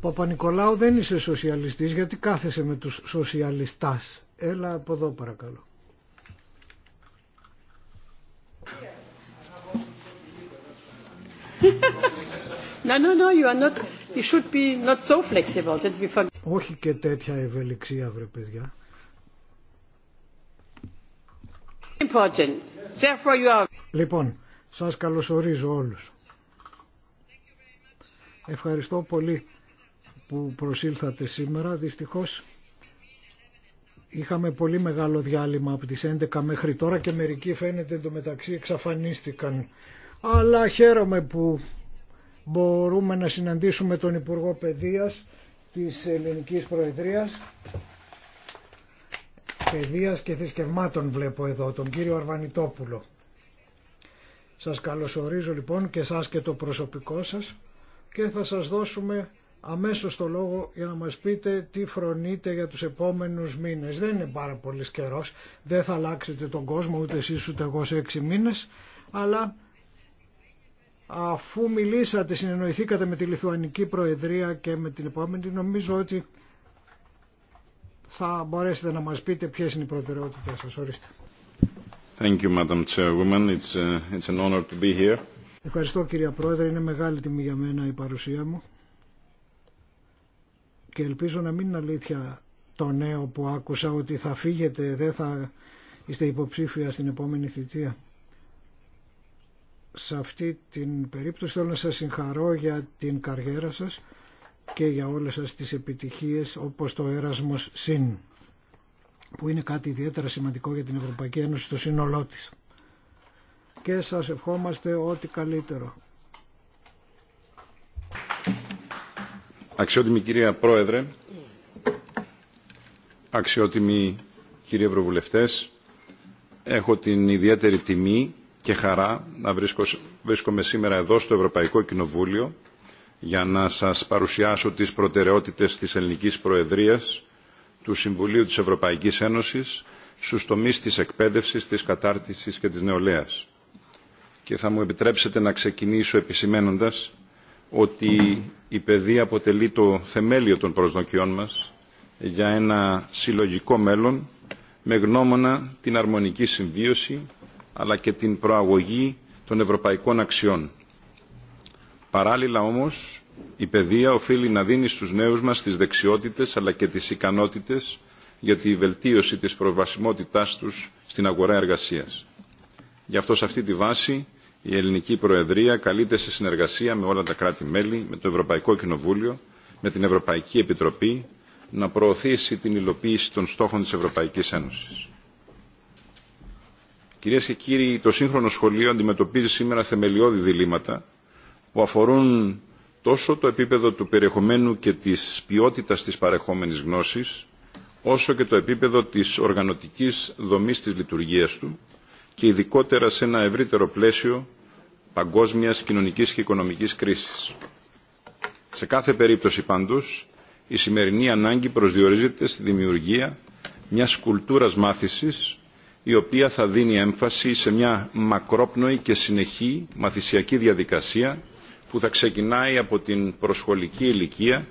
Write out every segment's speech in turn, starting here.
Παπα-Νικολάου, δεν είσαι σοσιαλιστής, γιατί κάθεσαι με τους σοσιαλιστάς. Έλα από εδώ παρακαλώ. Όχι και τέτοια ευελιξία, βρε παιδιά. Λοιπόν, σας καλωσορίζω όλους. Ευχαριστώ πολύ που προσήλθατε σήμερα. Δυστυχώς είχαμε πολύ μεγάλο διάλειμμα από τις 11 μέχρι τώρα και μερικοί φαίνεται εντωμεταξύ εξαφανίστηκαν. Αλλά χαίρομαι που μπορούμε να συναντήσουμε τον Υπουργό Παιδείας της Ελληνικής Προεδρίας. Παιδείας και θρησκευμάτων βλέπω εδώ, τον κύριο Αρβανιτόπουλο. Σας καλωσορίζω λοιπόν και σας και το προσωπικό σας και θα σας δώσουμε αμέσως το λόγο για να μας πείτε τι φρονείτε για τους επόμενους μήνες. Δεν είναι πάρα πολύ καιρό, δεν θα αλλάξετε τον κόσμο ούτε εσείς ούτε εγώ σε έξι μήνες, αλλά αφού μιλήσατε, συνεννοηθήκατε με τη Λιθουανική Προεδρία και με την επόμενη, νομίζω ότι θα μπορέσετε να μας πείτε ποιες είναι οι προτεραιότητες σας. Ορίστε. Ευχαριστώ κυρία Πρόεδρε, είναι μεγάλη τιμή για μένα η παρουσία μου και ελπίζω να μην είναι αλήθεια το νέο που άκουσα ότι θα φύγετε, δεν θα είστε υποψήφια στην επόμενη θητεία. Σε αυτή την περίπτωση θέλω να σας συγχαρώ για την καριέρα σας και για όλες σας τις επιτυχίες όπως το Erasmus Συν που είναι κάτι ιδιαίτερα σημαντικό για την Ευρωπαϊκή Ένωση στο σύνολό της και σας ευχόμαστε ό,τι καλύτερο. Αξιότιμη κυρία Πρόεδρε, αξιότιμοι κύριοι Ευρωβουλευτές, έχω την ιδιαίτερη τιμή και χαρά να βρίσκομαι σήμερα εδώ στο Ευρωπαϊκό Κοινοβούλιο για να σας παρουσιάσω τις προτεραιότητες της Ελληνικής Προεδρίας του Συμβουλίου της Ευρωπαϊκής Ένωσης στους τομείς της εκπαίδευσης, της κατάρτισης και της νεολαίας και θα μου επιτρέψετε να ξεκινήσω επισημένοντας ότι η παιδεία αποτελεί το θεμέλιο των προσδοκιών μας για ένα συλλογικό μέλλον με γνώμονα την αρμονική συμβίωση αλλά και την προαγωγή των ευρωπαϊκών αξιών. Παράλληλα όμως, η παιδεία οφείλει να δίνει στους νέους μας τις δεξιότητες αλλά και τις ικανότητες για τη βελτίωση της προβασιμότητάς τους στην αγορά εργασίας. Γι' αυτό σε αυτή τη βάση η ελληνική προεδρία καλείται σε συνεργασία με όλα τα κράτη μέλη με το ευρωπαϊκό κοινοβούλιο με την ευρωπαϊκή επιτροπή να προωθήσει την υλοποίηση των στόχων της ευρωπαϊκής ένωσης. Κυρίες και κύριοι, το σύγχρονο σχολείο αντιμετωπίζει σήμερα θεμελιώδη διλήμματα που αφορούν τόσο το επίπεδο του περιεχομένου και της ποιότητας της παρεχόμενης γνώσης, όσο και το επίπεδο της οργανωτικής δομής της λειτουργίας του, και ειδικότερα σε ένα ευρύτερο πλαίσιο παγκόσμιας κοινωνικής και οικονομικής κρίσης. Σε κάθε περίπτωση πάντως, η σημερινή ανάγκη προσδιορίζεται στη δημιουργία μιας κουλτούρας μάθησης η οποία θα δίνει έμφαση σε μια μακρόπνοη και συνεχή μαθησιακή διαδικασία που θα ξεκινάει από την προσχολική ηλικία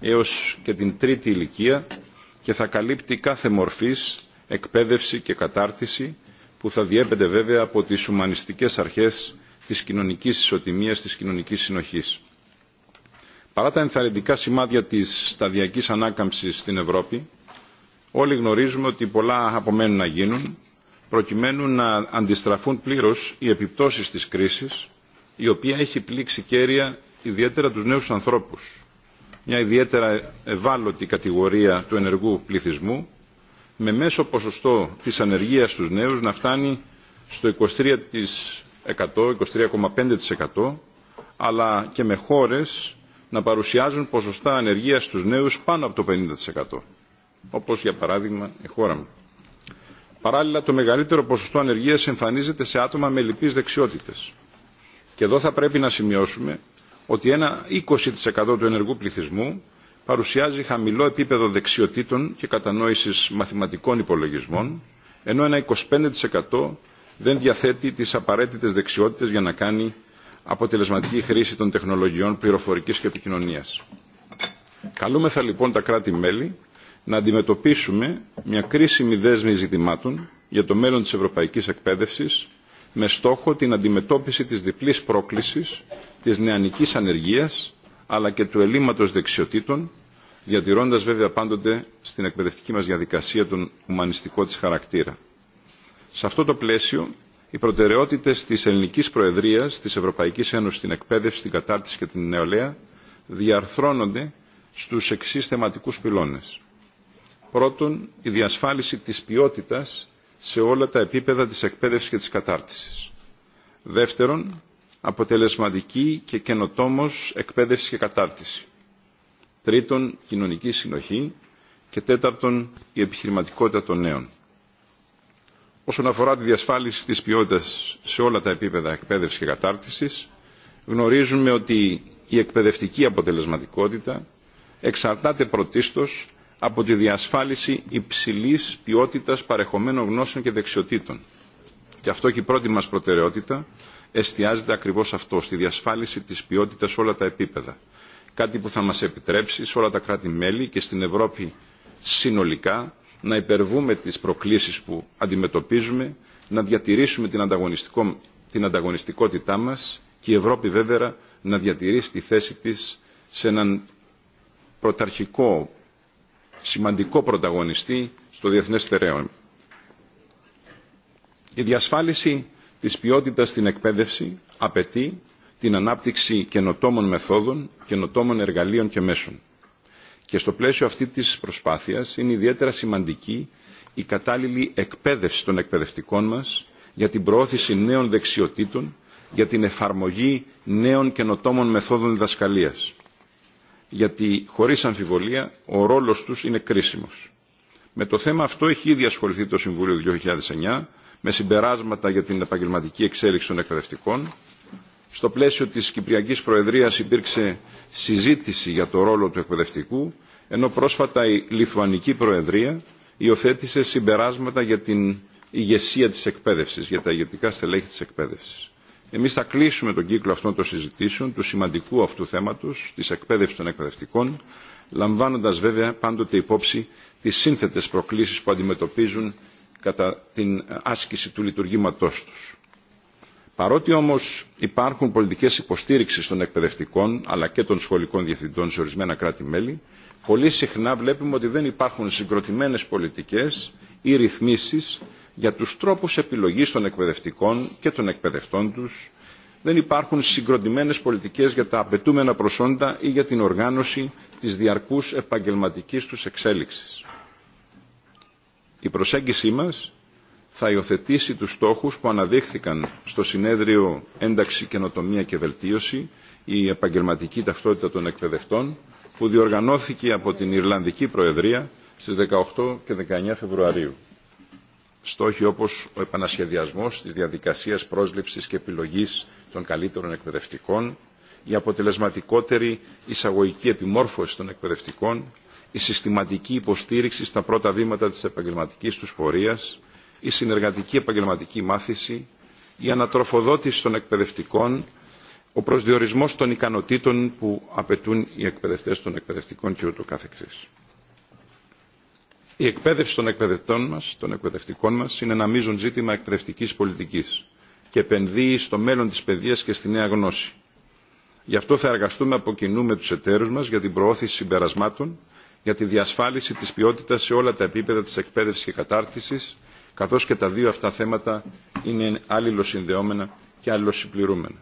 έως και την τρίτη ηλικία και θα καλύπτει κάθε μορφής εκπαίδευση και κατάρτιση που θα διέπεται βέβαια από τις ουμανιστικές αρχές της κοινωνικής ισοτιμίας, της κοινωνικής συνοχής. Παρά τα ενθαρρυντικά σημάδια της σταδιακής ανάκαμψης στην Ευρώπη, όλοι γνωρίζουμε ότι πολλά απομένουν να γίνουν, προκειμένου να αντιστραφούν πλήρως οι επιπτώσεις της κρίσης, η οποία έχει πλήξει κέρια ιδιαίτερα τους νέους ανθρώπους, μια ιδιαίτερα ευάλωτη κατηγορία του ενεργού πληθυσμού, με μέσο ποσοστό της ανεργίας στους νέους να φτάνει στο 23%, 23,5% αλλά και με χώρες να παρουσιάζουν ποσοστά ανεργίας στους νέους πάνω από το 50%. Όπως για παράδειγμα η χώρα μου. Παράλληλα το μεγαλύτερο ποσοστό ανεργίας εμφανίζεται σε άτομα με λυπείς δεξιότητες. Και εδώ θα πρέπει να σημειώσουμε ότι ένα 20% του ενεργού πληθυσμού παρουσιάζει χαμηλό επίπεδο δεξιοτήτων και κατανόησης μαθηματικών υπολογισμών, ενώ ένα 25% δεν διαθέτει τις απαραίτητες δεξιότητες για να κάνει αποτελεσματική χρήση των τεχνολογιών πληροφορικής και επικοινωνίας. Καλούμεθα λοιπόν τα κράτη-μέλη να αντιμετωπίσουμε μια κρίσιμη δέσμη ζητημάτων για το μέλλον της ευρωπαϊκής εκπαίδευσης με στόχο την αντιμετώπιση της διπλής πρόκλησης της νεανικής ανεργίας αλλά και του ελλείμματος δεξιοτήτων διατηρώντα βέβαια πάντοτε στην εκπαιδευτική μας διαδικασία τον ουμανιστικό της χαρακτήρα. Σε αυτό το πλαίσιο, οι προτεραιότητες της ελληνικής προεδρίας της Ευρωπαϊκής Ένωσης στην εκπαίδευση, την κατάρτιση και την νεολαία διαρθρώνονται στους εξή θεματικούς πυλώνες. Πρώτον, η διασφάλιση της ποιότητας σε όλα τα επίπεδα της εκπαίδευσης και της κατάρτισης. Δεύτερον, αποτελεσματική και καινοτόμος εκπαίδευση και κατάρτιση τρίτον κοινωνική συνοχή και τέταρτον η επιχειρηματικότητα των νέων. Όσον αφορά τη διασφάλιση της ποιότητας σε όλα τα επίπεδα εκπαίδευσης και κατάρτισης, γνωρίζουμε ότι η εκπαιδευτική αποτελεσματικότητα εξαρτάται πρωτίστως από τη διασφάλιση υψηλής ποιότητας παρεχομένων γνώσεων και δεξιοτήτων. Και αυτό και η πρώτη μας προτεραιότητα εστιάζεται ακριβώς αυτό, στη διασφάλιση της ποιότητας σε όλα τα επίπεδα κάτι που θα μας επιτρέψει σε όλα τα κράτη-μέλη και στην Ευρώπη συνολικά να υπερβούμε τις προκλήσεις που αντιμετωπίζουμε, να διατηρήσουμε την, ανταγωνιστικότητά μας και η Ευρώπη βέβαια να διατηρήσει τη θέση της σε έναν πρωταρχικό, σημαντικό πρωταγωνιστή στο διεθνές στερέο. Η διασφάλιση της ποιότητας στην εκπαίδευση απαιτεί την ανάπτυξη καινοτόμων μεθόδων, καινοτόμων εργαλείων και μέσων. Και στο πλαίσιο αυτή της προσπάθειας είναι ιδιαίτερα σημαντική η κατάλληλη εκπαίδευση των εκπαιδευτικών μας για την προώθηση νέων δεξιοτήτων, για την εφαρμογή νέων καινοτόμων μεθόδων διδασκαλίας. Γιατί χωρίς αμφιβολία ο ρόλος τους είναι κρίσιμος. Με το θέμα αυτό έχει ήδη ασχοληθεί το Συμβούλιο 2009 με συμπεράσματα για την επαγγελματική εξέλιξη των εκπαιδευτικών στο πλαίσιο της Κυπριακής Προεδρίας υπήρξε συζήτηση για το ρόλο του εκπαιδευτικού, ενώ πρόσφατα η Λιθουανική Προεδρία υιοθέτησε συμπεράσματα για την ηγεσία της εκπαίδευσης, για τα ηγετικά στελέχη της εκπαίδευσης. Εμείς θα κλείσουμε τον κύκλο αυτών των συζητήσεων, του σημαντικού αυτού θέματος, της εκπαίδευσης των εκπαιδευτικών, λαμβάνοντας βέβαια πάντοτε υπόψη τις σύνθετες προκλήσεις που αντιμετωπίζουν κατά την άσκηση του λειτουργήματός τους. Παρότι όμω υπάρχουν πολιτικέ υποστήριξη των εκπαιδευτικών αλλά και των σχολικών διευθυντών σε ορισμένα κράτη-μέλη, πολύ συχνά βλέπουμε ότι δεν υπάρχουν συγκροτημένε πολιτικέ ή ρυθμίσει για του τρόπου επιλογή των εκπαιδευτικών και των εκπαιδευτών του, δεν υπάρχουν συγκροτημένε πολιτικέ για τα απαιτούμενα προσόντα ή για την οργάνωση τη διαρκού επαγγελματική του εξέλιξη. Η προσέγγιση μας θα υιοθετήσει τους στόχους που αναδείχθηκαν στο συνέδριο Ένταξη, Καινοτομία και Βελτίωση, η επαγγελματική ταυτότητα των εκπαιδευτών, που διοργανώθηκε από την Ιρλανδική Προεδρία στις 18 και 19 Φεβρουαρίου. Στόχοι όπως ο επανασχεδιασμός της διαδικασίας πρόσληψης και επιλογής των καλύτερων εκπαιδευτικών, η αποτελεσματικότερη εισαγωγική επιμόρφωση των εκπαιδευτικών, η συστηματική υποστήριξη στα πρώτα βήματα της επαγγελματικής τους πορείας, η συνεργατική επαγγελματική μάθηση, η ανατροφοδότηση των εκπαιδευτικών, ο προσδιορισμός των ικανοτήτων που απαιτούν οι εκπαιδευτές των εκπαιδευτικών και ούτω καθεξής. Η εκπαίδευση των εκπαιδευτών μας, των εκπαιδευτικών μας, είναι ένα μείζον ζήτημα εκπαιδευτικής πολιτικής και επενδύει στο μέλλον της παιδείας και στη νέα γνώση. Γι' αυτό θα εργαστούμε από κοινού με τους εταίρους μας για την προώθηση συμπερασμάτων, για τη διασφάλιση της ποιότητας σε όλα τα επίπεδα της εκπαίδευση και κατάρτισης, καθώς και τα δύο αυτά θέματα είναι αλληλοσυνδεόμενα και αλληλοσυμπληρούμενα.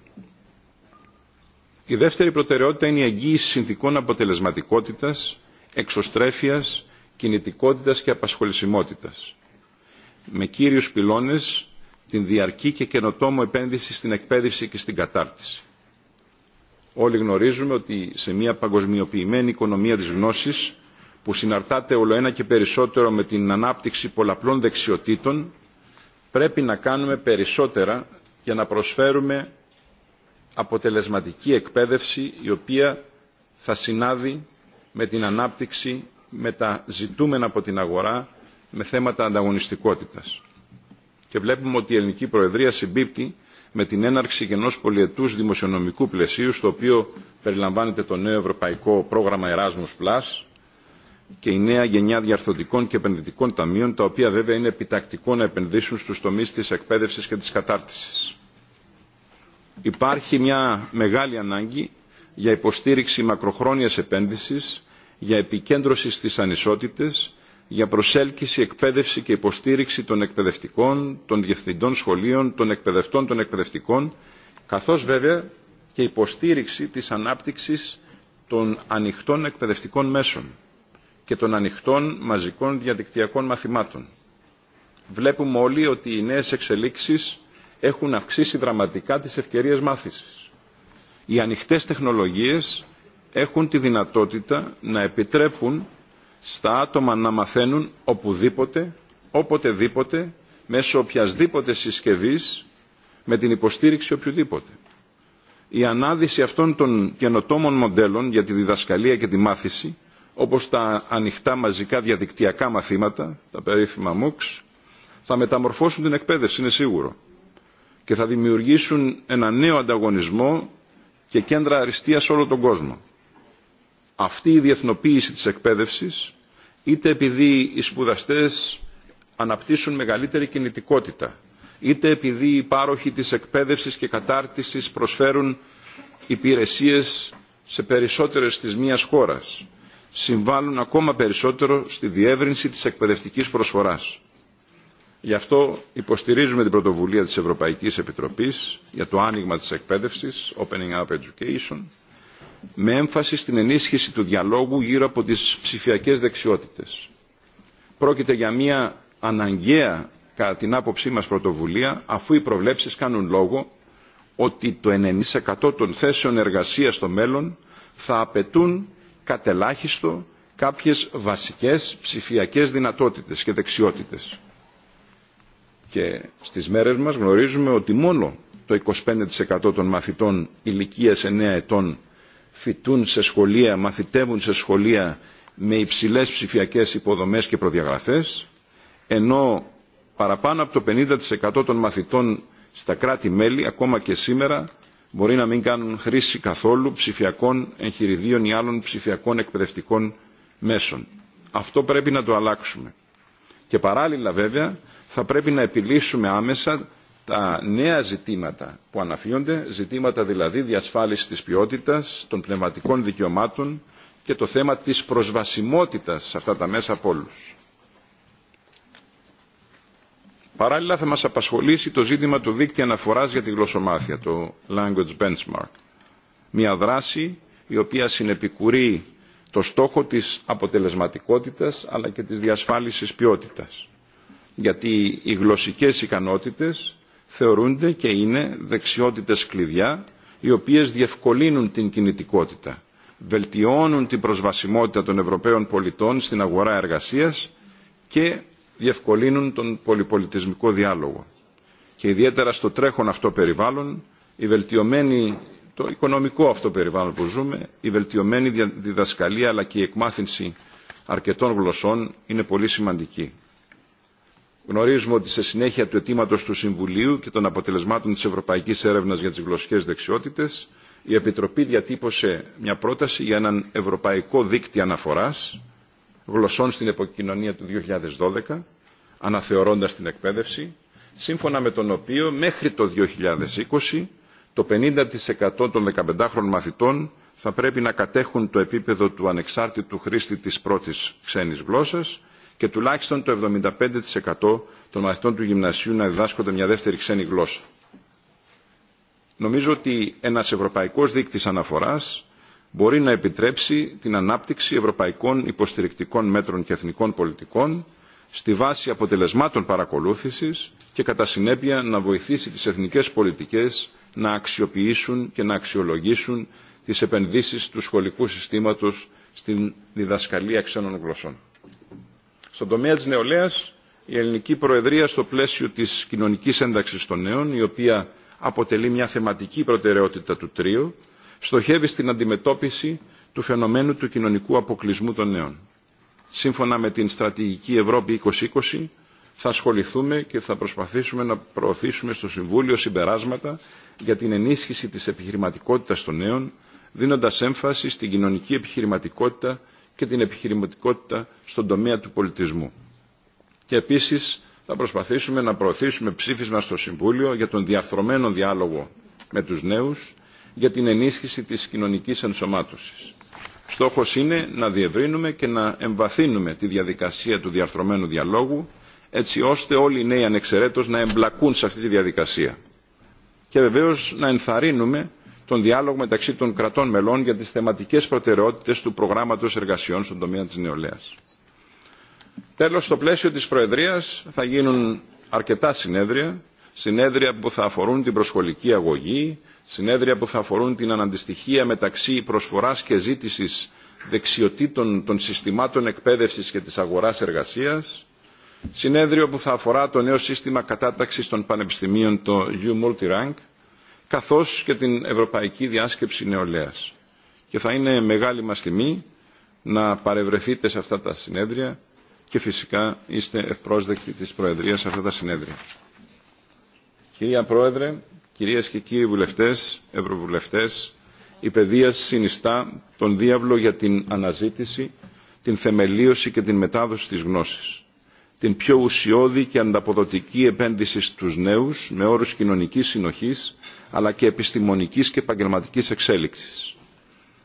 Η δεύτερη προτεραιότητα είναι η εγγύηση συνθηκών αποτελεσματικότητας, εξωστρέφειας, κινητικότητας και απασχολησιμότητας. Με κύριους πυλώνες την διαρκή και καινοτόμο επένδυση στην εκπαίδευση και στην κατάρτιση. Όλοι γνωρίζουμε ότι σε μια παγκοσμιοποιημένη οικονομία της γνώσης που συναρτάται ολοένα και περισσότερο με την ανάπτυξη πολλαπλών δεξιοτήτων, πρέπει να κάνουμε περισσότερα για να προσφέρουμε αποτελεσματική εκπαίδευση η οποία θα συνάδει με την ανάπτυξη, με τα ζητούμενα από την αγορά, με θέματα ανταγωνιστικότητας. Και βλέπουμε ότι η Ελληνική Προεδρία συμπίπτει με την έναρξη ενό πολιετούς δημοσιονομικού πλαισίου, στο οποίο περιλαμβάνεται το νέο ευρωπαϊκό πρόγραμμα Erasmus+, και η νέα γενιά διαρθωτικών και επενδυτικών ταμείων, τα οποία βέβαια είναι επιτακτικό να επενδύσουν στους τομείς της εκπαίδευσης και της κατάρτισης. Υπάρχει μια μεγάλη ανάγκη για υποστήριξη μακροχρόνιας επένδυσης, για επικέντρωση στις ανισότητες, για προσέλκυση, εκπαίδευση και υποστήριξη των εκπαιδευτικών, των διευθυντών σχολείων, των εκπαιδευτών των εκπαιδευτικών, καθώς βέβαια και υποστήριξη της ανάπτυξης των ανοιχτών εκπαιδευτικών μέσων και των ανοιχτών μαζικών διαδικτυακών μαθημάτων. Βλέπουμε όλοι ότι οι νέες εξελίξεις έχουν αυξήσει δραματικά τις ευκαιρίες μάθησης. Οι ανοιχτές τεχνολογίες έχουν τη δυνατότητα να επιτρέπουν στα άτομα να μαθαίνουν οπουδήποτε, οποτεδήποτε, μέσω οποιασδήποτε συσκευής, με την υποστήριξη οποιοδήποτε. Η ανάδυση αυτών των καινοτόμων μοντέλων για τη διδασκαλία και τη μάθηση όπως τα ανοιχτά μαζικά διαδικτυακά μαθήματα, τα περίφημα MOOCs, θα μεταμορφώσουν την εκπαίδευση, είναι σίγουρο. Και θα δημιουργήσουν ένα νέο ανταγωνισμό και κέντρα αριστείας σε όλο τον κόσμο. Αυτή η διεθνοποίηση της εκπαίδευσης, είτε επειδή οι σπουδαστές αναπτύσσουν μεγαλύτερη κινητικότητα, είτε επειδή οι πάροχοι της εκπαίδευσης και κατάρτισης προσφέρουν υπηρεσίες σε περισσότερες της μίας χώρας, συμβάλλουν ακόμα περισσότερο στη διεύρυνση της εκπαιδευτικής προσφοράς. Γι' αυτό υποστηρίζουμε την πρωτοβουλία της Ευρωπαϊκής Επιτροπής για το άνοιγμα της εκπαίδευσης, Opening Up Education, με έμφαση στην ενίσχυση του διαλόγου γύρω από τις ψηφιακές δεξιότητες. Πρόκειται για μια αναγκαία, κατά την άποψή μας, πρωτοβουλία, αφού οι προβλέψεις κάνουν λόγο ότι το 90% των θέσεων εργασίας στο μέλλον θα απαιτούν κατελάχιστο κάποιες βασικές ψηφιακές δυνατότητες και δεξιότητες. Και στις μέρες μας γνωρίζουμε ότι μόνο το 25% των μαθητών ηλικίας 9 ετών φοιτούν σε σχολεία, μαθητεύουν σε σχολεία με υψηλές ψηφιακές υποδομές και προδιαγραφές, ενώ παραπάνω από το 50% των μαθητών στα κράτη-μέλη ακόμα και σήμερα μπορεί να μην κάνουν χρήση καθόλου ψηφιακών εγχειριδίων ή άλλων ψηφιακών εκπαιδευτικών μέσων. Αυτό πρέπει να το αλλάξουμε. Και παράλληλα βέβαια θα πρέπει να επιλύσουμε άμεσα τα νέα ζητήματα που αναφύονται, ζητήματα δηλαδή διασφάλισης της ποιότητας, των πνευματικών δικαιωμάτων και το θέμα της προσβασιμότητας σε αυτά τα μέσα από όλους. Παράλληλα θα μας απασχολήσει το ζήτημα του δίκτυα αναφοράς για τη γλωσσομάθεια, το Language Benchmark. Μια δράση η οποία συνεπικουρεί το στόχο της αποτελεσματικότητας αλλά και της διασφάλισης ποιότητας. Γιατί οι γλωσσικές ικανότητες θεωρούνται και είναι δεξιότητες κλειδιά οι οποίες διευκολύνουν την κινητικότητα, βελτιώνουν την προσβασιμότητα των Ευρωπαίων πολιτών στην αγορά εργασίας και διευκολύνουν τον πολυπολιτισμικό διάλογο. Και ιδιαίτερα στο τρέχον αυτό περιβάλλον, η βελτιωμένη, το οικονομικό αυτό περιβάλλον που ζούμε, η βελτιωμένη διδασκαλία αλλά και η εκμάθηση αρκετών γλωσσών είναι πολύ σημαντική. Γνωρίζουμε ότι σε συνέχεια του αιτήματο του Συμβουλίου και των αποτελεσμάτων τη Ευρωπαϊκή Έρευνα για τι Γλωσσικέ Δεξιότητε, η Επιτροπή διατύπωσε μια πρόταση για έναν ευρωπαϊκό δίκτυο αναφορά γλωσσών στην επικοινωνία του 2012, αναθεωρώντας την εκπαίδευση, σύμφωνα με τον οποίο μέχρι το 2020 το 50% των 15χρονων μαθητών θα πρέπει να κατέχουν το επίπεδο του ανεξάρτητου χρήστη της πρώτης ξένης γλώσσας και τουλάχιστον το 75% των μαθητών του γυμνασίου να διδάσκονται μια δεύτερη ξένη γλώσσα. Νομίζω ότι ένας ευρωπαϊκός δείκτης αναφοράς μπορεί να επιτρέψει την ανάπτυξη ευρωπαϊκών υποστηρικτικών μέτρων και εθνικών πολιτικών στη βάση αποτελεσμάτων παρακολούθησης και κατά συνέπεια να βοηθήσει τις εθνικές πολιτικές να αξιοποιήσουν και να αξιολογήσουν τις επενδύσεις του σχολικού συστήματος στην διδασκαλία ξένων γλωσσών. Στον τομέα της νεολαίας, η ελληνική προεδρία στο πλαίσιο της κοινωνικής ένταξης των νέων, η οποία αποτελεί μια θεματική προτεραιότητα του τρίου, στοχεύει στην αντιμετώπιση του φαινομένου του κοινωνικού αποκλεισμού των νέων. Σύμφωνα με την στρατηγική Ευρώπη 2020 θα ασχοληθούμε και θα προσπαθήσουμε να προωθήσουμε στο Συμβούλιο συμπεράσματα για την ενίσχυση της επιχειρηματικότητας των νέων, δίνοντας έμφαση στην κοινωνική επιχειρηματικότητα και την επιχειρηματικότητα στον τομέα του πολιτισμού. Και επίσης θα προσπαθήσουμε να προωθήσουμε ψήφισμα στο Συμβούλιο για τον διαρθρωμένο διάλογο με τους νέους, για την ενίσχυση της κοινωνικής ενσωμάτωσης. Στόχος είναι να διευρύνουμε και να εμβαθύνουμε τη διαδικασία του διαρθρωμένου διαλόγου, έτσι ώστε όλοι οι νέοι ανεξαιρέτως να εμπλακούν σε αυτή τη διαδικασία. Και βεβαίως να ενθαρρύνουμε τον διάλογο μεταξύ των κρατών μελών για τις θεματικές προτεραιότητες του προγράμματος εργασιών στον τομέα της νεολαίας. Τέλος, στο πλαίσιο της Προεδρίας θα γίνουν αρκετά συνέδρια συνέδρια που θα αφορούν την προσχολική αγωγή, συνέδρια που θα αφορούν την αναντιστοιχία μεταξύ προσφοράς και ζήτησης δεξιοτήτων των συστημάτων εκπαίδευσης και της αγοράς εργασίας, συνέδριο που θα αφορά το νέο σύστημα κατάταξης των πανεπιστημίων, το U Multirank, καθώς και την Ευρωπαϊκή Διάσκεψη Νεολαίας. Και θα είναι μεγάλη μας τιμή να παρευρεθείτε σε αυτά τα συνέδρια και φυσικά είστε ευπρόσδεκτοι της Προεδρίας σε αυτά τα συνέδρια. Κυρία Πρόεδρε, κυρίες και κύριοι βουλευτές, ευρωβουλευτές, η παιδεία συνιστά τον διάβλο για την αναζήτηση, την θεμελίωση και την μετάδοση της γνώσης. Την πιο ουσιώδη και ανταποδοτική επένδυση στους νέους με όρους κοινωνικής συνοχής, αλλά και επιστημονικής και επαγγελματική εξέλιξης.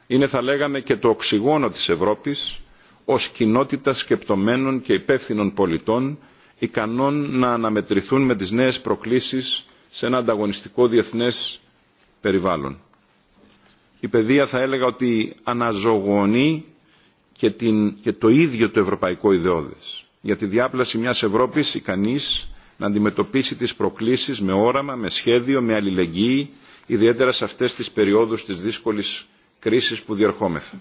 Είναι, θα λέγαμε, και το οξυγόνο της Ευρώπης ως κοινότητα σκεπτομένων και υπεύθυνων πολιτών ικανών να αναμετρηθούν με τις νέες προκλήσεις σε ένα ανταγωνιστικό διεθνές περιβάλλον. Η παιδεία θα έλεγα ότι αναζωογονεί και, την, το ίδιο το ευρωπαϊκό ιδεώδες για τη διάπλαση μιας Ευρώπης ικανής να αντιμετωπίσει τις προκλήσεις με όραμα, με σχέδιο, με αλληλεγγύη, ιδιαίτερα σε αυτές τις περιόδους της δύσκολης κρίσης που διερχόμεθα.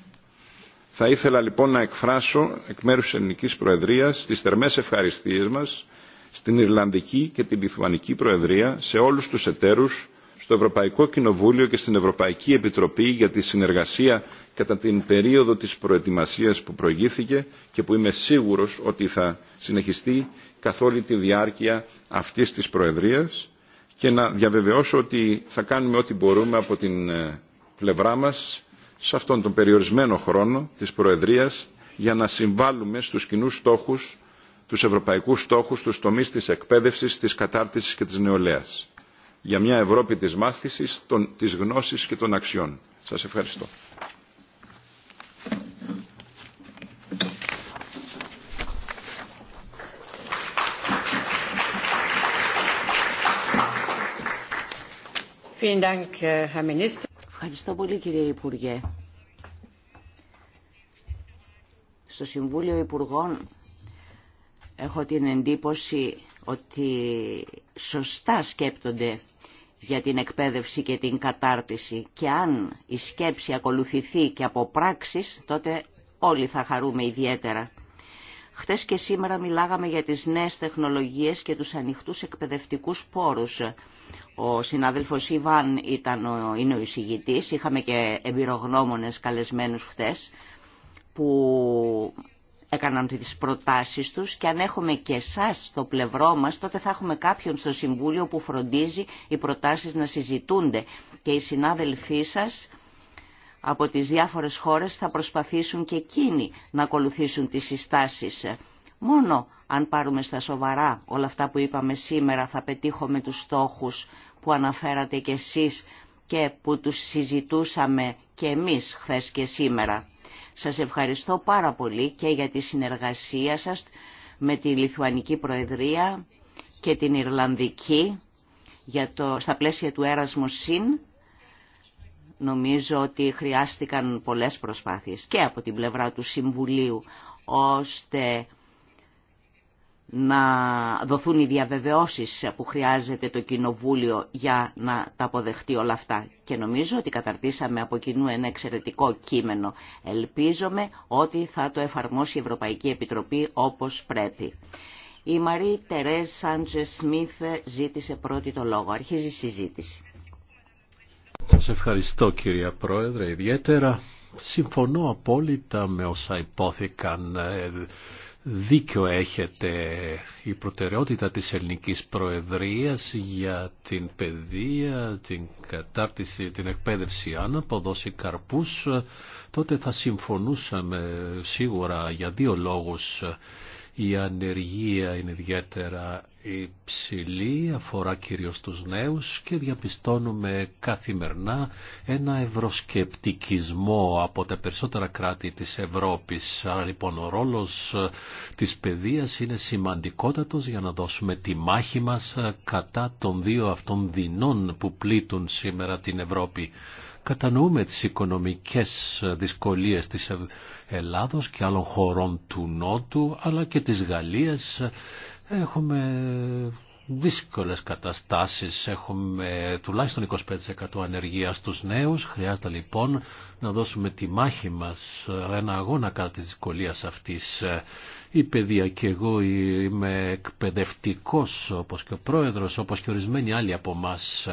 Θα ήθελα λοιπόν να εκφράσω εκ μέρους της Ελληνικής Προεδρίας τις θερμές ευχαριστίες μας στην Ιρλανδική και την Λιθουανική Προεδρία, σε όλους τους εταίρους, στο Ευρωπαϊκό Κοινοβούλιο και στην Ευρωπαϊκή Επιτροπή για τη συνεργασία κατά την περίοδο της προετοιμασίας που προηγήθηκε και που είμαι σίγουρος ότι θα συνεχιστεί καθ' όλη τη διάρκεια αυτής της Προεδρίας και να διαβεβαιώσω ότι θα κάνουμε ό,τι μπορούμε από την ε, πλευρά μας σε αυτόν τον περιορισμένο χρόνο της Προεδρίας για να συμβάλλουμε στους κοινού στόχους, τους ευρωπαϊκούς στόχους, στους τομείς της εκπαίδευσης, της κατάρτισης και της νεολαίας. Για μια Ευρώπη της μάθησης, των, της γνώσης και των αξιών. Σας ευχαριστώ. Vielen Dank, Herr Minister. Ευχαριστώ πολύ κύριε Υπουργέ. Στο Συμβούλιο Υπουργών έχω την εντύπωση ότι σωστά σκέπτονται για την εκπαίδευση και την κατάρτιση και αν η σκέψη ακολουθηθεί και από πράξεις τότε όλοι θα χαρούμε ιδιαίτερα. Χτες και σήμερα μιλάγαμε για τις νέες τεχνολογίες και τους ανοιχτούς εκπαιδευτικούς πόρους. Ο συνάδελφος Ιβάν ήταν ο, είναι ο εισηγητής, είχαμε και εμπειρογνώμονες καλεσμένους χτες που έκαναν τις προτάσεις τους και αν έχουμε και εσάς στο πλευρό μας τότε θα έχουμε κάποιον στο Συμβούλιο που φροντίζει οι προτάσεις να συζητούνται και οι συνάδελφοί σας από τις διάφορες χώρες θα προσπαθήσουν και εκείνοι να ακολουθήσουν τις συστάσεις Μόνο αν πάρουμε στα σοβαρά όλα αυτά που είπαμε σήμερα θα πετύχουμε τους στόχους που αναφέρατε κι εσείς και που τους συζητούσαμε και εμείς χθες και σήμερα. Σας ευχαριστώ πάρα πολύ και για τη συνεργασία σας με τη Λιθουανική Προεδρία και την Ιρλανδική για το, στα πλαίσια του έρασμου ΣΥΝ. Νομίζω ότι χρειάστηκαν πολλές προσπάθειες και από την πλευρά του Συμβουλίου ώστε να δοθούν οι διαβεβαιώσεις που χρειάζεται το Κοινοβούλιο για να τα αποδεχτεί όλα αυτά. Και νομίζω ότι καταρτήσαμε από κοινού ένα εξαιρετικό κείμενο. Ελπίζομαι ότι θα το εφαρμόσει η Ευρωπαϊκή Επιτροπή όπως πρέπει. Η Μαρή Τερές Σάντζε Σμίθ ζήτησε πρώτη το λόγο. Αρχίζει η συζήτηση. Σας ευχαριστώ κυρία Πρόεδρε ιδιαίτερα. Συμφωνώ απόλυτα με όσα υπόθηκαν ε, Δίκιο έχετε η προτεραιότητα της ελληνικής προεδρίας για την παιδεία, την κατάρτιση, την εκπαίδευση. Αν αποδώσει καρπούς, τότε θα συμφωνούσαμε σίγουρα για δύο λόγους. Η ανεργία είναι ιδιαίτερα υψηλή, αφορά κυρίως τους νέους και διαπιστώνουμε καθημερινά ένα ευροσκεπτικισμό από τα περισσότερα κράτη της Ευρώπης. Άρα λοιπόν ο ρόλος της παιδείας είναι σημαντικότατος για να δώσουμε τη μάχη μας κατά των δύο αυτών δεινών που πλήττουν σήμερα την Ευρώπη. Κατανοούμε τις οικονομικές δυσκολίες της Ελλάδος και άλλων χωρών του Νότου αλλά και της Γαλλίας Έχουμε δύσκολες καταστάσεις, έχουμε τουλάχιστον 25% ανεργία στους νέους, χρειάζεται λοιπόν να δώσουμε τη μάχη μας, ένα αγώνα κατά της δυσκολίας αυτής. Η παιδεία και εγώ είμαι εκπαιδευτικός όπως και ο πρόεδρος, όπως και ορισμένοι άλλοι από μας.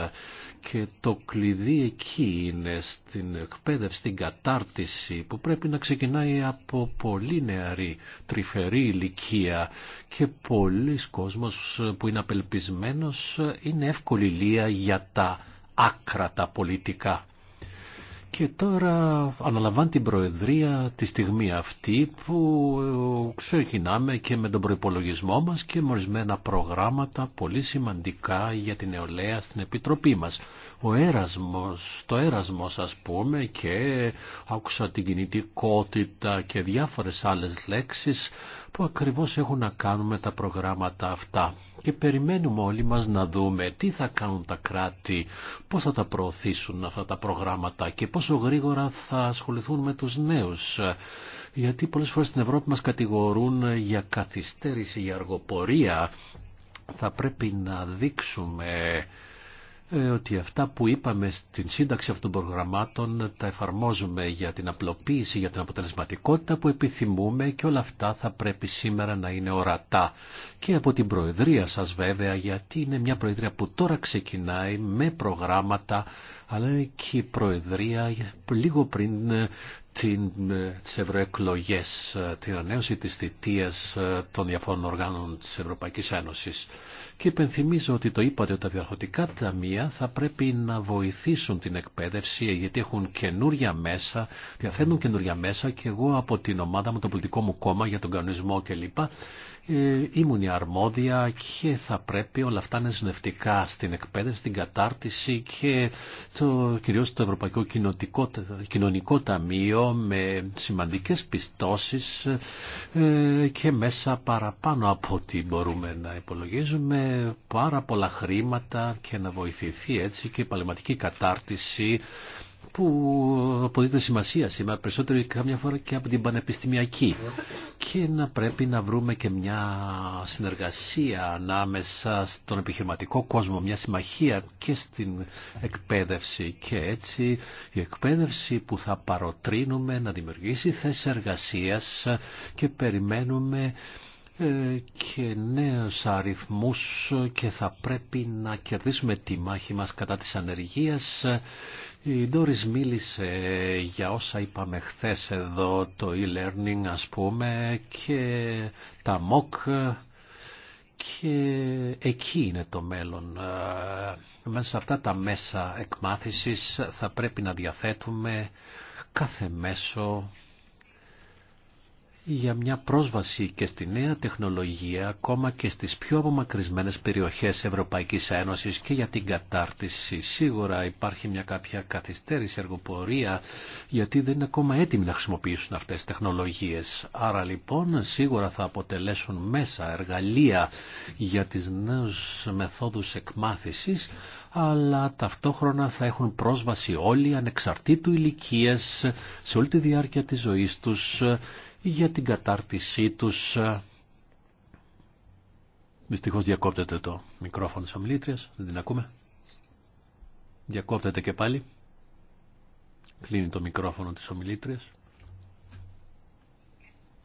Και το κλειδί εκεί είναι στην εκπαίδευση, στην κατάρτιση που πρέπει να ξεκινάει από πολύ νεαρή, τρυφερή ηλικία και πολλοί κόσμος που είναι απελπισμένος είναι εύκολη λία για τα άκρατα πολιτικά. Και τώρα αναλαμβάνει την Προεδρία τη στιγμή αυτή που ε, ξεκινάμε και με τον προϋπολογισμό μας και με ορισμένα προγράμματα πολύ σημαντικά για την νεολαία στην Επιτροπή μας. Ο έρασμος, το έρασμο ας πούμε και άκουσα την κινητικότητα και διάφορες άλλες λέξεις που ακριβώς έχουν να κάνουν με τα προγράμματα αυτά. Και περιμένουμε όλοι μας να δούμε τι θα κάνουν τα κράτη, πώς θα τα προωθήσουν αυτά τα προγράμματα και πόσο γρήγορα θα ασχοληθούν με τους νέους. Γιατί πολλές φορές στην Ευρώπη μας κατηγορούν για καθυστέρηση, για αργοπορία. Θα πρέπει να δείξουμε ε, ότι αυτά που είπαμε στην σύνταξη αυτών των προγραμμάτων τα εφαρμόζουμε για την απλοποίηση, για την αποτελεσματικότητα που επιθυμούμε και όλα αυτά θα πρέπει σήμερα να είναι ορατά. Και από την Προεδρία σας βέβαια, γιατί είναι μια Προεδρία που τώρα ξεκινάει με προγράμματα, αλλά και η Προεδρία λίγο πριν ε, την, ε, τις ευρωεκλογές, την ανέωση της θητείας των διαφόρων οργάνων της Ευρωπαϊκής Ένωσης. Και υπενθυμίζω ότι το είπατε ότι τα διαρχωτικά ταμεία θα πρέπει να βοηθήσουν την εκπαίδευση γιατί έχουν καινούρια μέσα, διαθέτουν καινούρια μέσα και εγώ από την ομάδα μου, το πολιτικό μου κόμμα για τον κανονισμό κλπ. Ε, ήμουν η αρμόδια και θα πρέπει όλα αυτά να είναι στην εκπαίδευση, στην κατάρτιση και το, κυρίως το Ευρωπαϊκό Κοινωνικό Ταμείο με σημαντικές πιστώσεις ε, και μέσα παραπάνω από ό,τι μπορούμε να υπολογίζουμε πάρα πολλά χρήματα και να βοηθηθεί έτσι και η παλαιματική κατάρτιση που αποδίδεται σημασία σήμερα περισσότερο καμιά φορά και από την πανεπιστημιακή και να πρέπει να βρούμε και μια συνεργασία ανάμεσα στον επιχειρηματικό κόσμο, μια συμμαχία και στην εκπαίδευση και έτσι η εκπαίδευση που θα παροτρύνουμε να δημιουργήσει θέσεις εργασίας και περιμένουμε ε, και νέους αριθμούς και θα πρέπει να κερδίσουμε τη μάχη μας κατά της ανεργίας η Ντόρις μίλησε για όσα είπαμε χθε εδώ, το e-learning ας πούμε και τα MOOC και εκεί είναι το μέλλον. Μέσα σε αυτά τα μέσα εκμάθησης θα πρέπει να διαθέτουμε κάθε μέσο για μια πρόσβαση και στη νέα τεχνολογία ακόμα και στις πιο απομακρυσμένες περιοχές Ευρωπαϊκής Ένωσης και για την κατάρτιση. Σίγουρα υπάρχει μια κάποια καθυστέρηση εργοπορία γιατί δεν είναι ακόμα έτοιμοι να χρησιμοποιήσουν αυτές τις τεχνολογίες. Άρα λοιπόν σίγουρα θα αποτελέσουν μέσα εργαλεία για τις νέες μεθόδους εκμάθησης αλλά ταυτόχρονα θα έχουν πρόσβαση όλοι ανεξαρτήτου ηλικίας σε όλη τη διάρκεια της ζωής τους για την κατάρτισή τους. Δυστυχώς διακόπτεται το μικρόφωνο της ομιλήτριας, δεν την ακούμε. Διακόπτεται και πάλι. Κλείνει το μικρόφωνο της ομιλήτριας.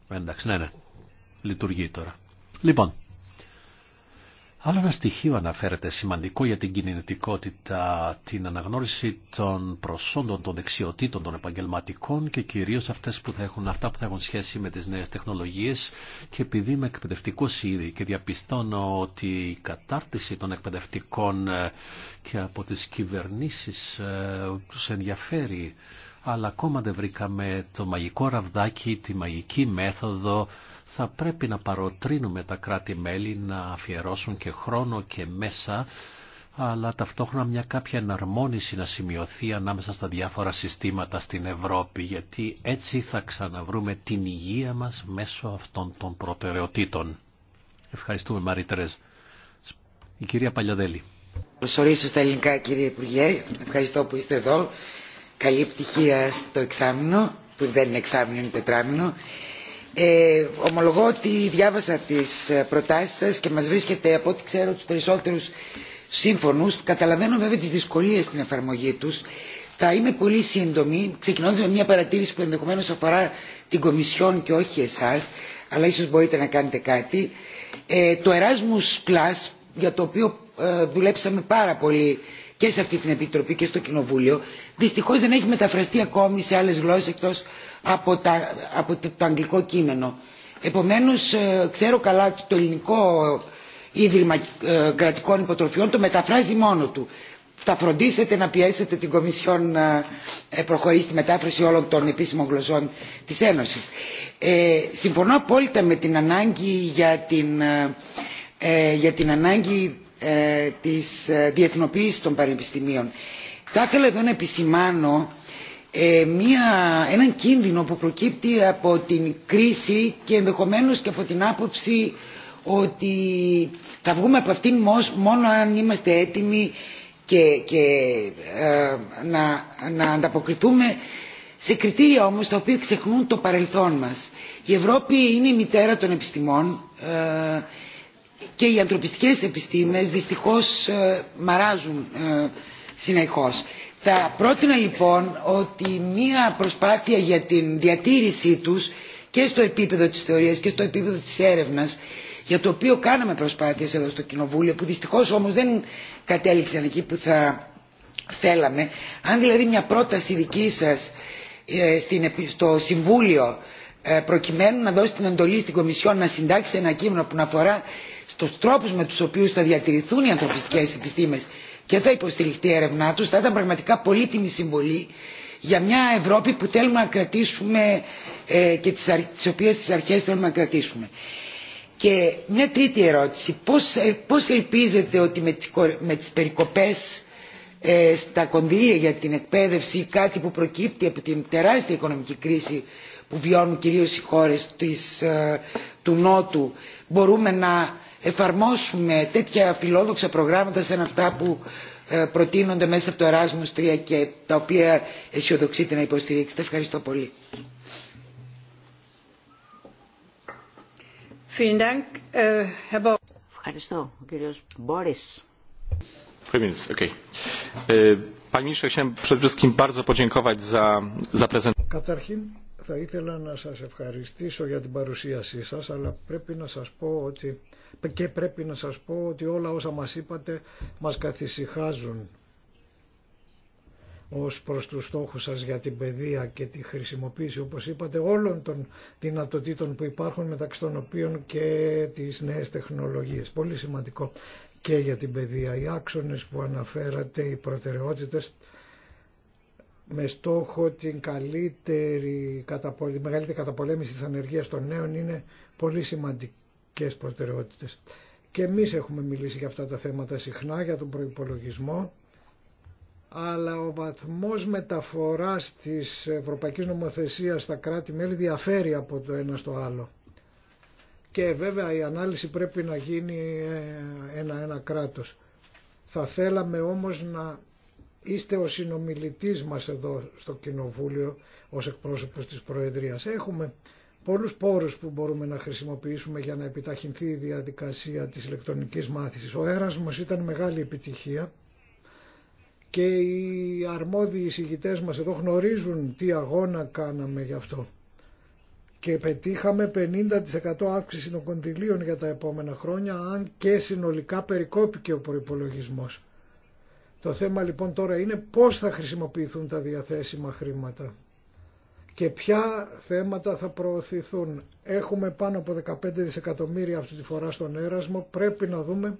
Εντάξει, ναι, ναι. Λειτουργεί τώρα. Λοιπόν, Άλλο ένα στοιχείο αναφέρεται σημαντικό για την κινητικότητα, την αναγνώριση των προσόντων, των δεξιοτήτων, των επαγγελματικών και κυρίως αυτές που έχουν, αυτά που θα έχουν σχέση με τις νέες τεχνολογίες και επειδή είμαι εκπαιδευτικό ήδη και διαπιστώνω ότι η κατάρτιση των εκπαιδευτικών ε, και από τις κυβερνήσεις ε, τους ενδιαφέρει αλλά ακόμα δεν βρήκαμε το μαγικό ραβδάκι, τη μαγική μέθοδο θα πρέπει να παροτρύνουμε τα κράτη-μέλη να αφιερώσουν και χρόνο και μέσα αλλά ταυτόχρονα μια κάποια εναρμόνιση να σημειωθεί ανάμεσα στα διάφορα συστήματα στην Ευρώπη, γιατί έτσι θα ξαναβρούμε την υγεία μας μέσω αυτών των προτεραιοτήτων. Ευχαριστούμε Μαρή Η κυρία Παλιαδέλη. Σωρίσω στα ελληνικά κύριε Υπουργέ, ευχαριστώ που είστε εδώ. Καλή επιτυχία στο εξάμεινο, που δεν είναι εξάμεινο, είναι ε, ομολογώ ότι διάβασα τις ε, προτάσεις σας και μας βρίσκεται από ό,τι ξέρω τους περισσότερους σύμφωνους. Καταλαβαίνω βέβαια τις δυσκολίες στην εφαρμογή τους. Θα είμαι πολύ σύντομη, ξεκινώντας με μια παρατήρηση που ενδεχομένως αφορά την Κομισιόν και όχι εσάς, αλλά ίσως μπορείτε να κάνετε κάτι. Ε, το Erasmus Plus, για το οποίο ε, δουλέψαμε πάρα πολύ και σε αυτή την Επιτροπή και στο Κοινοβούλιο, δυστυχώς δεν έχει μεταφραστεί ακόμη σε άλλες γλώσσες εκτός από, το, αγγλικό κείμενο. Επομένως, ε, ξέρω καλά ότι το ελληνικό Ίδρυμα ε, Κρατικών Υποτροφιών το μεταφράζει μόνο του. Θα φροντίσετε να πιέσετε την Κομισιόν να ε, προχωρήσει τη μετάφραση όλων των επίσημων γλωσσών της Ένωσης. συμφωνώ απόλυτα με την ανάγκη για την, ανάγκη της διεθνοποίησης των πανεπιστημίων. Θα ήθελα εδώ να επισημάνω ε, μια, έναν κίνδυνο που προκύπτει από την κρίση και ενδεχομένως και από την άποψη ότι θα βγούμε από αυτήν μόνο αν είμαστε έτοιμοι και, ε, να, να ανταποκριθούμε σε κριτήρια όμως τα οποία ξεχνούν το παρελθόν μας. Η Ευρώπη είναι η μητέρα των επιστημών ε, και οι ανθρωπιστικές επιστήμες δυστυχώς μαράζουν συνεχώς. Θα πρότεινα λοιπόν ότι μία προσπάθεια για την διατήρησή τους και στο επίπεδο της θεωρίας και στο επίπεδο της έρευνας για το οποίο κάναμε προσπάθειες εδώ στο Κοινοβούλιο που δυστυχώς όμως δεν κατέληξαν εκεί που θα θέλαμε αν δηλαδή μια πρόταση δική σας ε, στο Συμβούλιο ε, προκειμένου να δώσει την εντολή στην Κομισιόν να συντάξει ένα κείμενο που να αφορά στους τρόπους με τους οποίους θα διατηρηθούν οι ανθρωπιστικές επιστήμες και θα υποστηριχτεί η έρευνά τους θα ήταν πραγματικά πολύτιμη συμβολή για μια Ευρώπη που θέλουμε να κρατήσουμε ε, και τις, τις οποίες τις αρχές θέλουμε να κρατήσουμε. Και μια τρίτη ερώτηση. Πώς, ε, ελπίζετε ότι με τις, με περικοπές ε, στα κονδύλια για την εκπαίδευση κάτι που προκύπτει από την τεράστια οικονομική κρίση που βιώνουν κυρίως οι χώρες της, του Νότου μπορούμε να εφαρμόσουμε τέτοια φιλόδοξα προγράμματα σαν αυτά που ε, προτείνονται μέσα από το Erasmus 3 και τα οποία αισιοδοξείτε να υποστηρίξετε. Ευχαριστώ πολύ. Äh, Ευχαριστώ. Ο κύριος Μπόρις. Ε, Καταρχήν θα ήθελα να σας ευχαριστήσω για την παρουσίασή σας, αλλά πρέπει να σας πω ότι και πρέπει να σας πω ότι όλα όσα μας είπατε μας καθησυχάζουν ως προς τους στόχους σας για την παιδεία και τη χρησιμοποίηση, όπως είπατε, όλων των δυνατοτήτων που υπάρχουν μεταξύ των οποίων και τις νέες τεχνολογίες. Πολύ σημαντικό και για την παιδεία. Οι άξονες που αναφέρατε, οι προτεραιότητες, με στόχο την καλύτερη, τη μεγαλύτερη καταπολέμηση της ανεργίας των νέων είναι πολύ σημαντική και εμείς έχουμε μιλήσει για αυτά τα θέματα συχνά, για τον προϋπολογισμό, αλλά ο βαθμός μεταφοράς της Ευρωπαϊκής Νομοθεσίας στα κράτη-μέλη διαφέρει από το ένα στο άλλο. Και βέβαια η ανάλυση πρέπει να γίνει ένα-ένα ε, κράτος. Θα θέλαμε όμως να είστε ο συνομιλητής μας εδώ στο Κοινοβούλιο ως εκπρόσωπος της Προεδρίας. Έχουμε πολλούς πόρους που μπορούμε να χρησιμοποιήσουμε για να επιταχυνθεί η διαδικασία της ηλεκτρονικής μάθησης. Ο έρασμος ήταν μεγάλη επιτυχία και οι αρμόδιοι εισηγητές μας εδώ γνωρίζουν τι αγώνα κάναμε γι' αυτό. Και πετύχαμε 50% αύξηση των κοντιλίων για τα επόμενα χρόνια, αν και συνολικά περικόπηκε ο προπολογισμό. Το θέμα λοιπόν τώρα είναι πώς θα χρησιμοποιηθούν τα διαθέσιμα χρήματα και ποια θέματα θα προωθηθούν. Έχουμε πάνω από 15 δισεκατομμύρια αυτή τη φορά στον έρασμο. Πρέπει να δούμε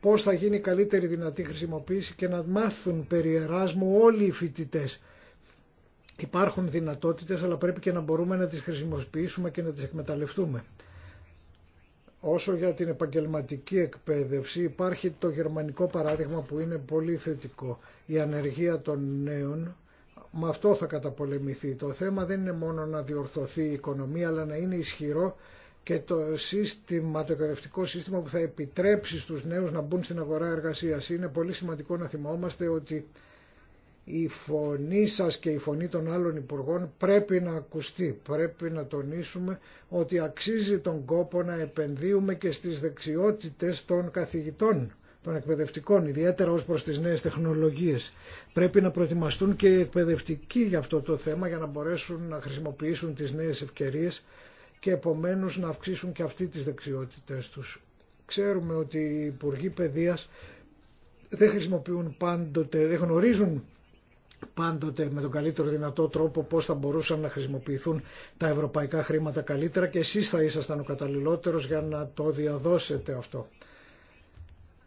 πώς θα γίνει καλύτερη δυνατή χρησιμοποίηση και να μάθουν περί εράσμου όλοι οι φοιτητέ. Υπάρχουν δυνατότητες αλλά πρέπει και να μπορούμε να τις χρησιμοποιήσουμε και να τις εκμεταλλευτούμε. Όσο για την επαγγελματική εκπαίδευση υπάρχει το γερμανικό παράδειγμα που είναι πολύ θετικό. Η ανεργία των νέων με αυτό θα καταπολεμηθεί. Το θέμα δεν είναι μόνο να διορθωθεί η οικονομία αλλά να είναι ισχυρό και το σύστημα, το εκπαιδευτικό σύστημα που θα επιτρέψει στους νέους να μπουν στην αγορά εργασίας. Είναι πολύ σημαντικό να θυμόμαστε ότι η φωνή σας και η φωνή των άλλων υπουργών πρέπει να ακουστεί. Πρέπει να τονίσουμε ότι αξίζει τον κόπο να επενδύουμε και στις δεξιότητες των καθηγητών των εκπαιδευτικών, ιδιαίτερα ως προς τις νέες τεχνολογίες. Πρέπει να προετοιμαστούν και οι εκπαιδευτικοί για αυτό το θέμα για να μπορέσουν να χρησιμοποιήσουν τις νέες ευκαιρίες και επομένως να αυξήσουν και αυτοί τις δεξιότητες τους. Ξέρουμε ότι οι Υπουργοί Παιδείας δεν χρησιμοποιούν πάντοτε, δεν γνωρίζουν πάντοτε με τον καλύτερο δυνατό τρόπο πώς θα μπορούσαν να χρησιμοποιηθούν τα ευρωπαϊκά χρήματα καλύτερα και εσείς θα ήσασταν ο καταλληλότερος για να το διαδώσετε αυτό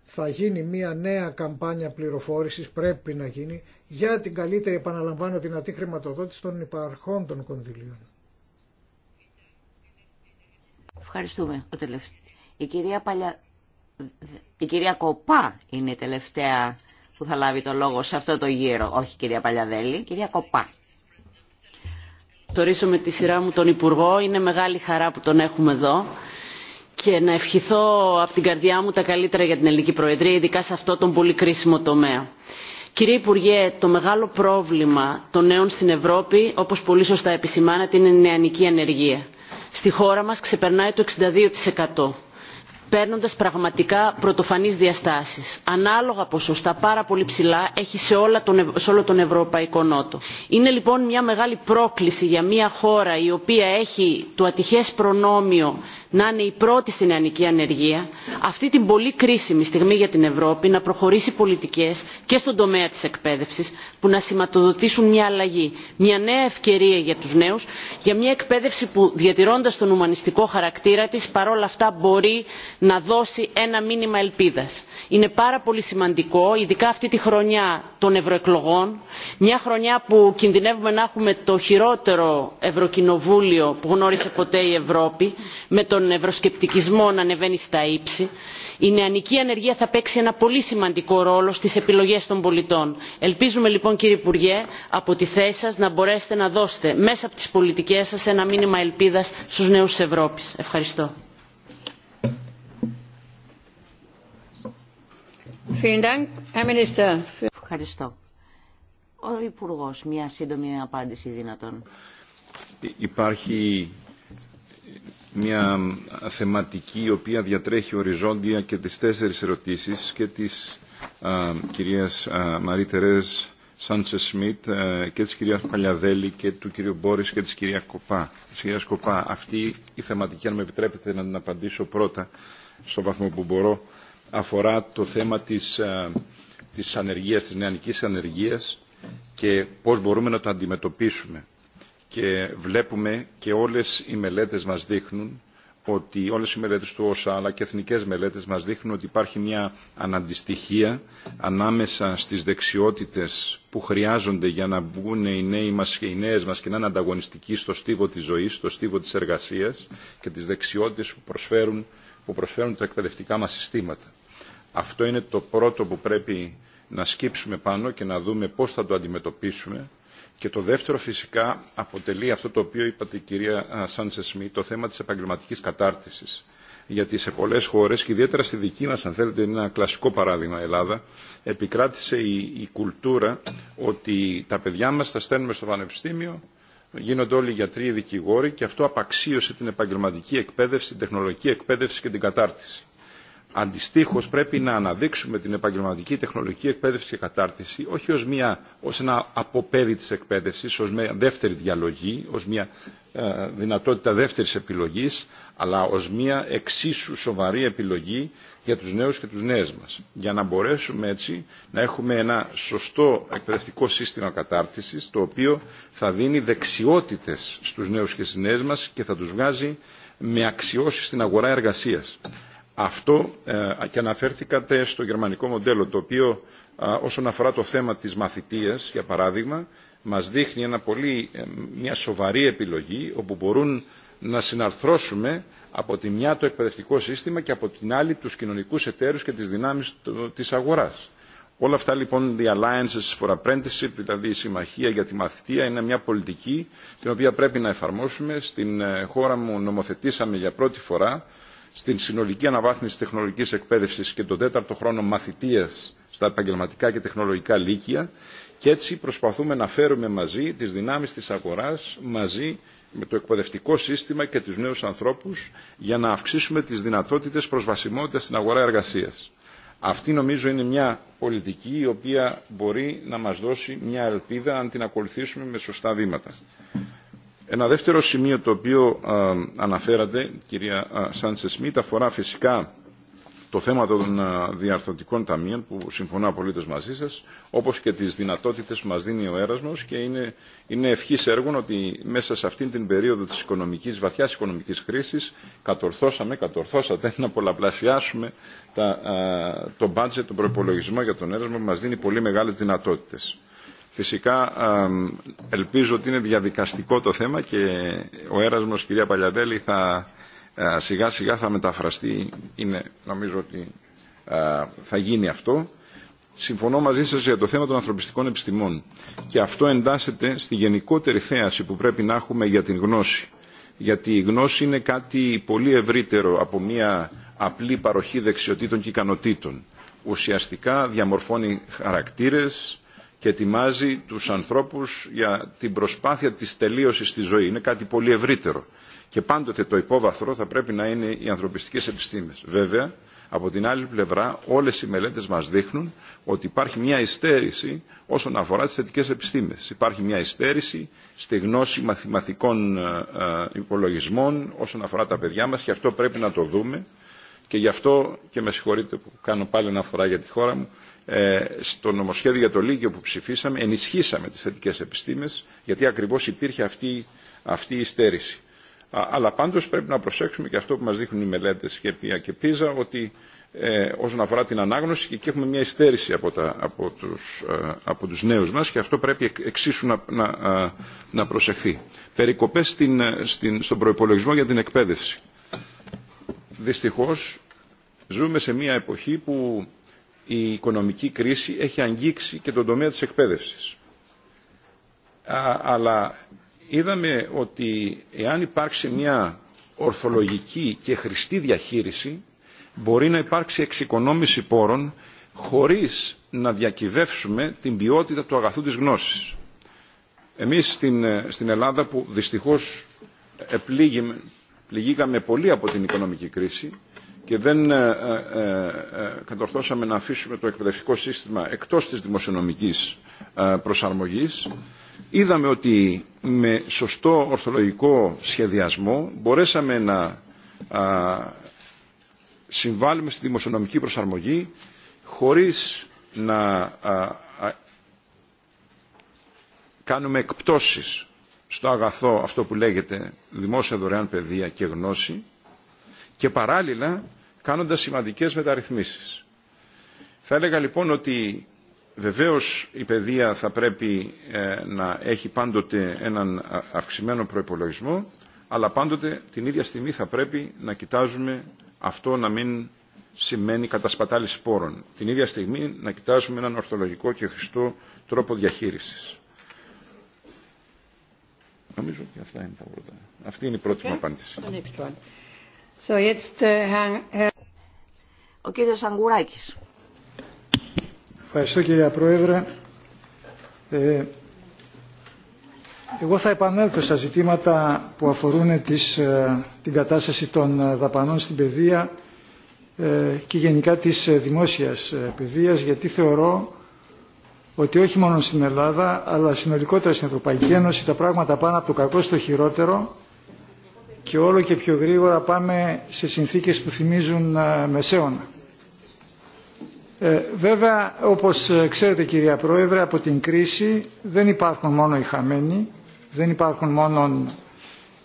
θα γίνει μια νέα καμπάνια πληροφόρησης, πρέπει να γίνει, για την καλύτερη επαναλαμβάνω δυνατή χρηματοδότηση των υπαρχών κονδυλίων. Ευχαριστούμε. Ο η, κυρία Παλια... η κυρία Κοπά είναι η τελευταία που θα λάβει το λόγο σε αυτό το γύρο. Όχι κυρία Παλιαδέλη, κυρία Κοπά. Τορίσουμε με τη σειρά μου τον Υπουργό. Είναι μεγάλη χαρά που τον έχουμε εδώ και να ευχηθώ από την καρδιά μου τα καλύτερα για την ελληνική προεδρία ειδικά σε αυτό τον πολύ κρίσιμο τομέα. Κύριε Υπουργέ, το μεγάλο πρόβλημα των νέων στην Ευρώπη, όπως πολύ σωστά επισημάνατε, είναι η νεανική ανεργία. Στη χώρα μας ξεπερνάει το 62% παίρνοντας πραγματικά πρωτοφανείς διαστάσεις. Ανάλογα ποσοστά πάρα πολύ ψηλά έχει σε, όλα τον, σε όλο τον Ευρωπαϊκό Νότο. Είναι λοιπόν μια μεγάλη πρόκληση για μια χώρα η οποία έχει το ατυχές προνόμιο να είναι η πρώτη στην νεανική ανεργία αυτή την πολύ κρίσιμη στιγμή για την ευρώπη να προχωρήσει πολιτικές και στον τομέα της εκπαίδευσης που να σηματοδοτήσουν μια αλλαγή μια νέα ευκαιρία για τους νέους για μια εκπαίδευση που διατηρώντας τον ουμανιστικό χαρακτήρα της παρόλα αυτά μπορεί να δώσει ένα μήνυμα ελπίδας. είναι πάρα πολύ σημαντικό ειδικά αυτή τη χρονιά των ευρωεκλογών μια χρονιά που κινδυνεύουμε να έχουμε το χειρότερο ευρωκοινοβούλιο που γνώρισε ποτέ η ευρώπη με τον ευρωσκεπτικισμό να ανεβαίνει στα ύψη η νεανική ανεργία θα παίξει ένα πολύ σημαντικό ρόλο στις επιλογές των πολιτών. ελπίζουμε λοιπόν κύριε υπουργέ από τη θέση σας να μπορέσετε να δώσετε μέσα από τις πολιτικές σας ένα μήνυμα ελπίδας στους νέους της ευρώπης. ευχαριστώ. Ευχαριστώ. Ο Υπουργός, μια σύντομη απάντηση δυνατόν. Υπάρχει μια θεματική η οποία διατρέχει οριζόντια και τις τέσσερις ερωτήσεις και της α, κυρίας Μαρή Τερέζ Σάντσε Σμιτ και της κυρίας Παλιαδέλη και του κυρίου Μπόρις και της κυρίας Κοπά. Της κυρίας Κοπά. Αυτή η θεματική, αν με επιτρέπετε να την απαντήσω πρώτα στο βαθμό που μπορώ, αφορά το θέμα της, της ανεργίας, της νεανικής ανεργίας και πώς μπορούμε να το αντιμετωπίσουμε και βλέπουμε και όλες οι μελέτες μας δείχνουν ότι όλες οι μελέτες του ΩΣΑ αλλά και εθνικές μελέτες μας δείχνουν ότι υπάρχει μια αναντιστοιχία ανάμεσα στις δεξιότητες που χρειάζονται για να μπουν οι νέοι μας και οι νέες μας και να είναι ανταγωνιστικοί στο στίβο της ζωής, στο στίβο της εργασίας και τις δεξιότητες που προσφέρουν, που προσφέρουν τα εκπαιδευτικά μας συστήματα. Αυτό είναι το πρώτο που πρέπει να σκύψουμε πάνω και να δούμε πώς θα το αντιμετωπίσουμε και το δεύτερο φυσικά αποτελεί αυτό το οποίο είπατε κυρία Σάντσε Σμί, το θέμα της επαγγελματικής κατάρτισης. Γιατί σε πολλές χώρες, και ιδιαίτερα στη δική μας, αν θέλετε, είναι ένα κλασικό παράδειγμα Ελλάδα, επικράτησε η, η κουλτούρα ότι τα παιδιά μας τα στέλνουμε στο πανεπιστήμιο, γίνονται όλοι γιατροί, δικηγόροι και αυτό απαξίωσε την επαγγελματική εκπαίδευση, την τεχνολογική εκπαίδευση και την κατάρτιση. Αντιστοίχω πρέπει να αναδείξουμε την επαγγελματική τεχνολογική εκπαίδευση και κατάρτιση όχι ω ως ένα αποπέρι τη εκπαίδευση, ω μια δεύτερη διαλογή, ω μια ε, δυνατότητα δεύτερη επιλογής, αλλά ω μια εξίσου σοβαρή επιλογή για τους νέου και τους νέες μα, Για να μπορέσουμε έτσι να έχουμε ένα σωστό εκπαιδευτικό σύστημα κατάρτιση, το οποίο θα δίνει δεξιότητες στου νέου και στι νέες μα και θα τους βγάζει με αξιώσει στην αγορά εργασία αυτό ε, και αναφέρθηκατε στο γερμανικό μοντέλο, το οποίο ε, όσον αφορά το θέμα της μαθητείας, για παράδειγμα, μας δείχνει ένα πολύ, ε, μια σοβαρή επιλογή, όπου μπορούν να συναρθρώσουμε από τη μια το εκπαιδευτικό σύστημα και από την άλλη τους κοινωνικούς εταίρους και τις δυνάμεις της αγοράς. Όλα αυτά λοιπόν, the alliances for apprenticeship, δηλαδή η συμμαχία για τη μαθητεία, είναι μια πολιτική την οποία πρέπει να εφαρμόσουμε. Στην χώρα μου νομοθετήσαμε για πρώτη φορά στην συνολική αναβάθμιση τεχνολογικής εκπαίδευσης και τον τέταρτο χρόνο μαθητείας στα επαγγελματικά και τεχνολογικά λύκεια και έτσι προσπαθούμε να φέρουμε μαζί τις δυνάμεις της αγοράς, μαζί με το εκπαιδευτικό σύστημα και τους νέους ανθρώπους για να αυξήσουμε τις δυνατότητες προσβασιμότητας στην αγορά εργασίας. Αυτή νομίζω είναι μια πολιτική η οποία μπορεί να μας δώσει μια ελπίδα αν την ακολουθήσουμε με σωστά βήματα. Ένα δεύτερο σημείο το οποίο ε, αναφέρατε, κυρία ε, Σάντσε Σμίτ, αφορά φυσικά το θέμα των ε, διαρθρωτικών ταμείων που συμφωνώ απολύτω μαζί σα, όπω και τι δυνατότητε που μα δίνει ο έρασμο, και είναι, είναι ευχής έργων ότι μέσα σε αυτήν την περίοδο τη οικονομικής, βαθιάς οικονομικής χρήσης κατορθώσαμε, κατορθώσατε να πολλαπλασιάσουμε τα, το μπάτζετ, τον προπολογισμό για τον έρασμο που μα δίνει πολύ μεγάλε δυνατότητε. Φυσικά ελπίζω ότι είναι διαδικαστικό το θέμα και ο έρασμος κυρία Παλιαδέλη θα σιγά σιγά θα μεταφραστεί. Είναι, νομίζω ότι θα γίνει αυτό. Συμφωνώ μαζί σας για το θέμα των ανθρωπιστικών επιστημών και αυτό εντάσσεται στη γενικότερη θέαση που πρέπει να έχουμε για την γνώση. Γιατί η γνώση είναι κάτι πολύ ευρύτερο από μια απλή παροχή δεξιοτήτων και ικανοτήτων. Ουσιαστικά διαμορφώνει χαρακτήρες, και ετοιμάζει τους ανθρώπους για την προσπάθεια της τελείωσης στη ζωή. Είναι κάτι πολύ ευρύτερο. Και πάντοτε το υπόβαθρο θα πρέπει να είναι οι ανθρωπιστικές επιστήμες. Βέβαια, από την άλλη πλευρά, όλες οι μελέτες μας δείχνουν ότι υπάρχει μια υστέρηση όσον αφορά τις θετικές επιστήμες. Υπάρχει μια υστέρηση στη γνώση μαθηματικών ε, ε, υπολογισμών όσον αφορά τα παιδιά μας και αυτό πρέπει να το δούμε. Και γι' αυτό, και με συγχωρείτε που κάνω πάλι αναφορά για τη χώρα μου, ε, στο νομοσχέδιο για το Λίγιο που ψηφίσαμε ενισχύσαμε τις θετικές επιστήμες γιατί ακριβώς υπήρχε αυτή, αυτή η στέρηση. Αλλά πάντως πρέπει να προσέξουμε και αυτό που μας δείχνουν οι μελέτες και πια και πίζα ότι ε, όσον αφορά την ανάγνωση και εκεί έχουμε μια υστέρηση από, τα, από, τους, ε, από τους νέους μας και αυτό πρέπει εξίσου να, να, προσεχθεί. Περικοπές στην, στον προϋπολογισμό για την εκπαίδευση. Δυστυχώς ζούμε σε μια εποχή που η οικονομική κρίση έχει αγγίξει και τον τομέα της εκπαίδευσης. αλλά είδαμε ότι εάν υπάρξει μια ορθολογική και χρηστή διαχείριση μπορεί να υπάρξει εξοικονόμηση πόρων χωρίς να διακυβεύσουμε την ποιότητα του αγαθού της γνώσης. Εμείς στην, ε, στην Ελλάδα που δυστυχώς πληγήκαμε πολύ από την οικονομική κρίση και δεν ε, ε, ε, κατορθώσαμε να αφήσουμε το εκπαιδευτικό σύστημα εκτός της δημοσιονομικής προσαρμογής, είδαμε ότι με σωστό ορθολογικό σχεδιασμό μπορέσαμε να συμβάλλουμε στη δημοσιονομική προσαρμογή χωρίς να κάνουμε εκπτώσεις στο αγαθό αυτό που λέγεται δημόσια δωρεάν παιδεία και γνώση και παράλληλα κάνοντας σημαντικές μεταρρυθμίσεις. Θα έλεγα λοιπόν ότι βεβαίως η παιδεία θα πρέπει ε, να έχει πάντοτε έναν αυξημένο προϋπολογισμό, αλλά πάντοτε την ίδια στιγμή θα πρέπει να κοιτάζουμε αυτό να μην σημαίνει κατασπατάληση πόρων. Την ίδια στιγμή να κοιτάζουμε έναν ορθολογικό και χρηστό τρόπο διαχείρισης. Νομίζω ότι αυτά είναι τα πρώτα. Αυτή είναι η πρώτη μου απάντηση. So, uh, ο κύριος Αγκουράκης. Ευχαριστώ κύριε Πρόεδρε. Ε, εγώ θα επανέλθω στα ζητήματα που αφορούν τις, ε, την κατάσταση των ε, δαπανών στην παιδεία ε, και γενικά της δημόσιας παιδείας γιατί θεωρώ ότι όχι μόνο στην Ελλάδα αλλά συνολικότερα στην Ευρωπαϊκή Ένωση τα πράγματα πάνε από το κακό στο χειρότερο και όλο και πιο γρήγορα πάμε σε συνθήκες που θυμίζουν μεσαίωνα. Ε, βέβαια όπως ε, ξέρετε κυρία Πρόεδρε από την κρίση δεν υπάρχουν μόνο οι χαμένοι, δεν υπάρχουν μόνο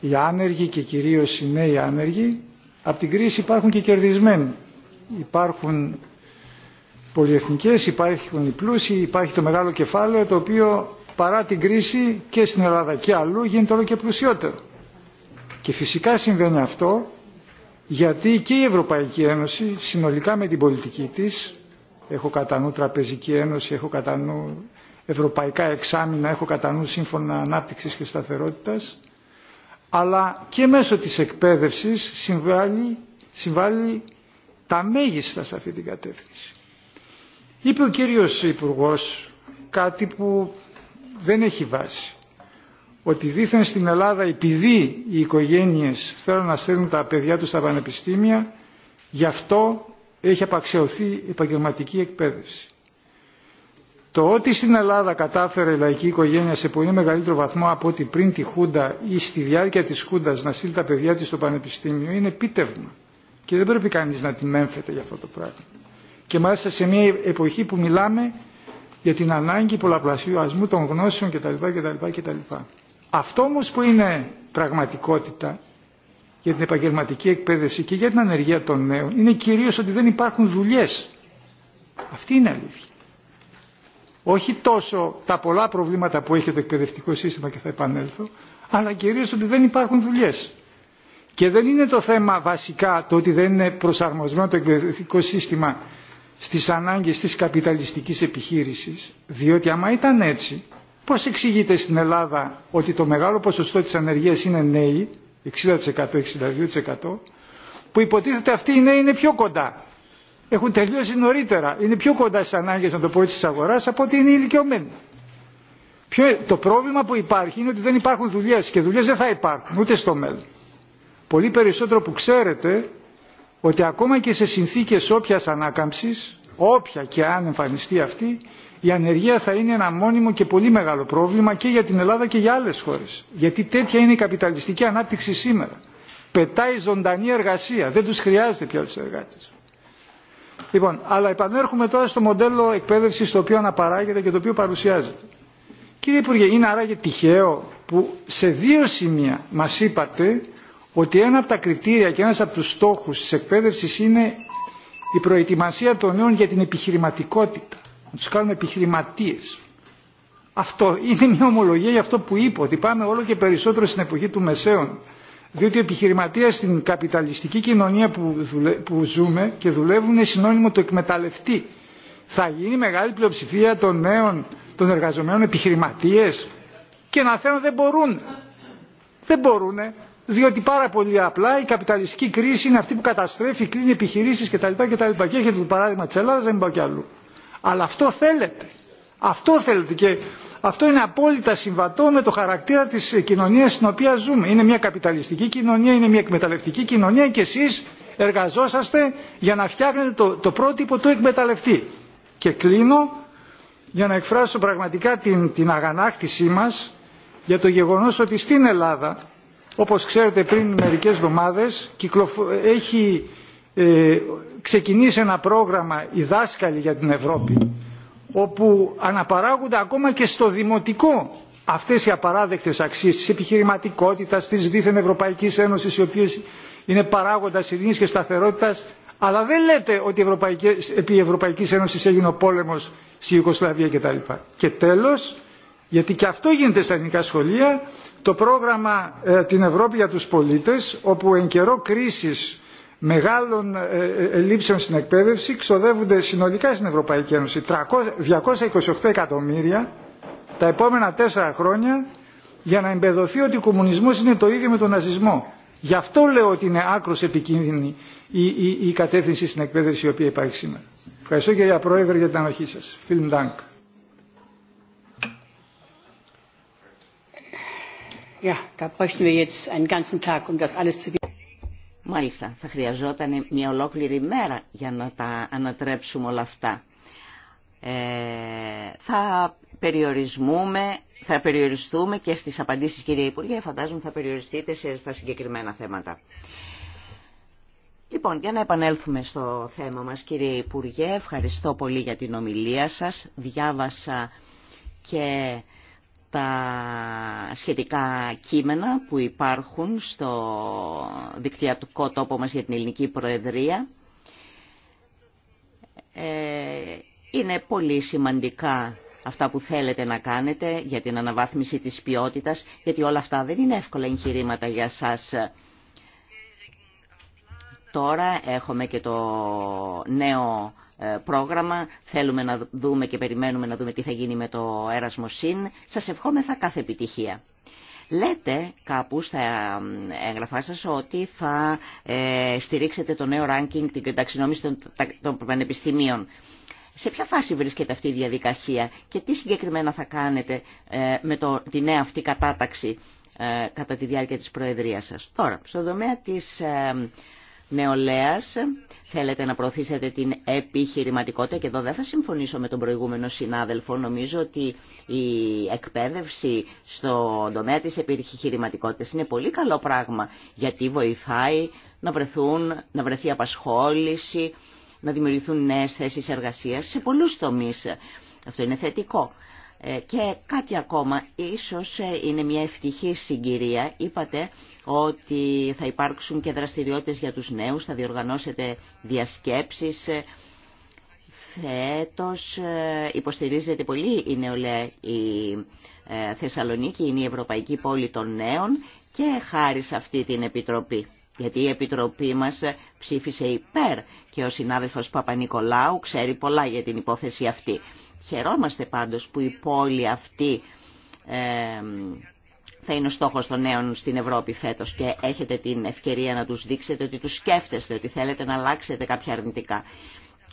οι άνεργοι και κυρίως οι νέοι άνεργοι. Από την κρίση υπάρχουν και κερδισμένοι. Υπάρχουν πολιεθνικές, υπάρχουν οι πλούσιοι, υπάρχει το μεγάλο κεφάλαιο το οποίο παρά την κρίση και στην Ελλάδα και αλλού γίνεται όλο και πλουσιότερο. Και φυσικά συμβαίνει αυτό γιατί και η Ευρωπαϊκή Ένωση συνολικά με την πολιτική της έχω κατά νου Τραπεζική Ένωση, έχω κατά νου Ευρωπαϊκά Εξάμεινα, έχω κατά νου Σύμφωνα Ανάπτυξης και Σταθερότητας, αλλά και μέσω της εκπαίδευσης συμβάλλει, συμβάλλει τα μέγιστα σε αυτή την κατεύθυνση. Είπε ο κύριος υπουργό κάτι που δεν έχει βάση. Ότι δήθεν στην Ελλάδα επειδή οι οικογένειες θέλουν να στέλνουν τα παιδιά τους στα πανεπιστήμια, γι' αυτό έχει απαξιωθεί η επαγγελματική εκπαίδευση. Το ότι στην Ελλάδα κατάφερε η λαϊκή οικογένεια σε πολύ μεγαλύτερο βαθμό από ότι πριν τη Χούντα ή στη διάρκεια της Χούντας να στείλει τα παιδιά της στο Πανεπιστήμιο είναι επίτευγμα. Και δεν πρέπει κανείς να την για αυτό το πράγμα. Και μάλιστα σε μια εποχή που μιλάμε για την ανάγκη πολλαπλασιασμού των γνώσεων κτλ. κτλ, κτλ. Αυτό όμως που είναι πραγματικότητα για την επαγγελματική εκπαίδευση και για την ανεργία των νέων είναι κυρίως ότι δεν υπάρχουν δουλειές. Αυτή είναι αλήθεια. Όχι τόσο τα πολλά προβλήματα που έχει το εκπαιδευτικό σύστημα και θα επανέλθω, αλλά κυρίως ότι δεν υπάρχουν δουλειές. Και δεν είναι το θέμα βασικά το ότι δεν είναι προσαρμοσμένο το εκπαιδευτικό σύστημα στις ανάγκες της καπιταλιστικής επιχείρησης, διότι άμα ήταν έτσι, πώς εξηγείται στην Ελλάδα ότι το μεγάλο ποσοστό της ανεργίας είναι νέοι, 60%-62% που υποτίθεται αυτοί οι νέοι είναι πιο κοντά. Έχουν τελειώσει νωρίτερα. Είναι πιο κοντά στι ανάγκε, να το πω έτσι, τη αγορά από ότι είναι οι ηλικιωμένοι. Ποιο, το πρόβλημα που υπάρχει είναι ότι δεν υπάρχουν δουλειέ και δουλειέ δεν θα υπάρχουν ούτε στο μέλλον. Πολύ περισσότερο που ξέρετε ότι ακόμα και σε συνθήκε όποια ανάκαμψη, όποια και αν εμφανιστεί αυτή, η ανεργία θα είναι ένα μόνιμο και πολύ μεγάλο πρόβλημα και για την Ελλάδα και για άλλες χώρες. Γιατί τέτοια είναι η καπιταλιστική ανάπτυξη σήμερα. Πετάει ζωντανή εργασία. Δεν τους χρειάζεται πια τους εργάτες. Λοιπόν, αλλά επανέρχομαι τώρα στο μοντέλο εκπαίδευσης το οποίο αναπαράγεται και το οποίο παρουσιάζεται. Κύριε Υπουργέ, είναι άραγε τυχαίο που σε δύο σημεία μας είπατε ότι ένα από τα κριτήρια και ένας από τους στόχους της εκπαίδευσης είναι η προετοιμασία των νέων για την επιχειρηματικότητα να τους κάνουμε επιχειρηματίες. Αυτό είναι μια ομολογία για αυτό που είπα, ότι πάμε όλο και περισσότερο στην εποχή του μεσαίων. Διότι οι επιχειρηματίες στην καπιταλιστική κοινωνία που, που ζούμε και δουλεύουν είναι συνώνυμο το εκμεταλλευτή. Θα γίνει μεγάλη πλειοψηφία των νέων, των εργαζομένων επιχειρηματίες και να θέλουν δεν μπορούν. Δεν μπορούν, διότι πάρα πολύ απλά η καπιταλιστική κρίση είναι αυτή που καταστρέφει, κλείνει επιχειρήσεις κτλ. κτλ. Και έχετε το παράδειγμα της Ελλάδα δεν πάω κι αλλού. Αλλά αυτό θέλετε. Αυτό θέλετε και αυτό είναι απόλυτα συμβατό με το χαρακτήρα της κοινωνίας στην οποία ζούμε. Είναι μια καπιταλιστική κοινωνία, είναι μια εκμεταλλευτική κοινωνία και εσείς εργαζόσαστε για να φτιάχνετε το, το πρότυπο του εκμεταλλευτή. Και κλείνω για να εκφράσω πραγματικά την, την αγανάκτησή μας για το γεγονός ότι στην Ελλάδα, όπως ξέρετε πριν μερικές εβδομάδες, έχει ε, ξεκινήσει ένα πρόγραμμα οι δάσκαλοι για την Ευρώπη όπου αναπαράγονται ακόμα και στο δημοτικό αυτές οι απαράδεκτες αξίες της επιχειρηματικότητας, της δίθεν Ευρωπαϊκής Ένωσης οι οποίες είναι παράγοντας ειρήνης και σταθερότητας αλλά δεν λέτε ότι επί Ευρωπαϊκής Ένωσης έγινε ο πόλεμος στη Ιουγκοσλαβία κτλ. Και τέλος, γιατί και αυτό γίνεται στα ελληνικά σχολεία, το πρόγραμμα ε, «Την Ευρώπη για τους πολίτες» όπου εν καιρό κρίσης μεγάλων ε, ε, ε, λήψεων στην εκπαίδευση ξοδεύονται συνολικά στην Ευρωπαϊκή Ένωση 228 εκατομμύρια τα επόμενα τέσσερα χρόνια για να εμπεδοθεί ότι ο κομμουνισμός είναι το ίδιο με τον ναζισμό. Γι' αυτό λέω ότι είναι άκρος επικίνδυνη η, η, κατεύθυνση στην εκπαίδευση η οποία υπάρχει σήμερα. Ευχαριστώ κυρία Πρόεδρε για την ανοχή σας. Ja, Μάλιστα, θα χρειαζόταν μια ολόκληρη μέρα για να τα ανατρέψουμε όλα αυτά. Ε, θα περιορισμούμε, θα περιοριστούμε και στις απαντήσεις κύριε Υπουργέ, φαντάζομαι θα περιοριστείτε σε, στα συγκεκριμένα θέματα. Λοιπόν, για να επανέλθουμε στο θέμα μας κύριε Υπουργέ, ευχαριστώ πολύ για την ομιλία σας. Διάβασα και τα σχετικά κείμενα που υπάρχουν στο δικτυατικό τόπο μας για την Ελληνική Προεδρία. Ε, είναι πολύ σημαντικά αυτά που θέλετε να κάνετε για την αναβάθμιση της ποιότητας, γιατί όλα αυτά δεν είναι εύκολα εγχειρήματα για σας. Τώρα έχουμε και το νέο ε, πρόγραμμα. Θέλουμε να δούμε και περιμένουμε να δούμε τι θα γίνει με το έρασμο Συν. Σας ευχόμεθα κάθε επιτυχία. Λέτε κάπου στα ε, έγγραφά σας ότι θα ε, στηρίξετε το νέο ranking, την ταξινόμηση των πανεπιστημίων. Σε ποια φάση βρίσκεται αυτή η διαδικασία και τι συγκεκριμένα θα κάνετε με το, τη νέα αυτή κατάταξη κατά τη διάρκεια της Προεδρίας σας. Τώρα, στον τομέα της νεολαίας. Θέλετε να προωθήσετε την επιχειρηματικότητα και εδώ δεν θα συμφωνήσω με τον προηγούμενο συνάδελφο. Νομίζω ότι η εκπαίδευση στον τομέα της επιχειρηματικότητας είναι πολύ καλό πράγμα γιατί βοηθάει να, βρεθούν, να βρεθεί απασχόληση, να δημιουργηθούν νέες θέσεις εργασίας σε πολλούς τομείς. Αυτό είναι θετικό. Ε, και κάτι ακόμα, ίσως ε, είναι μια ευτυχή συγκυρία. Είπατε ότι θα υπάρξουν και δραστηριότητες για τους νέους, θα διοργανώσετε διασκέψεις. Ε, φέτος υποστηρίζεται πολύ η νεολαία η Θεσσαλονίκη, είναι η Ευρωπαϊκή Πόλη των Νέων και χάρη σε αυτή την Επιτροπή. Γιατί η Επιτροπή μας ψήφισε υπέρ και ο συνάδελφος Παπα-Νικολάου ξέρει πολλά για την υπόθεση αυτή. Χαιρόμαστε πάντως που η πόλη αυτή ε, θα είναι ο στόχος των νέων στην Ευρώπη φέτος και έχετε την ευκαιρία να τους δείξετε ότι τους σκέφτεστε, ότι θέλετε να αλλάξετε κάποια αρνητικά.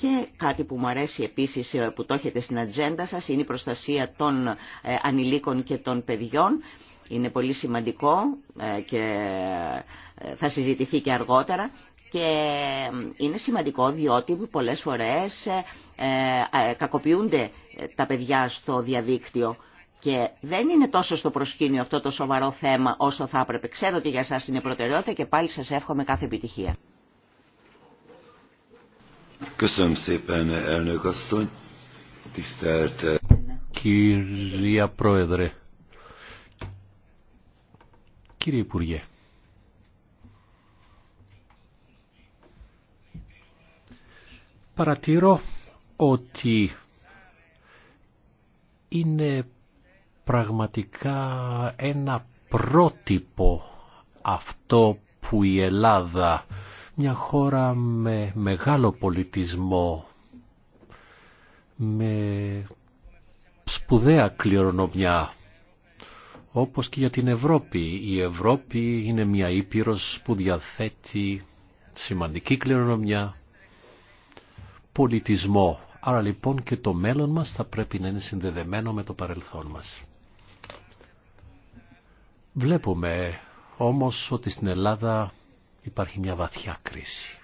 Και κάτι που μου αρέσει επίσης ε, που το έχετε στην ατζέντα σας είναι η προστασία των ε, ανηλίκων και των παιδιών. Είναι πολύ σημαντικό και θα συζητηθεί και αργότερα. Και είναι σημαντικό διότι πολλές φορές ε, ε, κακοποιούνται ε, τα παιδιά στο διαδίκτυο και δεν είναι τόσο στο προσκήνιο αυτό το σοβαρό θέμα όσο θα έπρεπε. Ξέρω ότι για σας είναι προτεραιότητα και πάλι σας εύχομαι κάθε επιτυχία. Κυρία Πρόεδρε, κύριε Υπουργέ, παρατηρώ ότι είναι πραγματικά ένα πρότυπο αυτό που η Ελλάδα, μια χώρα με μεγάλο πολιτισμό, με σπουδαία κληρονομιά, όπως και για την Ευρώπη. Η Ευρώπη είναι μια ήπειρος που διαθέτει σημαντική κληρονομιά πολιτισμό. Άρα λοιπόν και το μέλλον μας θα πρέπει να είναι συνδεδεμένο με το παρελθόν μας. Βλέπουμε όμως ότι στην Ελλάδα υπάρχει μια βαθιά κρίση.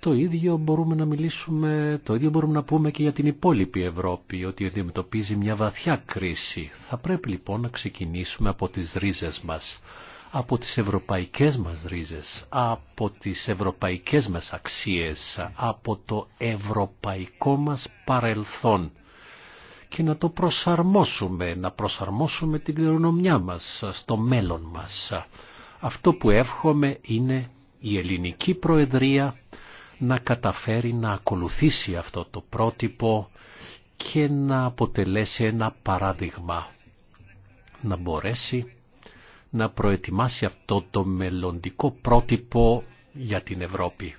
Το ίδιο μπορούμε να μιλήσουμε, το ίδιο μπορούμε να πούμε και για την υπόλοιπη Ευρώπη, ότι αντιμετωπίζει μια βαθιά κρίση. Θα πρέπει λοιπόν να ξεκινήσουμε από τις ρίζες μας από τις ευρωπαϊκές μας ρίζες, από τις ευρωπαϊκές μας αξίες, από το ευρωπαϊκό μας παρελθόν και να το προσαρμόσουμε, να προσαρμόσουμε την κληρονομιά μας στο μέλλον μας. Αυτό που εύχομαι είναι η ελληνική προεδρία να καταφέρει να ακολουθήσει αυτό το πρότυπο και να αποτελέσει ένα παράδειγμα. Να μπορέσει να προετοιμάσει αυτό το μελλοντικό πρότυπο για την Ευρώπη.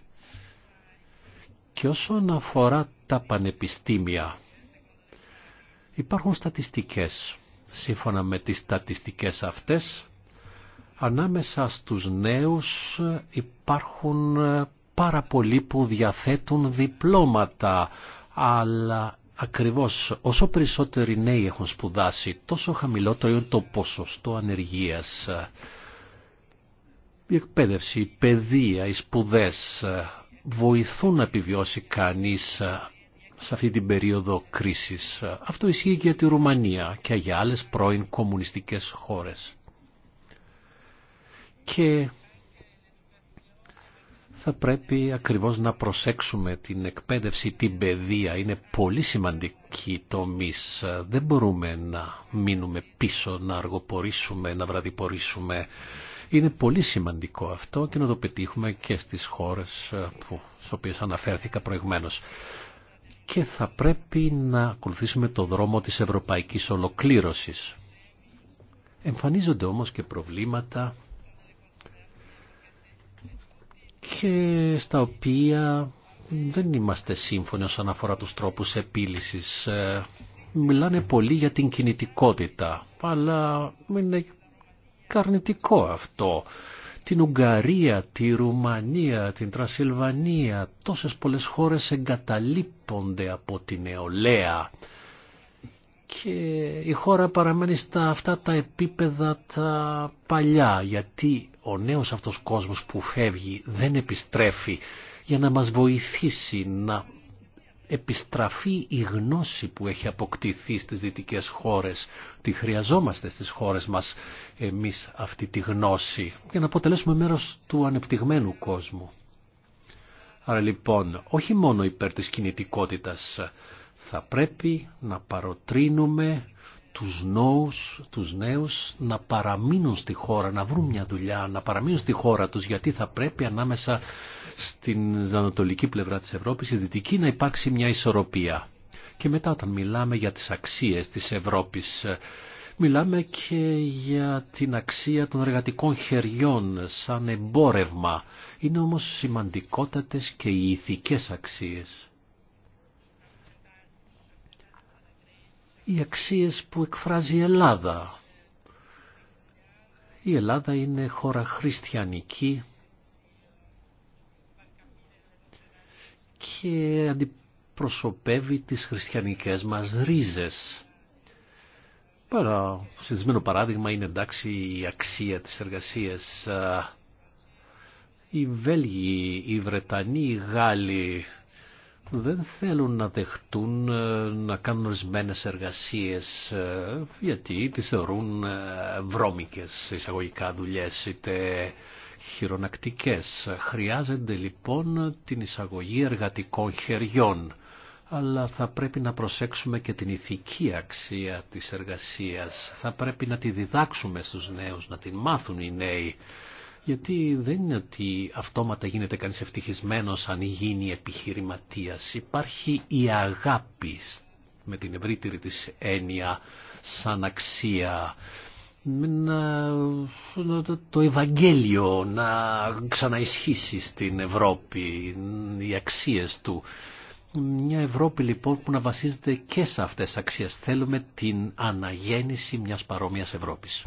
Και όσον αφορά τα πανεπιστήμια, υπάρχουν στατιστικές. Σύμφωνα με τις στατιστικές αυτές, ανάμεσα στους νέους υπάρχουν πάρα πολλοί που διαθέτουν διπλώματα, αλλά Ακριβώς όσο περισσότεροι νέοι έχουν σπουδάσει, τόσο χαμηλότερο είναι το ποσοστό ανεργίας. Η εκπαίδευση, η παιδεία, οι σπουδές βοηθούν να επιβιώσει κανείς σε αυτή την περίοδο κρίσης. Αυτό ισχύει και για τη Ρουμανία και για άλλες πρώην κομμουνιστικές χώρες. Και θα πρέπει ακριβώς να προσέξουμε την εκπαίδευση, την παιδεία. Είναι πολύ σημαντική τομή. Δεν μπορούμε να μείνουμε πίσω, να αργοπορήσουμε, να βραδιπορήσουμε. Είναι πολύ σημαντικό αυτό και να το πετύχουμε και στις χώρες ε, που, στις οποίες αναφέρθηκα προηγουμένως. Και θα πρέπει να ακολουθήσουμε το δρόμο της ευρωπαϊκής ολοκλήρωσης. Εμφανίζονται όμως και προβλήματα και στα οποία δεν είμαστε σύμφωνοι όσον αφορά τους τρόπους επίλυσης. Ε, μιλάνε πολύ για την κινητικότητα, αλλά είναι καρνητικό αυτό. Την Ουγγαρία, τη Ρουμανία, την Τρασιλβανία, τόσες πολλές χώρες εγκαταλείπονται από την νεολαία και η χώρα παραμένει στα αυτά τα επίπεδα τα παλιά γιατί ο νέος αυτός κόσμος που φεύγει δεν επιστρέφει για να μας βοηθήσει να επιστραφεί η γνώση που έχει αποκτηθεί στις δυτικές χώρες. Τη χρειαζόμαστε στις χώρες μας εμείς αυτή τη γνώση για να αποτελέσουμε μέρος του ανεπτυγμένου κόσμου. Άρα λοιπόν, όχι μόνο υπέρ της κινητικότητας, θα πρέπει να παροτρύνουμε τους νόους, τους νέους να παραμείνουν στη χώρα, να βρουν μια δουλειά, να παραμείνουν στη χώρα τους γιατί θα πρέπει ανάμεσα στην ανατολική πλευρά της Ευρώπης, η δυτική, να υπάρξει μια ισορροπία. Και μετά όταν μιλάμε για τις αξίες της Ευρώπης, μιλάμε και για την αξία των εργατικών χεριών σαν εμπόρευμα. Είναι όμως σημαντικότατες και οι ηθικές αξίες. οι αξίες που εκφράζει η Ελλάδα. Η Ελλάδα είναι χώρα χριστιανική και αντιπροσωπεύει τις χριστιανικές μας ρίζες. Παρά, συνδυσμένο παράδειγμα είναι εντάξει η αξία της εργασίας. Οι Βέλγοι, οι Βρετανοί, οι Γάλλοι, δεν θέλουν να δεχτούν ε, να κάνουν ορισμένε εργασίες ε, γιατί τις θεωρούν ε, βρώμικες εισαγωγικά δουλειές είτε χειρονακτικές. Χρειάζεται λοιπόν την εισαγωγή εργατικών χεριών αλλά θα πρέπει να προσέξουμε και την ηθική αξία της εργασίας. Θα πρέπει να τη διδάξουμε στους νέους, να την μάθουν οι νέοι. Γιατί δεν είναι ότι αυτόματα γίνεται κανείς ευτυχισμένος αν γίνει επιχειρηματίας. Υπάρχει η αγάπη με την ευρύτερη της έννοια σαν αξία. το Ευαγγέλιο να ξαναισχύσει στην Ευρώπη, οι αξίες του. Μια Ευρώπη λοιπόν που να βασίζεται και σε αυτές τις αξίες. Θέλουμε την αναγέννηση μιας παρόμοιας Ευρώπης.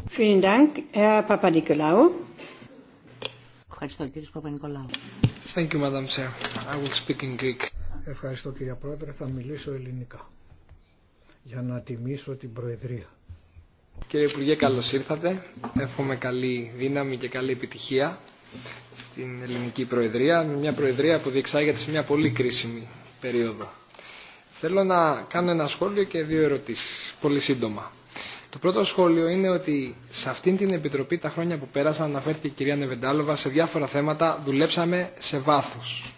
Ευχαριστώ κύριε Ευχαριστώ κύριε Πρόεδρε, θα μιλήσω ελληνικά για να τιμήσω την Προεδρία. Κύριε Υπουργέ, καλώ ήρθατε. Εύχομαι καλή δύναμη και καλή επιτυχία στην ελληνική Προεδρία, μια Προεδρία που διεξάγεται σε μια πολύ κρίσιμη περίοδο. Θέλω να κάνω ένα σχόλιο και δύο ερωτήσεις, πολύ σύντομα. Το πρώτο σχόλιο είναι ότι σε αυτήν την επιτροπή τα χρόνια που πέρασαν, αναφέρθηκε η κυρία Νεβεντάλοβα, σε διάφορα θέματα δουλέψαμε σε βάθος.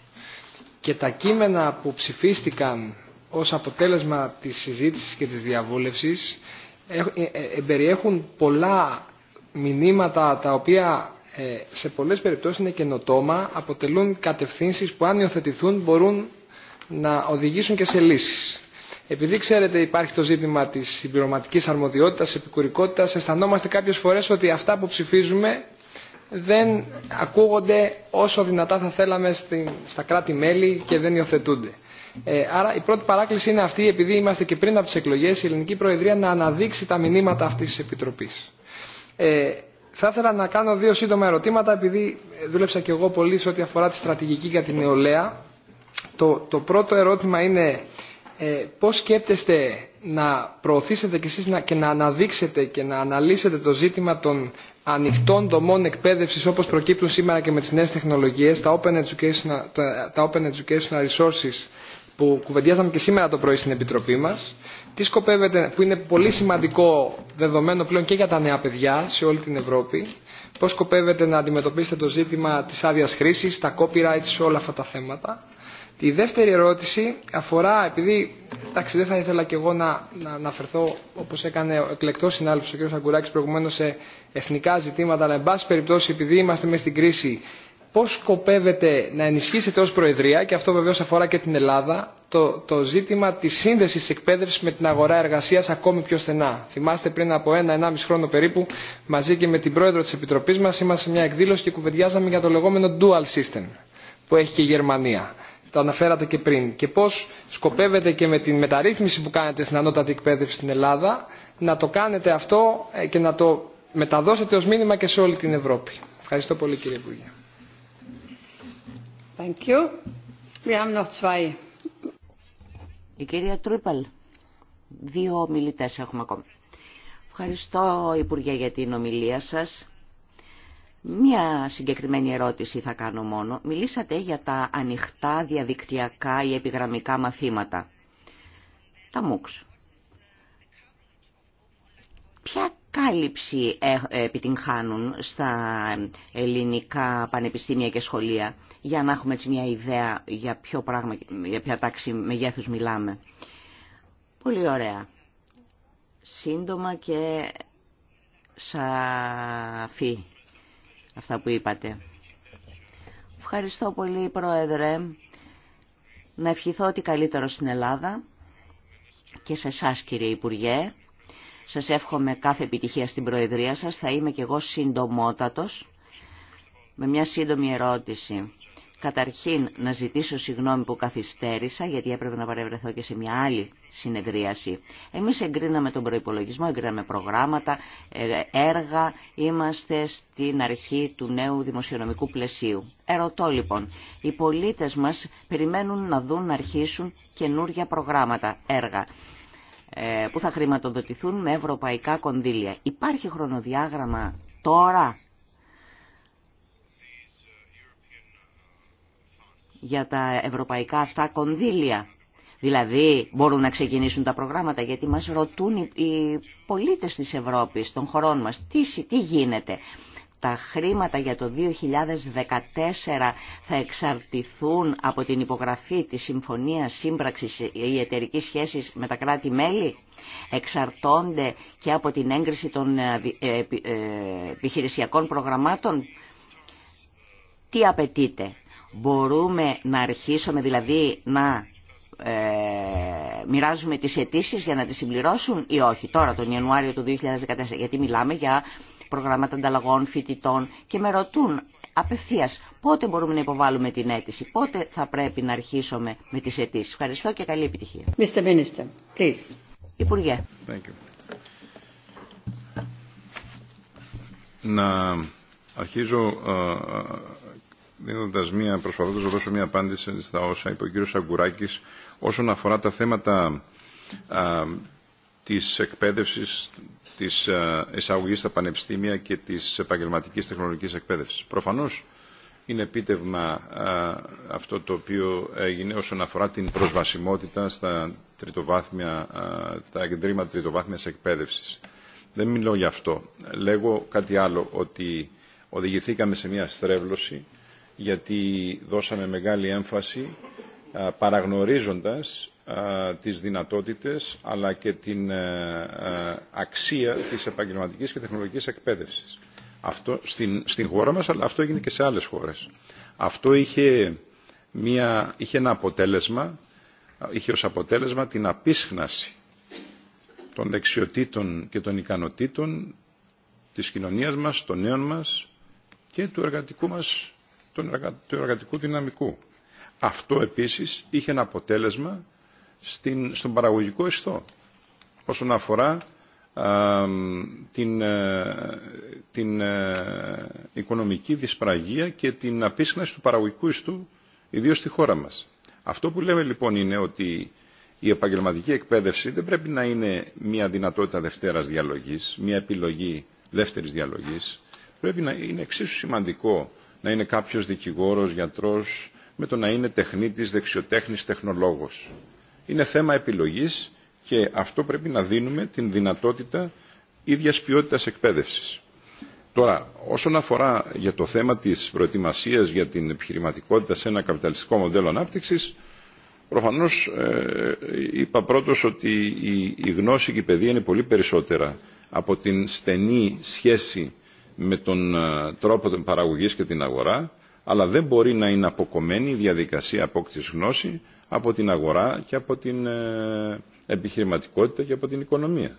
Και τα κείμενα που ψηφίστηκαν ως αποτέλεσμα της συζήτησης και της διαβούλευσης ε, ε, ε, περιέχουν πολλά μηνύματα τα οποία σε πολλές περιπτώσεις είναι καινοτόμα, αποτελούν κατευθύνσεις που αν υιοθετηθούν μπορούν να οδηγήσουν και σε λύσεις. Επειδή ξέρετε υπάρχει το ζήτημα τη συμπληρωματική αρμοδιότητα, επικουρικότητα, αισθανόμαστε κάποιε φορέ ότι αυτά που ψηφίζουμε δεν ακούγονται όσο δυνατά θα θέλαμε στα κράτη-μέλη και δεν υιοθετούνται. Ε, άρα η πρώτη παράκληση είναι αυτή, επειδή είμαστε και πριν από τι εκλογέ, η Ελληνική Προεδρία να αναδείξει τα μηνύματα αυτή τη Επιτροπή. Ε, θα ήθελα να κάνω δύο σύντομα ερωτήματα, επειδή ε, δούλεψα και εγώ πολύ σε ό,τι αφορά τη στρατηγική για την νεολαία. Το, το πρώτο ερώτημα είναι ε, πώς σκέπτεστε να προωθήσετε και εσείς και να αναδείξετε και να αναλύσετε το ζήτημα των ανοιχτών δομών εκπαίδευσης όπως προκύπτουν σήμερα και με τις νέες τεχνολογίες, τα open educational, τα, open resources που κουβεντιάσαμε και σήμερα το πρωί στην Επιτροπή μας, τι σκοπεύετε, που είναι πολύ σημαντικό δεδομένο πλέον και για τα νέα παιδιά σε όλη την Ευρώπη, πώς σκοπεύετε να αντιμετωπίσετε το ζήτημα της άδεια χρήσης, τα copyrights, όλα αυτά τα θέματα. Η δεύτερη ερώτηση αφορά, επειδή εντάξει, δεν θα ήθελα και εγώ να, να αναφερθώ όπω έκανε ο εκλεκτό συνάδελφο ο κ. Αγκουράκη προηγουμένω σε εθνικά ζητήματα, αλλά εν πάση περιπτώσει επειδή είμαστε μέσα στην κρίση, πώ σκοπεύετε να ενισχύσετε ω Προεδρία, και αυτό βεβαίω αφορά και την Ελλάδα, το, το ζήτημα τη σύνδεση εκπαίδευση με την αγορά εργασία ακόμη πιο στενά. Θυμάστε πριν από ένα-ενάμιση χρόνο περίπου, μαζί και με την Πρόεδρο τη Επιτροπή μα, είμαστε σε μια εκδήλωση και κουβεντιάζαμε για το λεγόμενο dual system που έχει και η Γερμανία το αναφέρατε και πριν και πώς σκοπεύετε και με την μεταρρύθμιση που κάνετε στην ανώτατη εκπαίδευση στην Ελλάδα να το κάνετε αυτό ε, και να το μεταδώσετε ως μήνυμα και σε όλη την Ευρώπη. Ευχαριστώ πολύ κύριε Υπουργέ. Thank you. We have noch Η κυρία Τρούπαλ. Δύο ομιλητές έχουμε ακόμα. Ευχαριστώ Υπουργέ για την ομιλία σας. Μία συγκεκριμένη ερώτηση θα κάνω μόνο. Μιλήσατε για τα ανοιχτά διαδικτυακά ή επιγραμμικά μαθήματα. Τα MOOCs. Ποια κάλυψη ε, επιτυγχάνουν στα ελληνικά πανεπιστήμια και σχολεία για να έχουμε έτσι μια ιδέα για ποιο πράγμα, για ποια τάξη μεγέθους μιλάμε. Πολύ ωραία. Σύντομα και σαφή αυτά που είπατε. Ευχαριστώ πολύ, Πρόεδρε. Να ευχηθώ ότι καλύτερο στην Ελλάδα και σε εσά, κύριε Υπουργέ. Σας εύχομαι κάθε επιτυχία στην Προεδρία σας. Θα είμαι και εγώ συντομότατος με μια σύντομη ερώτηση. Καταρχήν να ζητήσω συγγνώμη που καθυστέρησα γιατί έπρεπε να παρευρεθώ και σε μια άλλη συνεδρίαση. Εμείς εγκρίναμε τον προϋπολογισμό, εγκρίναμε προγράμματα, ε, έργα, είμαστε στην αρχή του νέου δημοσιονομικού πλαισίου. Ερωτώ λοιπόν, οι πολίτες μας περιμένουν να δουν να αρχίσουν καινούργια προγράμματα, έργα ε, που θα χρηματοδοτηθούν με ευρωπαϊκά κονδύλια. Υπάρχει χρονοδιάγραμμα τώρα για τα ευρωπαϊκά αυτά κονδύλια. Δηλαδή μπορούν να ξεκινήσουν τα προγράμματα γιατί μας ρωτούν οι πολίτες της Ευρώπης, των χωρών μας, τι, τι γίνεται. Τα χρήματα για το 2014 θα εξαρτηθούν από την υπογραφή της Συμφωνίας Σύμπραξης ή Εταιρικής Σχέσης με τα κράτη-μέλη. Εξαρτώνται και από την έγκριση των ε, ε, ε, επιχειρησιακών προγραμμάτων. Τι απαιτείται. Μπορούμε να αρχίσουμε δηλαδή να ε, μοιράζουμε τις αιτήσει για να τις συμπληρώσουν ή όχι τώρα τον Ιανουάριο του 2014 γιατί μιλάμε για προγράμματα ανταλλαγών φοιτητών και με ρωτούν απευθείας πότε μπορούμε να υποβάλουμε την αίτηση, πότε θα πρέπει να αρχίσουμε με τις αιτήσει. Ευχαριστώ και καλή επιτυχία. Mr. Minister, please. Υπουργέ. Thank you. Να αρχίζω ε, δίνοντας μια, προσπαθώντας να δώσω μια απάντηση στα όσα είπε ο κύριος Σαγκουράκης όσον αφορά τα θέματα α, της εκπαίδευσης, της εισαγωγής στα πανεπιστήμια και της επαγγελματικής τεχνολογικής εκπαίδευσης. Προφανώς είναι επίτευγμα αυτό το οποίο έγινε όσον αφορά την προσβασιμότητα στα τριτοβάθμια, α, τα εγκεντρήματα τριτοβάθμιας εκπαίδευσης. Δεν μιλώ γι' αυτό. Λέγω κάτι άλλο, ότι οδηγηθήκαμε σε μια στρέβλωση γιατί δώσαμε μεγάλη έμφαση παραγνωρίζοντας τις δυνατότητες αλλά και την ε, ε, αξία της επαγγελματικής και τεχνολογικής εκπαίδευσης. Αυτό στην, χώρα μας, αλλά αυτό έγινε και σε άλλες χώρες. Αυτό είχε, μια, είχε ένα αποτέλεσμα, είχε ως αποτέλεσμα την απίσχναση των δεξιοτήτων και των ικανοτήτων της κοινωνίας μας, των νέων μας και του εργατικού μας του εργατικού δυναμικού. Αυτό επίσης είχε ένα αποτέλεσμα στην, στον παραγωγικό ιστό όσον αφορά την, ε, την ε, οικονομική δυσπραγία και την απίσχναση του παραγωγικού ιστού ιδίως στη χώρα μας. Αυτό που λέμε λοιπόν είναι ότι η επαγγελματική εκπαίδευση δεν πρέπει να είναι μια δυνατότητα δευτέρας διαλογής, μια επιλογή δεύτερης διαλογής. Πρέπει να είναι εξίσου σημαντικό να είναι κάποιος δικηγόρος, γιατρός, με το να είναι τεχνίτης, δεξιοτέχνης, τεχνολόγος. Είναι θέμα επιλογής και αυτό πρέπει να δίνουμε την δυνατότητα ίδιας ποιότητας εκπαίδευσης. Τώρα, όσον αφορά για το θέμα της προετοιμασίας για την επιχειρηματικότητα σε ένα καπιταλιστικό μοντέλο ανάπτυξης, προφανώς ε, είπα πρώτος ότι η, η γνώση και η παιδεία είναι πολύ περισσότερα από την στενή σχέση με τον ε, τρόπο των παραγωγής και την αγορά, αλλά δεν μπορεί να είναι αποκομμένη η διαδικασία απόκτησης γνώση από την αγορά και από την ε, επιχειρηματικότητα και από την οικονομία.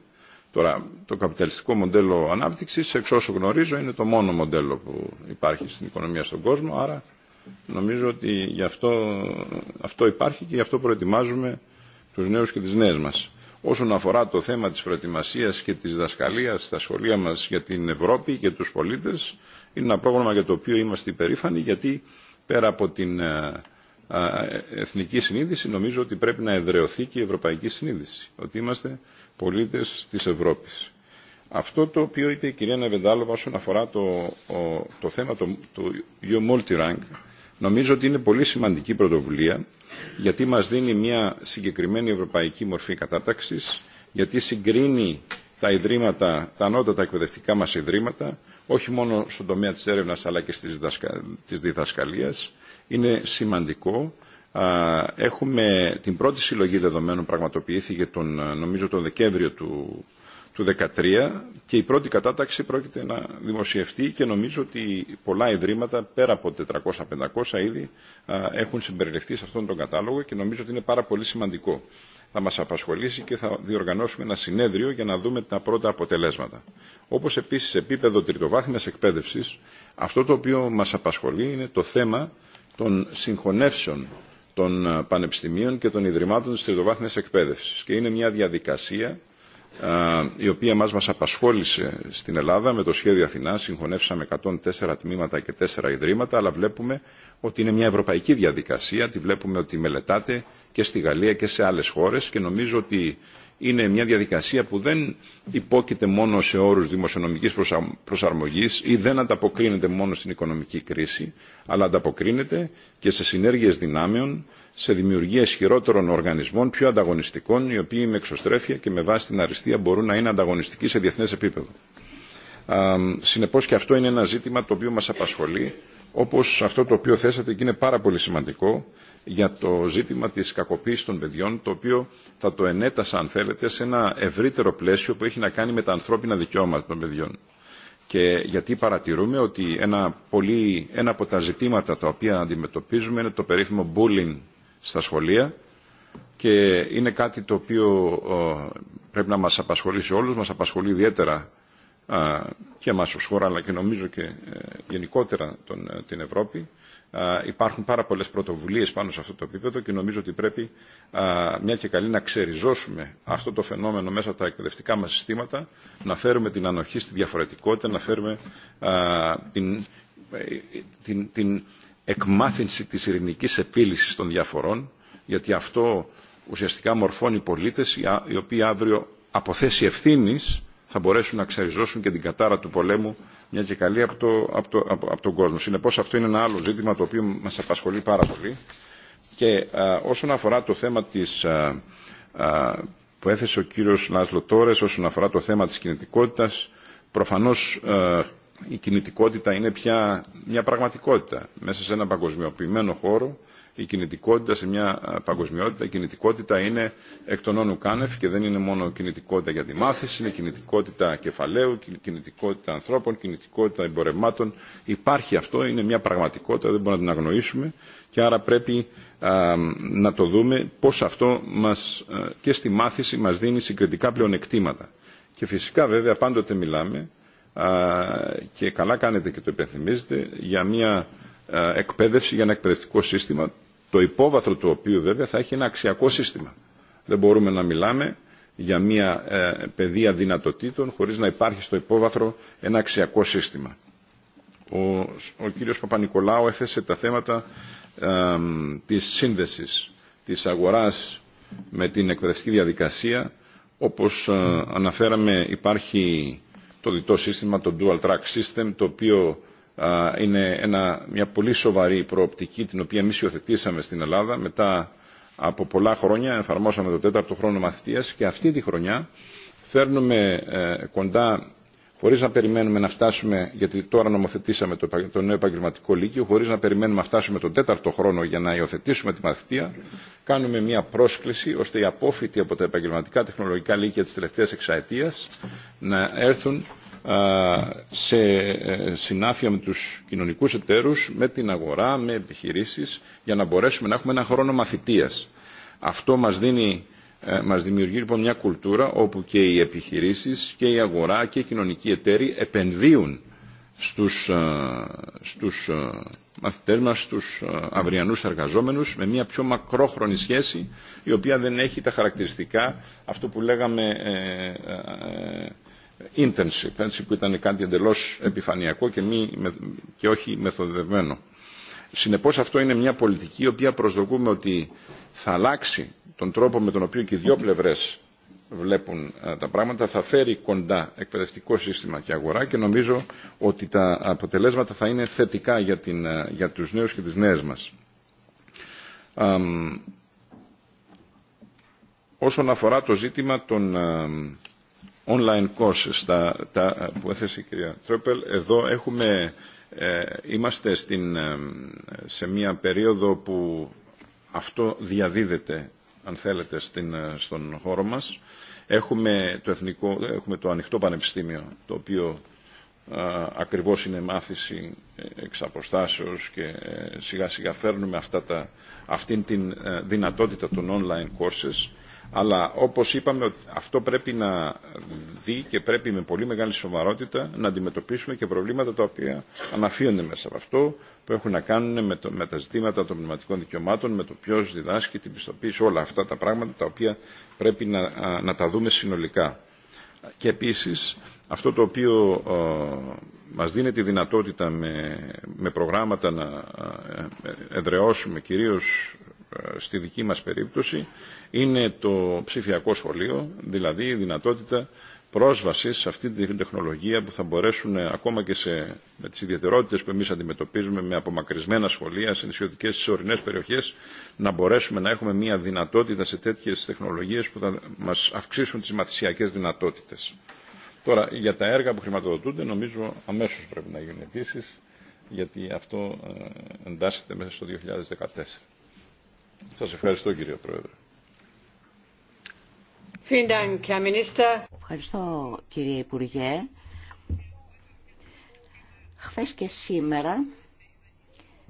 Τώρα, το καπιταλιστικό μοντέλο ανάπτυξης, εξ όσο γνωρίζω, είναι το μόνο μοντέλο που υπάρχει στην οικονομία στον κόσμο, άρα νομίζω ότι γι αυτό, αυτό υπάρχει και γι' αυτό προετοιμάζουμε του νέου και τι νέε μα όσον αφορά το θέμα της προετοιμασίας και της δασκαλίας στα σχολεία μας για την Ευρώπη και τους πολίτες είναι ένα πρόγραμμα για το οποίο είμαστε υπερήφανοι γιατί πέρα από την εθνική συνείδηση νομίζω ότι πρέπει να εδρεωθεί και η ευρωπαϊκή συνείδηση ότι είμαστε πολίτες της Ευρώπης. Αυτό το οποίο είπε η κυρία Νεβεντάλοβα όσον αφορά το, θέμα του το, Νομίζω ότι είναι πολύ σημαντική πρωτοβουλία γιατί μας δίνει μια συγκεκριμένη ευρωπαϊκή μορφή κατάταξης, γιατί συγκρίνει τα ιδρύματα, τα ανώτατα εκπαιδευτικά μας ιδρύματα, όχι μόνο στον τομέα της έρευνας αλλά και της διδασκαλίας. Είναι σημαντικό. Έχουμε την πρώτη συλλογή δεδομένων πραγματοποιήθηκε νομίζω τον Δεκέμβριο του του 2013 και η πρώτη κατάταξη πρόκειται να δημοσιευτεί και νομίζω ότι πολλά ιδρύματα πέρα από 400-500 ήδη έχουν συμπεριληφθεί σε αυτόν τον κατάλογο και νομίζω ότι είναι πάρα πολύ σημαντικό. Θα μας απασχολήσει και θα διοργανώσουμε ένα συνέδριο για να δούμε τα πρώτα αποτελέσματα. Όπως επίσης σε επίπεδο τριτοβάθμιας εκπαίδευσης, αυτό το οποίο μας απασχολεί είναι το θέμα των συγχωνεύσεων των πανεπιστημίων και των ιδρυμάτων της τριτοβάθμιας εκπαίδευσης. Και είναι μια διαδικασία η οποία μας μας απασχόλησε στην Ελλάδα με το σχέδιο Αθηνά. Συγχωνεύσαμε 104 τμήματα και 4 ιδρύματα, αλλά βλέπουμε ότι είναι μια ευρωπαϊκή διαδικασία, τη βλέπουμε ότι μελετάται και στη Γαλλία και σε άλλες χώρες και νομίζω ότι είναι μια διαδικασία που δεν υπόκειται μόνο σε όρους δημοσιονομικής προσαρμογής ή δεν ανταποκρίνεται μόνο στην οικονομική κρίση, αλλά ανταποκρίνεται και σε συνέργειες δυνάμεων, σε δημιουργία ισχυρότερων οργανισμών, πιο ανταγωνιστικών, οι οποίοι με εξωστρέφεια και με βάση την αριστεία μπορούν να είναι ανταγωνιστικοί σε διεθνές επίπεδο. Συνεπώς και αυτό είναι ένα ζήτημα το οποίο μας απασχολεί, όπως αυτό το οποίο θέσατε και είναι πάρα πολύ σημαντικό, για το ζήτημα της κακοποίησης των παιδιών, το οποίο θα το ενέτασα, αν θέλετε, σε ένα ευρύτερο πλαίσιο που έχει να κάνει με τα ανθρώπινα δικαιώματα των παιδιών. Και γιατί παρατηρούμε ότι ένα, πολύ, ένα από τα ζητήματα τα οποία αντιμετωπίζουμε είναι το περίφημο bullying στα σχολεία και είναι κάτι το οποίο πρέπει να μας απασχολήσει όλους, μας απασχολεί ιδιαίτερα και μας ως χώρα αλλά και νομίζω και ε, γενικότερα τον, ε, την Ευρώπη Υπάρχουν πάρα πολλές πρωτοβουλίες πάνω σε αυτό το επίπεδο και νομίζω ότι πρέπει μια και καλή να ξεριζώσουμε αυτό το φαινόμενο μέσα από τα εκπαιδευτικά μας συστήματα, να φέρουμε την ανοχή στη διαφορετικότητα, να φέρουμε την, την, την εκμάθηση της ειρηνικής επίλυσης των διαφορών, γιατί αυτό ουσιαστικά μορφώνει πολίτες οι οποίοι αύριο από θέση ευθύνης θα μπορέσουν να ξεριζώσουν και την κατάρα του πολέμου μια και καλή από, το, από, το, από, τον κόσμο. Συνεπώς αυτό είναι ένα άλλο ζήτημα το οποίο μας απασχολεί πάρα πολύ. Και όσον αφορά το θέμα της, που έθεσε ο κύριος Λάσλο Τόρες, όσον αφορά το θέμα της κινητικότητας, προφανώς η κινητικότητα είναι πια μια πραγματικότητα μέσα σε ένα παγκοσμιοποιημένο χώρο η κινητικότητα σε μια ε, παγκοσμιότητα, η κινητικότητα είναι εκ των όνου κάνευ και δεν είναι μόνο κινητικότητα για τη μάθηση, είναι κινητικότητα κεφαλαίου, κινητικότητα ανθρώπων, κινητικότητα εμπορευμάτων. Υπάρχει αυτό, είναι μια πραγματικότητα, δεν μπορούμε να την αγνοήσουμε και άρα πρέπει να το δούμε πώς αυτό μας, ε, και στη μάθηση μας δίνει συγκριτικά πλεονεκτήματα. Και φυσικά βέβαια πάντοτε μιλάμε α, και καλά κάνετε και το υπενθυμίζετε για μια ε, εκπαίδευση για ένα εκπαιδευτικό σύστημα το υπόβαθρο του οποίου βέβαια θα έχει ένα αξιακό σύστημα. Δεν μπορούμε να μιλάμε για μια ε, παιδεία δυνατοτήτων χωρίς να υπάρχει στο υπόβαθρο ένα αξιακό σύστημα. Ο, ο κύριος Παπα-Νικολάου έθεσε τα θέματα ε, της σύνδεσης της αγοράς με την εκπαιδευτική διαδικασία. Όπως ε, αναφέραμε υπάρχει το διτό σύστημα, το dual track system, το οποίο είναι ένα, μια πολύ σοβαρή προοπτική την οποία εμείς υιοθετήσαμε στην Ελλάδα μετά από πολλά χρόνια εφαρμόσαμε το τέταρτο χρόνο μαθητείας και αυτή τη χρονιά φέρνουμε ε, κοντά χωρίς να περιμένουμε να φτάσουμε, γιατί τώρα νομοθετήσαμε το, το νέο επαγγελματικό λύκειο, χωρίς να περιμένουμε να φτάσουμε τον τέταρτο χρόνο για να υιοθετήσουμε τη μαθητεία, κάνουμε μια πρόσκληση ώστε οι απόφοιτοι από τα επαγγελματικά τεχνολογικά λύκεια της τελευταίας εξαετίας να έρθουν σε ε, συνάφεια με τους κοινωνικούς εταίρους, με την αγορά, με επιχειρήσεις, για να μπορέσουμε να έχουμε ένα χρόνο μαθητείας. Αυτό μας, δίνει, ε, μας δημιουργεί λοιπόν μια κουλτούρα όπου και οι επιχειρήσεις και η αγορά και οι κοινωνικοί εταίροι επενδύουν στους, ε, στους μαθητές μας, στους αυριανούς εργαζόμενους με μια πιο μακρόχρονη σχέση η οποία δεν έχει τα χαρακτηριστικά αυτό που λέγαμε internship, έτσι, που ήταν κάτι εντελώ επιφανειακό και, όχι μεθοδευμένο. Συνεπώς αυτό είναι μια πολιτική η οποία προσδοκούμε ότι θα αλλάξει τον τρόπο με τον οποίο και οι δύο πλευρές βλέπουν ε, τα πράγματα, θα φέρει κοντά εκπαιδευτικό σύστημα και αγορά και νομίζω ότι τα αποτελέσματα θα είναι θετικά για, την, ε, για τους νέους και τις νέες μας. όσον αφορά το ζήτημα των ε, online courses τα, που έθεσε η κυρία Τρόπελ. Εδώ έχουμε, ε, είμαστε στην, ε, σε μια περίοδο που αυτό διαδίδεται, αν θέλετε, ε, στον χώρο μας. Έχουμε το, εθνικό, έχουμε το ανοιχτό πανεπιστήμιο, το οποίο α, ακριβώς είναι μάθηση εξ και σιγά σιγά φέρνουμε αυτήν την δυνατότητα των online courses αλλά όπως είπαμε αυτό πρέπει να δει και πρέπει με πολύ μεγάλη σοβαρότητα να αντιμετωπίσουμε και προβλήματα τα οποία αναφύονται μέσα από αυτό που έχουν να κάνουν με, το, τα ζητήματα των πνευματικών δικαιωμάτων, με το ποιο διδάσκει την πιστοποίηση, όλα αυτά τα πράγματα τα οποία πρέπει να, να τα δούμε συνολικά. Και επίσης αυτό το οποίο μας δίνει τη δυνατότητα με, με προγράμματα να ε, ε, εδραιώσουμε κυρίως ε, στη δική μας περίπτωση είναι το ψηφιακό σχολείο, δηλαδή η δυνατότητα πρόσβασης σε αυτή την τεχνολογία που θα μπορέσουν ε, ακόμα και σε, με τις ιδιαιτερότητες που εμείς αντιμετωπίζουμε με απομακρυσμένα σχολεία σε νησιωτικές στις ορεινές περιοχές να μπορέσουμε να έχουμε μια δυνατότητα σε τέτοιες τεχνολογίες που θα μας αυξήσουν τις μαθησιακές δυνατότητες. Τώρα, για τα έργα που χρηματοδοτούνται, νομίζω αμέσως πρέπει να γίνουν επίσης, γιατί αυτό ε, εντάσσεται μέσα στο 2014. Σας ευχαριστώ κύριε Πρόεδρε. Ευχαριστώ κύριε Υπουργέ. Χθες και σήμερα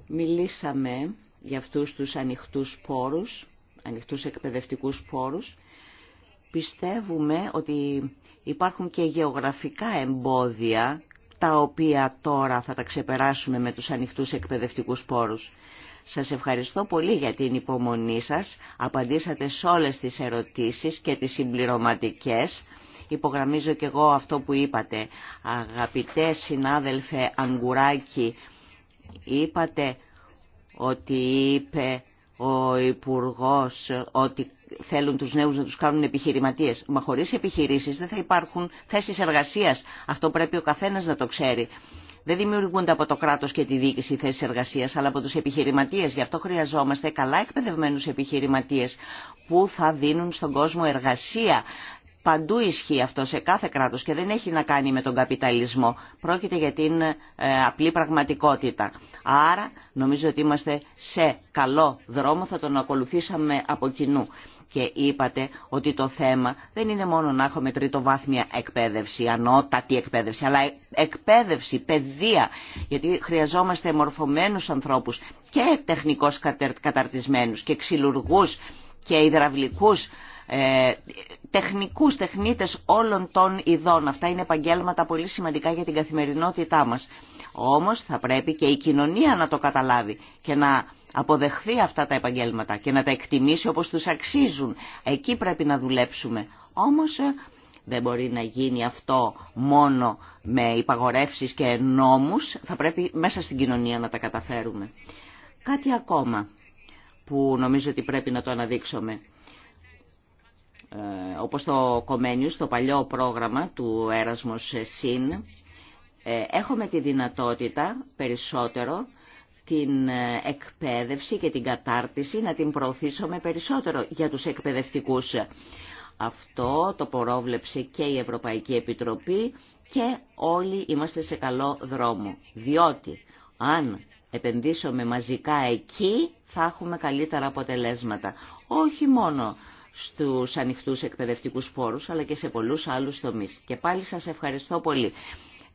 μιλήσαμε για αυτούς τους ανοιχτούς πόρους, ανοιχτούς εκπαιδευτικούς πόρους. Πιστεύουμε ότι υπάρχουν και γεωγραφικά εμπόδια τα οποία τώρα θα τα ξεπεράσουμε με τους ανοιχτούς εκπαιδευτικούς πόρους. Σας ευχαριστώ πολύ για την υπομονή σας. Απαντήσατε σε όλες τις ερωτήσεις και τις συμπληρωματικές. Υπογραμμίζω και εγώ αυτό που είπατε. Αγαπητέ συνάδελφε Αγκουράκη, είπατε ότι είπε ο Υπουργός ότι θέλουν τους νέους να τους κάνουν επιχειρηματίες. Μα χωρίς επιχειρήσεις δεν θα υπάρχουν θέσεις εργασίας. Αυτό πρέπει ο καθένας να το ξέρει. Δεν δημιουργούνται από το κράτο και τη διοίκηση θέσει εργασία, αλλά από του επιχειρηματίε. Γι' αυτό χρειαζόμαστε καλά εκπαιδευμένου επιχειρηματίε που θα δίνουν στον κόσμο εργασία. Παντού ισχύει αυτό σε κάθε κράτο και δεν έχει να κάνει με τον καπιταλισμό. Πρόκειται για την ε, απλή πραγματικότητα. Άρα νομίζω ότι είμαστε σε καλό δρόμο, θα τον ακολουθήσαμε από κοινού και είπατε ότι το θέμα δεν είναι μόνο να έχουμε τριτοβάθμια εκπαίδευση, ανώτατη εκπαίδευση, αλλά εκπαίδευση, παιδεία, γιατί χρειαζόμαστε μορφωμένους ανθρώπους και τεχνικώς καταρτισμένους και ξυλουργούς και υδραυλικούς, ε, τεχνικούς τεχνίτες όλων των ειδών. Αυτά είναι επαγγέλματα πολύ σημαντικά για την καθημερινότητά μας. Όμως θα πρέπει και η κοινωνία να το καταλάβει και να αποδεχθεί αυτά τα επαγγέλματα και να τα εκτιμήσει όπως τους αξίζουν. Εκεί πρέπει να δουλέψουμε. Όμως ε, δεν μπορεί να γίνει αυτό μόνο με υπαγορεύσεις και νόμους. Θα πρέπει μέσα στην κοινωνία να τα καταφέρουμε. Κάτι ακόμα που νομίζω ότι πρέπει να το αναδείξουμε. Ε, όπως το Κομένιους, το παλιό πρόγραμμα του Έρασμος ΣΥΝ, ε, έχουμε τη δυνατότητα περισσότερο την ε, εκπαίδευση και την κατάρτιση να την προωθήσουμε περισσότερο για τους εκπαιδευτικούς. Αυτό το πορόβλεψε και η Ευρωπαϊκή Επιτροπή και όλοι είμαστε σε καλό δρόμο. Διότι αν επενδύσουμε μαζικά εκεί θα έχουμε καλύτερα αποτελέσματα. Όχι μόνο στους ανοιχτούς εκπαιδευτικούς πόρους αλλά και σε πολλούς άλλους τομείς. Και πάλι σας ευχαριστώ πολύ.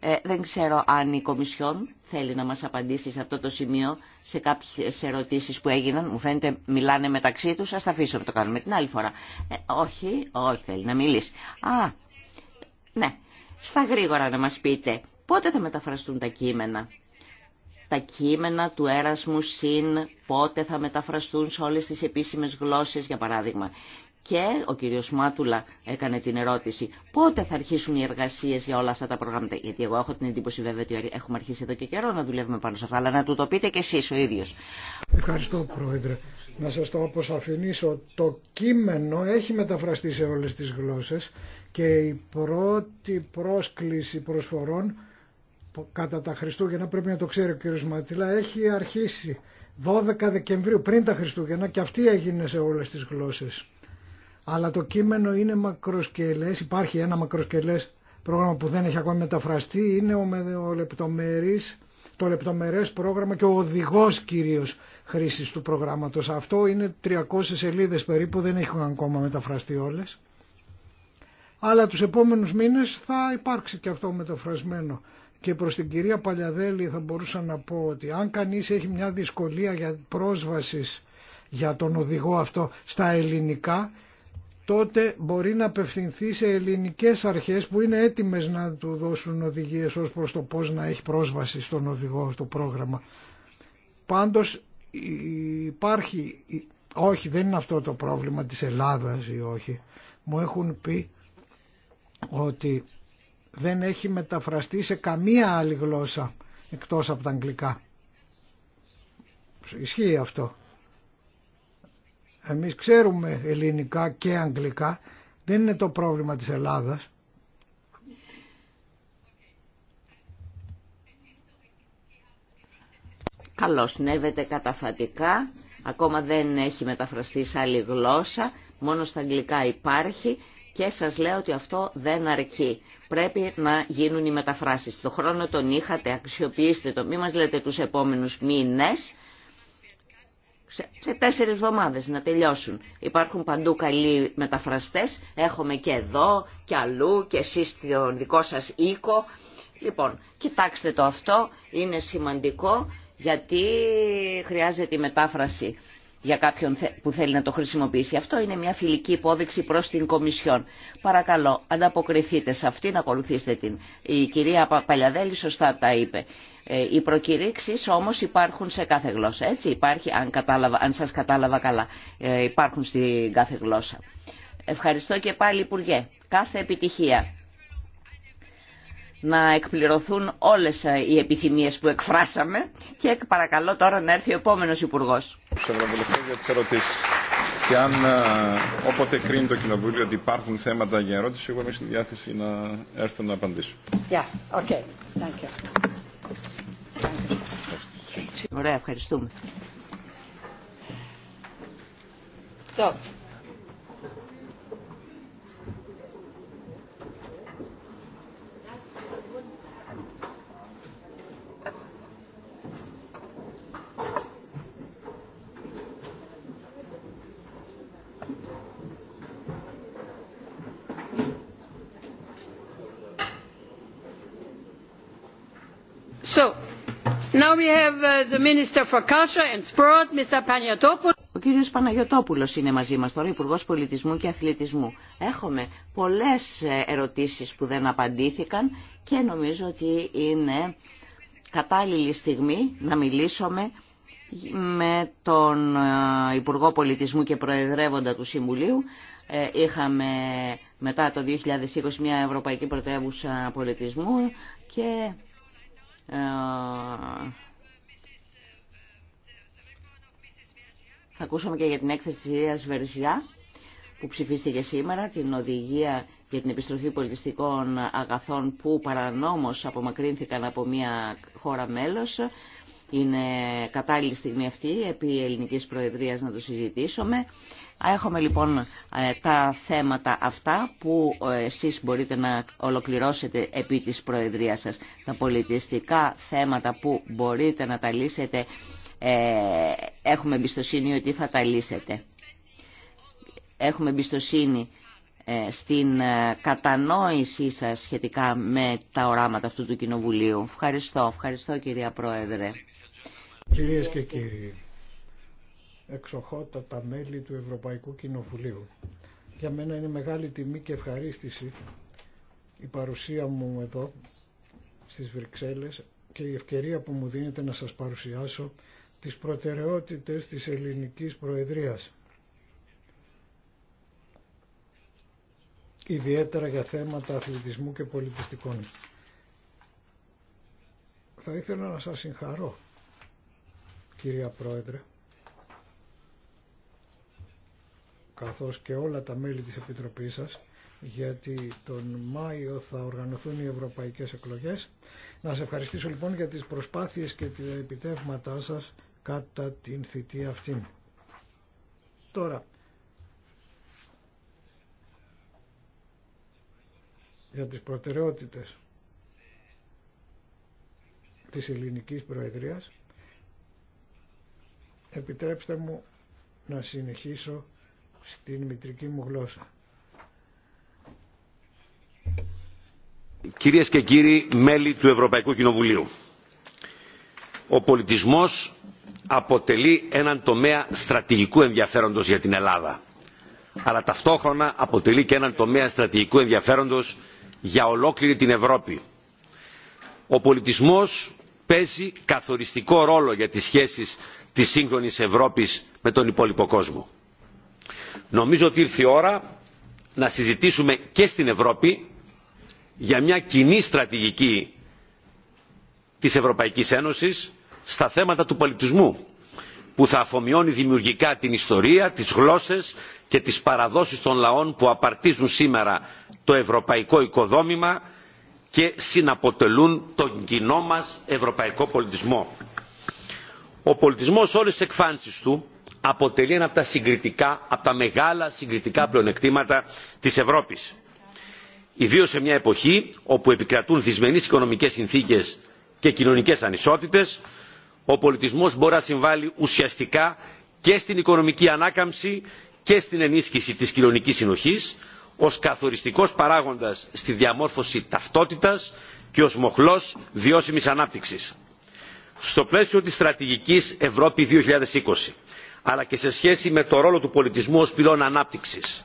Ε, δεν ξέρω αν η Κομισιόν θέλει να μας απαντήσει σε αυτό το σημείο σε κάποιες ερωτήσεις που έγιναν. Μου φαίνεται μιλάνε μεταξύ τους, ας τα να το κάνουμε την άλλη φορά. Ε, όχι, όχι θέλει να μιλήσει. Α, ναι, στα γρήγορα να μας πείτε πότε θα μεταφραστούν τα κείμενα. Τα κείμενα του έρασμου συν πότε θα μεταφραστούν σε όλες τις επίσημες γλώσσες, για παράδειγμα. Και ο κύριος Μάτουλα έκανε την ερώτηση πότε θα αρχίσουν οι εργασίες για όλα αυτά τα προγράμματα. Γιατί εγώ έχω την εντύπωση βέβαια ότι έχουμε αρχίσει εδώ και καιρό να δουλεύουμε πάνω σε αυτά, αλλά να του το πείτε και εσείς ο ίδιος. Ευχαριστώ Πρόεδρε. Να σας το αποσαφηνίσω. Το κείμενο έχει μεταφραστεί σε όλες τις γλώσσες και η πρώτη πρόσκληση προσφορών κατά τα Χριστούγεννα, πρέπει να το ξέρει ο κύριος Μάτιλα, έχει αρχίσει 12 Δεκεμβρίου πριν τα Χριστούγεννα και αυτή έγινε σε όλες τις γλώσσες αλλά το κείμενο είναι μακροσκελές, υπάρχει ένα μακροσκελές πρόγραμμα που δεν έχει ακόμα μεταφραστεί, είναι ο, το λεπτομερές πρόγραμμα και ο οδηγός κυρίως χρήσης του προγράμματος. Αυτό είναι 300 σελίδες περίπου, δεν έχουν ακόμα μεταφραστεί όλες. Αλλά τους επόμενους μήνες θα υπάρξει και αυτό μεταφρασμένο. Και προς την κυρία Παλιαδέλη θα μπορούσα να πω ότι αν κανείς έχει μια δυσκολία για πρόσβαση για τον οδηγό αυτό στα ελληνικά, τότε μπορεί να απευθυνθεί σε ελληνικές αρχές που είναι έτοιμες να του δώσουν οδηγίες ως προς το πώς να έχει πρόσβαση στον οδηγό στο πρόγραμμα. Πάντως υπάρχει, όχι δεν είναι αυτό το πρόβλημα της Ελλάδας ή όχι, μου έχουν πει ότι δεν έχει μεταφραστεί σε καμία άλλη γλώσσα εκτός από τα αγγλικά. Ισχύει αυτό. Εμείς ξέρουμε ελληνικά και αγγλικά, δεν είναι το πρόβλημα της Ελλάδας. Καλώς νεύεται καταφατικά, ακόμα δεν έχει μεταφραστεί σε άλλη γλώσσα, μόνο στα αγγλικά υπάρχει και σας λέω ότι αυτό δεν αρκεί. Πρέπει να γίνουν οι μεταφράσεις. Το χρόνο τον είχατε, αξιοποιήστε το, μη μας λέτε τους επόμενους μήνες, σε τέσσερι εβδομάδε να τελειώσουν. Υπάρχουν παντού καλοί μεταφραστές, έχουμε και εδώ και αλλού και εσεί το δικό σα οίκο. Λοιπόν, κοιτάξτε το αυτό, είναι σημαντικό γιατί χρειάζεται η μετάφραση για κάποιον που θέλει να το χρησιμοποιήσει. Αυτό είναι μια φιλική υπόδειξη προς την Κομισιόν. Παρακαλώ, ανταποκριθείτε σε αυτήν, ακολουθήστε την. Η κυρία Παλιαδέλη σωστά τα είπε. Ε, οι προκηρύξεις όμως υπάρχουν σε κάθε γλώσσα. Έτσι υπάρχει, αν, σας κατάλαβα καλά, ε, υπάρχουν στην κάθε γλώσσα. Ευχαριστώ και πάλι Υπουργέ. Κάθε επιτυχία να εκπληρωθούν όλες ε, οι επιθυμίες που εκφράσαμε και παρακαλώ τώρα να έρθει ο επόμενος Υπουργός. για τις ερωτήσεις. Και αν ε, όποτε κρίνει το Κοινοβούλιο ότι υπάρχουν θέματα για ερώτηση, εγώ είμαι στη διάθεση να έρθω να απαντήσω. Yeah, okay. Thank you. Ωραία, ευχαριστούμε. So. Uh, Ο κύριος Παναγιωτόπουλος είναι μαζί μας τώρα, Υπουργός Πολιτισμού και Αθλητισμού. Έχουμε πολλές ε, ερωτήσεις που δεν απαντήθηκαν και νομίζω ότι είναι κατάλληλη στιγμή να μιλήσουμε με τον ε, Υπουργό Πολιτισμού και Προεδρεύοντα του Συμβουλίου. Ε, είχαμε μετά το 2020 μια Ευρωπαϊκή Πρωτεύουσα Πολιτισμού και θα ακούσαμε και για την έκθεση της Βερζιά που ψηφίστηκε σήμερα, την οδηγία για την επιστροφή πολιτιστικών αγαθών που παρανόμως απομακρύνθηκαν από μια χώρα μέλος είναι κατάλληλη στιγμή αυτή επί ελληνικής προεδρίας να το συζητήσουμε. Έχουμε λοιπόν ε, τα θέματα αυτά που ε, εσείς μπορείτε να ολοκληρώσετε επί της Προεδρίας σας. Τα πολιτιστικά θέματα που μπορείτε να τα λύσετε, ε, έχουμε εμπιστοσύνη ότι θα τα λύσετε. Έχουμε εμπιστοσύνη ε, στην ε, κατανόησή σας σχετικά με τα οράματα αυτού του Κοινοβουλίου. Ευχαριστώ, ευχαριστώ κυρία Πρόεδρε. Κυρίες και κύριοι, εξοχότατα μέλη του Ευρωπαϊκού Κοινοβουλίου. Για μένα είναι μεγάλη τιμή και ευχαρίστηση η παρουσία μου εδώ στις Βρυξέλλες και η ευκαιρία που μου δίνεται να σας παρουσιάσω τις προτεραιότητες της ελληνικής προεδρίας ιδιαίτερα για θέματα αθλητισμού και πολιτιστικών. Θα ήθελα να σας συγχαρώ, κυρία Πρόεδρε, καθώς και όλα τα μέλη της Επιτροπής σας, γιατί τον Μάιο θα οργανωθούν οι ευρωπαϊκές εκλογές. Να σας ευχαριστήσω λοιπόν για τις προσπάθειες και τα επιτεύγματά σας κατά την θητεία αυτή. Τώρα, για τις προτεραιότητες της ελληνικής προεδρίας επιτρέψτε μου να συνεχίσω στην μητρική μου γλώσσα. Κυρίες και κύριοι μέλη του Ευρωπαϊκού Κοινοβουλίου, ο πολιτισμός αποτελεί έναν τομέα στρατηγικού ενδιαφέροντος για την Ελλάδα, αλλά ταυτόχρονα αποτελεί και έναν τομέα στρατηγικού ενδιαφέροντος για ολόκληρη την Ευρώπη. Ο πολιτισμός παίζει καθοριστικό ρόλο για τις σχέσεις της σύγχρονης Ευρώπης με τον υπόλοιπο κόσμο. Νομίζω ότι ήρθε η ώρα να συζητήσουμε και στην Ευρώπη για μια κοινή στρατηγική της Ευρωπαϊκής Ένωσης στα θέματα του πολιτισμού που θα αφομοιώνει δημιουργικά την ιστορία τις γλώσσες και τις παραδόσεις των λαών που απαρτίζουν σήμερα το ευρωπαϊκό οικοδόμημα και συναποτελούν τον κοινό μας ευρωπαϊκό πολιτισμό. Ο πολιτισμός όλες τις εκφάνσεις του αποτελεί ένα από τα, από τα μεγάλα συγκριτικά πλεονεκτήματα της Ευρώπης. Ιδίως σε μια εποχή όπου επικρατούν δυσμενείς οικονομικές συνθήκες και κοινωνικές ανισότητες ο πολιτισμός μπορεί να συμβάλλει ουσιαστικά και στην οικονομική ανάκαμψη και στην ενίσχυση της κοινωνικής συνοχής ως καθοριστικός παράγοντας στη διαμόρφωση ταυτότητας και ως μοχλός βιώσιμης ανάπτυξης. Στο πλαίσιο της στρατηγικής Ευρώπη 2020 αλλά και σε σχέση με το ρόλο του πολιτισμού ως πυλών ανάπτυξης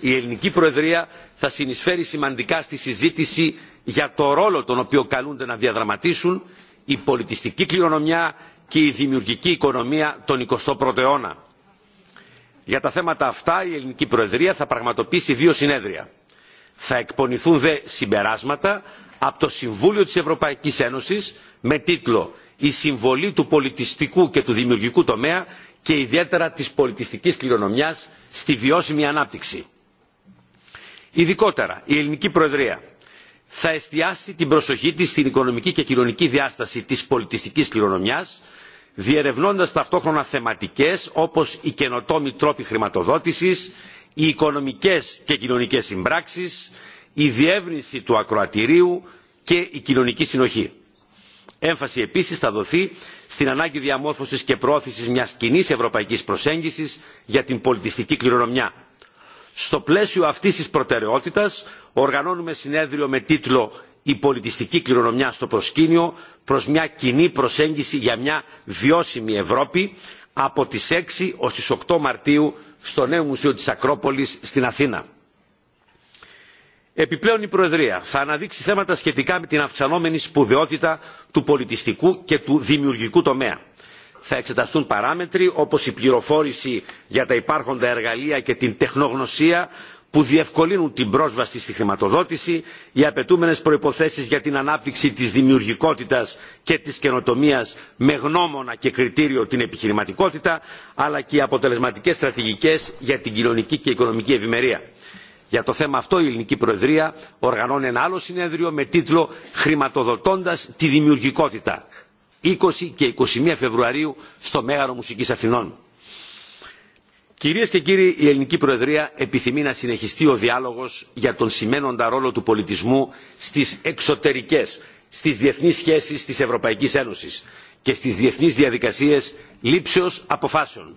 η ελληνική προεδρία θα συνεισφέρει σημαντικά στη συζήτηση για το ρόλο τον οποίο καλούνται να διαδραματίσουν η πολιτιστική κληρονομιά και η δημιουργική οικονομία τον 21ο αιώνα. Για τα θέματα αυτά η Ελληνική Προεδρία θα πραγματοποιήσει δύο συνέδρια. Θα εκπονηθούν δε συμπεράσματα από το Συμβούλιο της Ευρωπαϊκής Ένωσης με τίτλο «Η συμβολή του πολιτιστικού και του δημιουργικού τομέα και ιδιαίτερα της πολιτιστικής κληρονομιάς στη βιώσιμη ανάπτυξη». Ειδικότερα, η Ελληνική Προεδρία θα εστιάσει την προσοχή της στην οικονομική και κοινωνική διάσταση της πολιτιστικής κληρονομιάς διερευνώντας ταυτόχρονα θεματικές όπως οι καινοτόμοι τρόποι χρηματοδότησης οι οικονομικές και κοινωνικές συμπράξεις η διεύρυνση του ακροατηρίου και η κοινωνική συνοχή. Έμφαση επίσης θα δοθεί στην ανάγκη διαμόρφωσης και προώθησης μιας κοινή ευρωπαϊκής προσέγγισης για την πολιτιστική κληρονομιά στο πλαίσιο αυτής της προτεραιότητας οργανώνουμε συνέδριο με τίτλο «Η πολιτιστική κληρονομιά στο προσκήνιο προς μια κοινή προσέγγιση για μια βιώσιμη Ευρώπη» από τις 6 ως τις 8 Μαρτίου στο νέο Μουσείο της Ακρόπολης στην Αθήνα. Επιπλέον η Προεδρία θα αναδείξει θέματα σχετικά με την αυξανόμενη σπουδαιότητα του πολιτιστικού και του δημιουργικού τομέα θα εξεταστούν παράμετροι όπως η πληροφόρηση για τα υπάρχοντα εργαλεία και την τεχνογνωσία που διευκολύνουν την πρόσβαση στη χρηματοδότηση οι απαιτούμενες προϋποθέσεις για την ανάπτυξη της δημιουργικότητας και της καινοτομίας με γνώμονα και κριτήριο την επιχειρηματικότητα αλλά και οι αποτελεσματικές στρατηγικές για την κοινωνική και οικονομική ευημερία. Για το θέμα αυτό η Ελληνική Προεδρία οργανώνει ένα άλλο συνέδριο με τίτλο Χρηματοδοτώντα τη δημιουργικότητα» 20 και 21 Φεβρουαρίου στο Μέγαρο Μουσικής Αθηνών. Κυρίες και κύριοι, η Ελληνική Προεδρία επιθυμεί να συνεχιστεί ο διάλογος για τον σημαίνοντα ρόλο του πολιτισμού στις εξωτερικές, στις διεθνείς σχέσεις της Ευρωπαϊκής Ένωσης και στις διεθνείς διαδικασίες λήψεως αποφάσεων.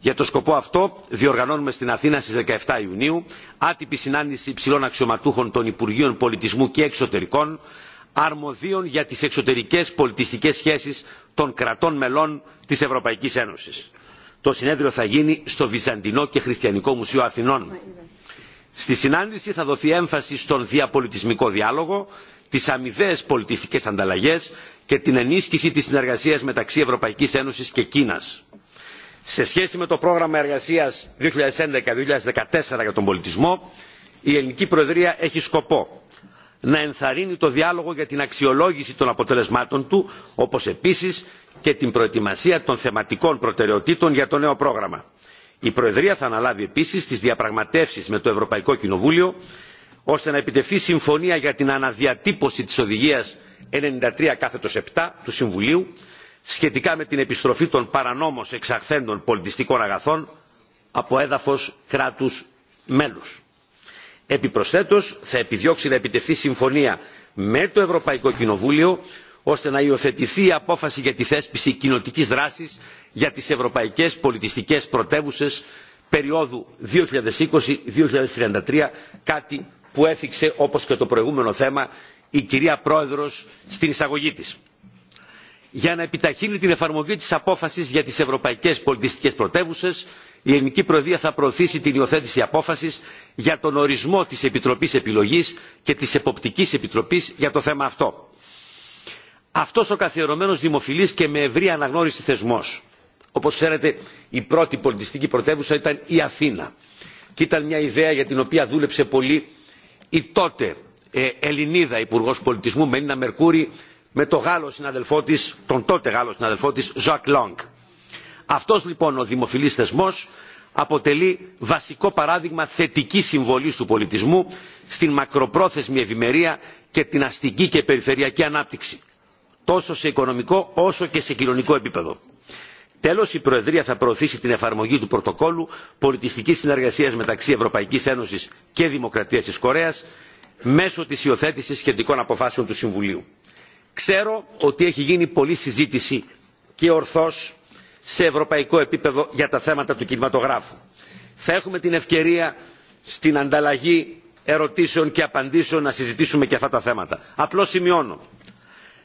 Για το σκοπό αυτό διοργανώνουμε στην Αθήνα στις 17 Ιουνίου άτυπη συνάντηση υψηλών αξιωματούχων των Υπουργείων Πολιτισμού και Εξωτερικών αρμοδίων για τις εξωτερικές πολιτιστικές σχέσεις των κρατών μελών της Ευρωπαϊκής Ένωσης. Το συνέδριο θα γίνει στο Βυζαντινό και Χριστιανικό Μουσείο Αθηνών. Στη συνάντηση θα δοθεί έμφαση στον διαπολιτισμικό διάλογο, τις αμοιβαίες πολιτιστικές ανταλλαγές και την ενίσχυση της συνεργασίας μεταξύ Ευρωπαϊκής Ένωσης και Κίνας. Σε σχέση με το πρόγραμμα εργασίας 2011-2014 για τον πολιτισμό, η Ελληνική Προεδρία έχει σκοπό να ενθαρρύνει το διάλογο για την αξιολόγηση των αποτελεσμάτων του όπως επίσης και την προετοιμασία των θεματικών προτεραιοτήτων για το νέο πρόγραμμα. η προεδρία θα αναλάβει επίσης τις διαπραγματεύσεις με το ευρωπαϊκό κοινοβούλιο ώστε να επιτευχθεί συμφωνία για την αναδιατύπωση της οδηγίας 93 7 του Συμβουλίου σχετικά με την επιστροφή των παρανόμως εξαχθέντων πολιτιστικών αγαθών από έδαφος κράτους μέλους επιπροσθέτως θα επιδιώξει να επιτευχθεί συμφωνία με το ευρωπαϊκό κοινοβούλιο ώστε να υιοθετηθεί η απόφαση για τη θέσπιση κοινοτικής δράσης για τις ευρωπαϊκές πολιτιστικές πρωτεύουσες περίοδου 2020-2033 κάτι που έθιξε όπως και το προηγούμενο θέμα η κυρία Πρόεδρος στην εισαγωγή της. Για να επιταχύνει την εφαρμογή της απόφασης για τις ευρωπαϊκές πολιτιστικές πρωτεύουσες η ελληνική προεδρία θα προωθήσει την υιοθέτηση απόφαση για τον ορισμό τη επιτροπή επιλογή και τη εποπτική επιτροπή για το θέμα αυτό. Αυτό ο καθιερωμένος δημοφιλής και με ευρύ αναγνώριση θεσμό. Όπω ξέρετε η πρώτη πολιτιστική πρωτεύουσα ήταν η αθήνα και ήταν μια ιδέα για την οποία δούλεψε πολύ η τότε ε, ελληνίδα υπουργό πολιτισμού μελίνα μερκούρη με τον γάλλο τον τότε γάλλο συναδελφό τη Ζακ Λόγκ αυτός λοιπόν ο δημοφιλής θεσμός αποτελεί βασικό παράδειγμα θετικής συμβολής του πολιτισμού στην μακροπρόθεσμη ευημερία και την αστική και περιφερειακή ανάπτυξη τόσο σε οικονομικό όσο και σε κοινωνικό επίπεδο. Τέλος, η Προεδρία θα προωθήσει την εφαρμογή του πρωτοκόλου πολιτιστικής συνεργασίας μεταξύ Ευρωπαϊκής Ένωσης και Δημοκρατίας της Κορέας μέσω της υιοθέτησης σχετικών αποφάσεων του Συμβουλίου. Ξέρω ότι έχει γίνει πολλή συζήτηση και ορθώς σε ευρωπαϊκό επίπεδο για τα θέματα του κινηματογράφου. Θα έχουμε την ευκαιρία στην ανταλλαγή ερωτήσεων και απαντήσεων να συζητήσουμε και αυτά τα θέματα. Απλώς σημειώνω.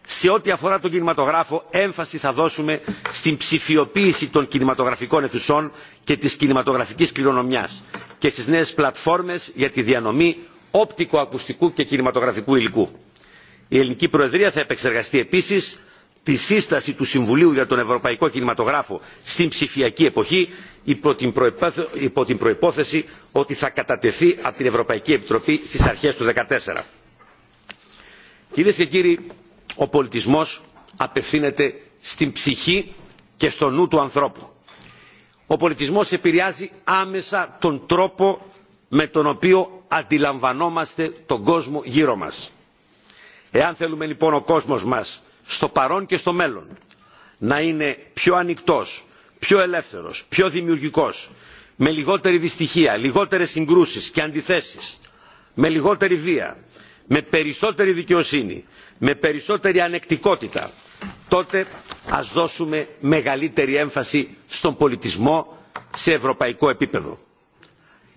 Σε ό,τι αφορά τον κινηματογράφο έμφαση θα δώσουμε στην ψηφιοποίηση των κινηματογραφικών αιθουσών και της κινηματογραφικής κληρονομιάς και στις νέες πλατφόρμες για τη διανομή όπτικο-ακουστικού και κινηματογραφικού υλικού. Η Ελληνική Προεδρία θα επεξεργαστεί επίσης τη σύσταση του Συμβουλίου για τον Ευρωπαϊκό Κινηματογράφο στην ψηφιακή εποχή υπό την προϋπόθεση ότι θα κατατεθεί από την Ευρωπαϊκή Επιτροπή στις αρχές του 2014. Κυρίες και κύριοι, ο πολιτισμός απευθύνεται στην ψυχή και στο νου του ανθρώπου. Ο πολιτισμός επηρεάζει άμεσα τον τρόπο με τον οποίο αντιλαμβανόμαστε τον κόσμο γύρω μας. Εάν θέλουμε λοιπόν ο κόσμος μας στο παρόν και στο μέλλον να είναι πιο ανοιχτός, πιο ελεύθερος, πιο δημιουργικός, με λιγότερη δυστυχία, λιγότερες συγκρούσεις και αντιθέσεις, με λιγότερη βία, με περισσότερη δικαιοσύνη, με περισσότερη ανεκτικότητα, τότε ας δώσουμε μεγαλύτερη έμφαση στον πολιτισμό σε ευρωπαϊκό επίπεδο.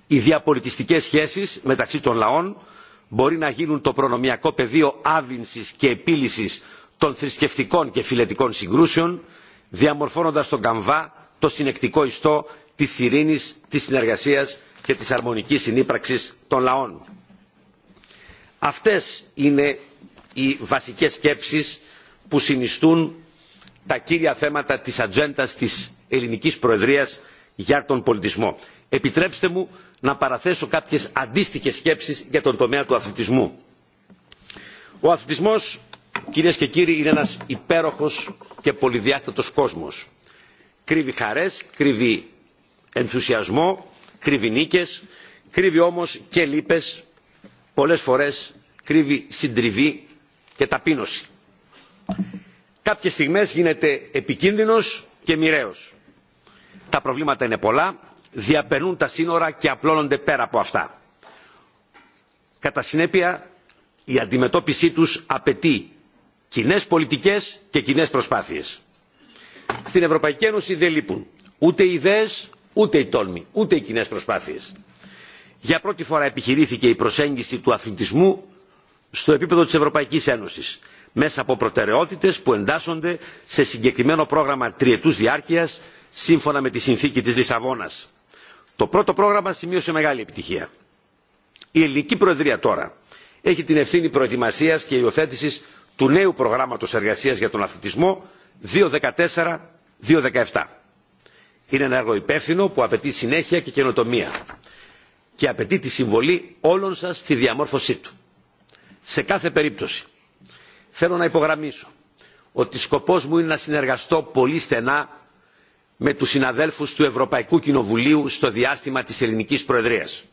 Οι διαπολιτιστικές σχέσεις μεταξύ των λαών μπορεί να γίνουν το προνομιακό πεδίο άβυνσης και επίλυσης των θρησκευτικών και φιλετικών συγκρούσεων διαμορφώνοντας τον καμβά το συνεκτικό ιστό της ειρήνης, της συνεργασίας και της αρμονικής συνύπραξης των λαών. Αυτές είναι οι βασικές σκέψεις που συνιστούν τα κύρια θέματα της ατζέντα της ελληνικής προεδρίας για τον πολιτισμό. Επιτρέψτε μου να παραθέσω κάποιες αντίστοιχες σκέψεις για τον τομέα του αθλητισμού. Ο αθλητισμός Κυρίες και κύριοι, είναι ένας υπέροχος και πολυδιάστατος κόσμος. Κρύβει χαρές, κρύβει ενθουσιασμό, κρύβει νίκες, κρύβει όμως και λύπες, πολλές φορές κρύβει συντριβή και ταπείνωση. Κάποιες στιγμές γίνεται επικίνδυνος και μοιραίος. Τα προβλήματα είναι πολλά, διαπερνούν τα σύνορα και απλώνονται πέρα από αυτά. Κατά συνέπεια, η αντιμετώπιση τους απαιτεί κοινέ πολιτικέ και κοινέ προσπάθειες. Στην Ευρωπαϊκή Ένωση δεν λείπουν ούτε οι ιδέε, ούτε οι τόλμοι, ούτε οι κοινέ προσπάθειε. Για πρώτη φορά επιχειρήθηκε η προσέγγιση του αθλητισμού στο επίπεδο της Ευρωπαϊκής Ένωσης μέσα από προτεραιότητες που εντάσσονται σε συγκεκριμένο πρόγραμμα τριετούς διάρκειας σύμφωνα με τη συνθήκη της Λισαβόνας. Το πρώτο πρόγραμμα σημείωσε μεγάλη επιτυχία. Η ελληνική προεδρία τώρα έχει την ευθύνη προετοιμασίας και υιοθέτηση του νέου προγράμματος εργασίας για τον αθλητισμό 2014-2017. Είναι ένα έργο υπεύθυνο που απαιτεί συνέχεια και καινοτομία και απαιτεί τη συμβολή όλων σας στη διαμόρφωσή του. Σε κάθε περίπτωση θέλω να υπογραμμίσω ότι σκοπός μου είναι να συνεργαστώ πολύ στενά με τους συναδέλφους του Ευρωπαϊκού Κοινοβουλίου στο διάστημα της ελληνικής προεδρίας.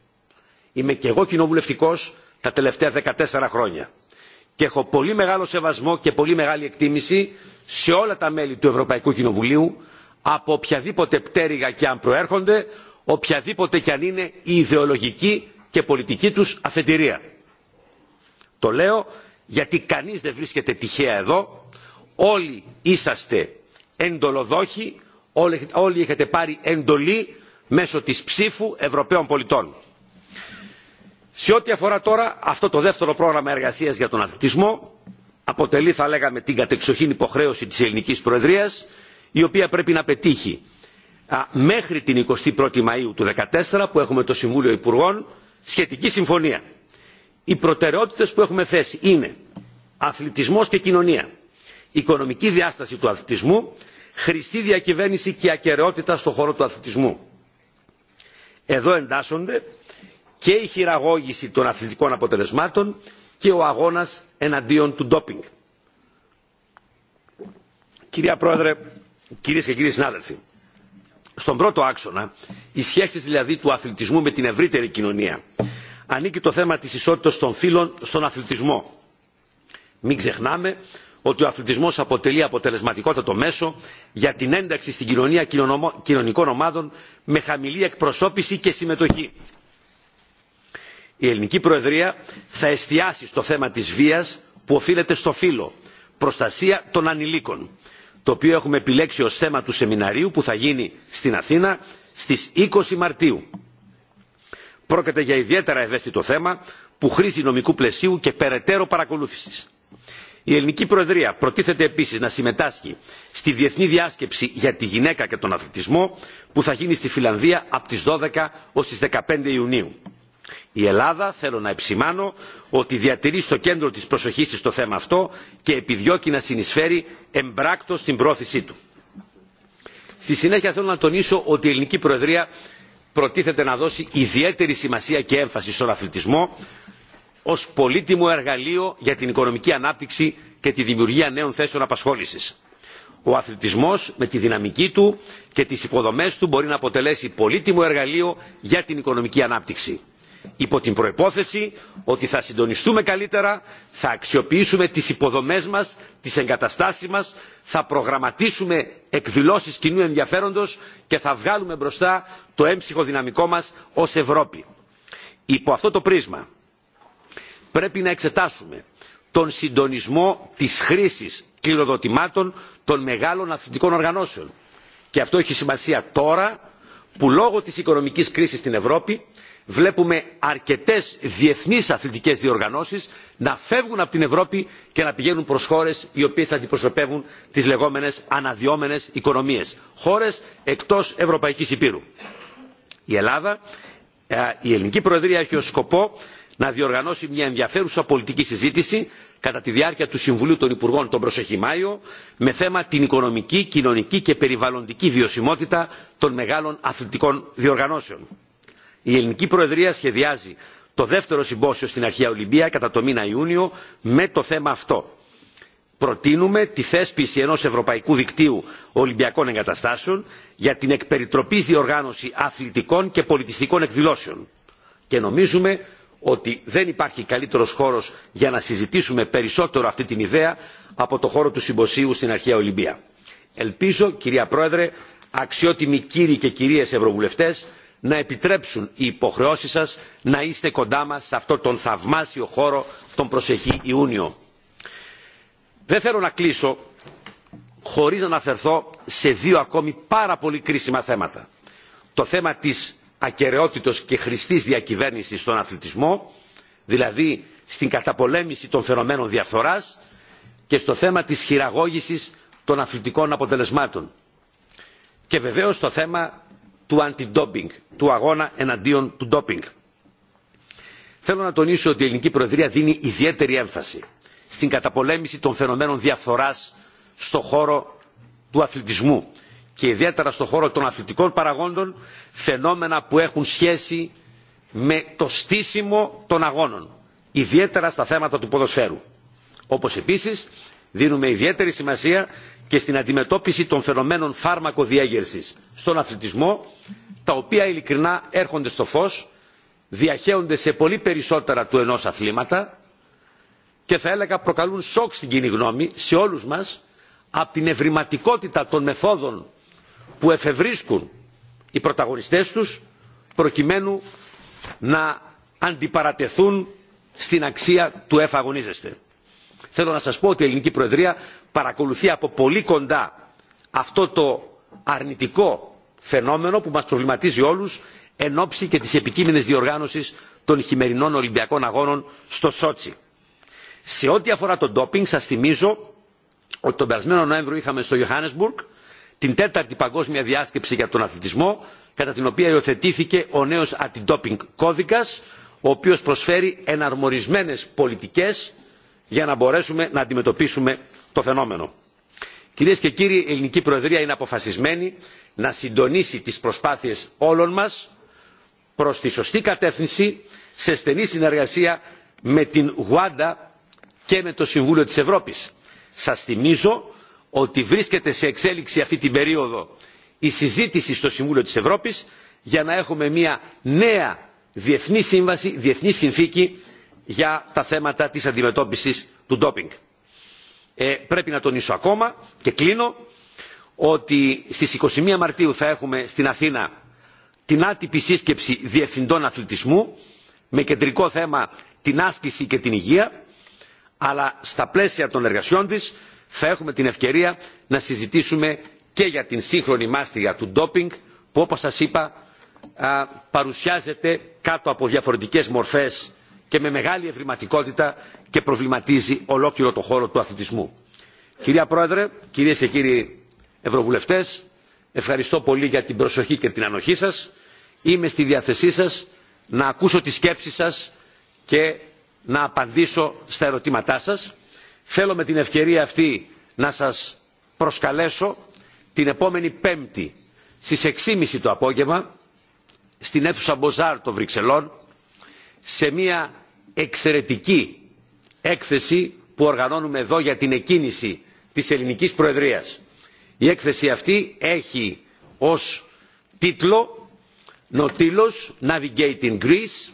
Είμαι και εγώ κοινοβουλευτικός τα τελευταία 14 χρόνια και έχω πολύ μεγάλο σεβασμό και πολύ μεγάλη εκτίμηση σε όλα τα μέλη του Ευρωπαϊκού Κοινοβουλίου από οποιαδήποτε πτέρυγα και αν προέρχονται, οποιαδήποτε και αν είναι η ιδεολογική και πολιτική τους αφετηρία. Το λέω γιατί κανείς δεν βρίσκεται τυχαία εδώ, όλοι είσαστε εντολοδόχοι, όλοι έχετε πάρει εντολή μέσω της ψήφου Ευρωπαίων πολιτών σε ό,τι αφορά τώρα αυτό το δεύτερο πρόγραμμα εργασίας για τον αθλητισμό αποτελεί θα λέγαμε την κατεξοχήν υποχρέωση της ελληνικής προεδρίας η οποία πρέπει να πετύχει μέχρι την 21η Μαΐου του 2014 που έχουμε το Συμβούλιο Υπουργών σχετική συμφωνία. Οι προτεραιότητες που έχουμε θέσει είναι αθλητισμός και κοινωνία, οικονομική διάσταση του αθλητισμού, χρηστή διακυβέρνηση και ακαιρεότητα στον χώρο του αθλητισμού. Εδώ εντάσσονται και η χειραγώγηση των αθλητικών αποτελεσμάτων και ο αγώνας εναντίον του ντόπινγκ. Κυρία Πρόεδρε, κυρίες και κύριοι συνάδελφοι, στον πρώτο άξονα, οι σχέσεις δηλαδή του αθλητισμού με την ευρύτερη κοινωνία, ανήκει το θέμα της ισότητας των φύλων στον αθλητισμό. Μην ξεχνάμε ότι ο αθλητισμός αποτελεί αποτελεσματικότατο μέσο για την ένταξη στην κοινωνία κοινωνικών ομάδων με χαμηλή εκπροσώπηση και συμμετοχή η ελληνική προεδρία θα εστιάσει στο θέμα της βίας που οφείλεται στο φύλλο προστασία των ανηλίκων το οποίο έχουμε επιλέξει ως θέμα του σεμιναρίου που θα γίνει στην Αθήνα στις 20 Μαρτίου. Πρόκειται για ιδιαίτερα ευαίσθητο θέμα που χρήζει νομικού πλαισίου και περαιτέρω παρακολούθησης. Η Ελληνική Προεδρία προτίθεται επίσης να συμμετάσχει στη Διεθνή Διάσκεψη για τη Γυναίκα και τον Αθλητισμό που θα γίνει στη Φιλανδία από τις 12 ως τις 15 Ιουνίου η ελλάδα θέλω να επισημάνω ότι διατηρεί στο κέντρο της προσοχής της το θέμα αυτό και επιδιώκει να συνεισφέρει εμπράκτως στην πρόθεσή του. στη συνέχεια θέλω να τονίσω ότι η ελληνική προεδρία προτίθεται να δώσει ιδιαίτερη σημασία και έμφαση στον αθλητισμό ως πολύτιμο εργαλείο για την οικονομική ανάπτυξη και τη δημιουργία νέων θέσεων απασχόλησης. Ο αθλητισμός με τη δυναμική του και τις υποδομές του μπορεί να αποτελέσει πολύτιμο εργαλείο για την οικονομική ανάπτυξη υπό την προϋπόθεση ότι θα συντονιστούμε καλύτερα θα αξιοποιήσουμε τις υποδομές μας τις εγκαταστάσεις μας θα προγραμματίσουμε εκδηλώσεις κοινού ενδιαφέροντος και θα βγάλουμε μπροστά το έμψυχο δυναμικό μας ως ευρώπη. υπό αυτό το πρίσμα πρέπει να εξετάσουμε τον συντονισμό της χρήσης κληροδοτημάτων των μεγάλων αθλητικών οργανώσεων και αυτό έχει σημασία τώρα που λόγω της οικονομικής κρίσης στην ευρώπη βλέπουμε αρκετές διεθνείς αθλητικές διοργανώσεις να φεύγουν από την Ευρώπη και να πηγαίνουν προς χώρες οι οποίες αντιπροσωπεύουν τις λεγόμενες αναδυόμενες οικονομίες. Χώρες εκτός Ευρωπαϊκής Υπήρου. Η Ελλάδα, ε, η ελληνική προεδρία έχει ως σκοπό να διοργανώσει μια ενδιαφέρουσα πολιτική συζήτηση κατά τη διάρκεια του Συμβουλίου των Υπουργών τον προσεχή Μάιο με θέμα την οικονομική, κοινωνική και περιβαλλοντική βιωσιμότητα των μεγάλων αθλητικών διοργανώσεων η ελληνική προεδρία σχεδιάζει το δεύτερο συμπόσιο στην αρχαία ολυμπία κατά το μήνα ιούνιο με το θέμα αυτό. προτείνουμε τη θέσπιση ενός ευρωπαϊκού δικτύου ολυμπιακών εγκαταστάσεων για την εκπεριτροπής διοργάνωση αθλητικών και πολιτιστικών εκδηλώσεων και νομίζουμε ότι δεν υπάρχει καλύτερος χώρος για να συζητήσουμε περισσότερο αυτή την ιδέα από το χώρο του συμποσίου στην αρχαία ολυμπία. ελπίζω κυρία πρόεδρε αξιότιμοι κύριοι και κυρίες ευρωβουλευτές να επιτρέψουν οι υποχρεώσεις σας να είστε κοντά μας σε αυτόν τον θαυμάσιο χώρο τον προσεχή Ιούνιο. Δεν θέλω να κλείσω χωρίς να αναφερθώ σε δύο ακόμη πάρα πολύ κρίσιμα θέματα. Το θέμα της ακαιρεότητος και χρηστής διακυβέρνησης στον αθλητισμό, δηλαδή στην καταπολέμηση των φαινομένων διαφθοράς και στο θέμα της χειραγώγησης των αθλητικών αποτελεσμάτων. Και βεβαίως το θέμα του αντι του αγώνα εναντίον του ντόπινγκ. Θέλω να τονίσω ότι η ελληνική προεδρία δίνει ιδιαίτερη έμφαση στην καταπολέμηση των φαινομένων διαφθοράς στον χώρο του αθλητισμού και ιδιαίτερα στον χώρο των αθλητικών παραγόντων φαινόμενα που έχουν σχέση με το στήσιμο των αγώνων ιδιαίτερα στα θέματα του ποδοσφαίρου. Όπως επίσης δίνουμε ιδιαίτερη σημασία και στην αντιμετώπιση των φαινομένων φάρμακο διέγερσης στον αθλητισμό τα οποία ειλικρινά έρχονται στο φως διαχέονται σε πολύ περισσότερα του ενός αθλήματα και θα έλεγα προκαλούν σοκ στην κοινή γνώμη σε όλους μας από την ευρηματικότητα των μεθόδων που εφευρίσκουν οι πρωταγωνιστές τους προκειμένου να αντιπαρατεθούν στην αξία του εφαγωνίζεστε. Θέλω να σας πω ότι η Ελληνική Προεδρία παρακολουθεί από πολύ κοντά αυτό το αρνητικό φαινόμενο που μας προβληματίζει όλους εν ώψη και της επικείμενης διοργάνωσης των χειμερινών Ολυμπιακών Αγώνων στο Σότσι. Σε ό,τι αφορά το ντόπινγκ σας θυμίζω ότι τον περασμένο Νοέμβριο είχαμε στο Johannesburg την τέταρτη παγκόσμια διάσκεψη για τον αθλητισμό κατά την οποία υιοθετήθηκε ο νέος αντιντόπινγκ κώδικας ο οποίος προσφέρει εναρμορισμένες πολιτικές για να μπορέσουμε να αντιμετωπίσουμε το φαινόμενο. Κυρίε και κύριοι, η Ελληνική Προεδρία είναι αποφασισμένη να συντονίσει τι προσπάθειες όλων μα προ τη σωστή κατεύθυνση σε στενή συνεργασία με την Γουάντα και με το Συμβούλιο της Ευρώπης. Σας θυμίζω ότι βρίσκεται σε εξέλιξη αυτή την περίοδο η συζήτηση στο Συμβούλιο της Ευρώπης για να έχουμε μια νέα διεθνή σύμβαση, διεθνή συνθήκη για τα θέματα της αντιμετώπισης του ντόπινγκ. Ε, πρέπει να τονίσω ακόμα και κλείνω ότι στις 21 Μαρτίου θα έχουμε στην Αθήνα την άτυπη σύσκεψη διευθυντών αθλητισμού με κεντρικό θέμα την άσκηση και την υγεία αλλά στα πλαίσια των εργασιών της θα έχουμε την ευκαιρία να συζητήσουμε και για την σύγχρονη μάστιγα του ντόπινγκ που όπως σας είπα παρουσιάζεται κάτω από διαφορετικές μορφές και με μεγάλη ευρηματικότητα και προβληματίζει ολόκληρο το χώρο του αθλητισμού. Κυρία Πρόεδρε, κυρίες και κύριοι Ευρωβουλευτές, ευχαριστώ πολύ για την προσοχή και την ανοχή σας. Είμαι στη διάθεσή σας να ακούσω τις σκέψεις σας και να απαντήσω στα ερωτήματά σας. Θέλω με την ευκαιρία αυτή να σας προσκαλέσω την επόμενη Πέμπτη στις 6.30 το απόγευμα στην αίθουσα Μποζάρ των Βρυξελών σε μια εξαιρετική έκθεση που οργανώνουμε εδώ για την εκκίνηση της ελληνικής προεδρίας. Η έκθεση αυτή έχει ως τίτλο «Νοτήλος Navigating Greece»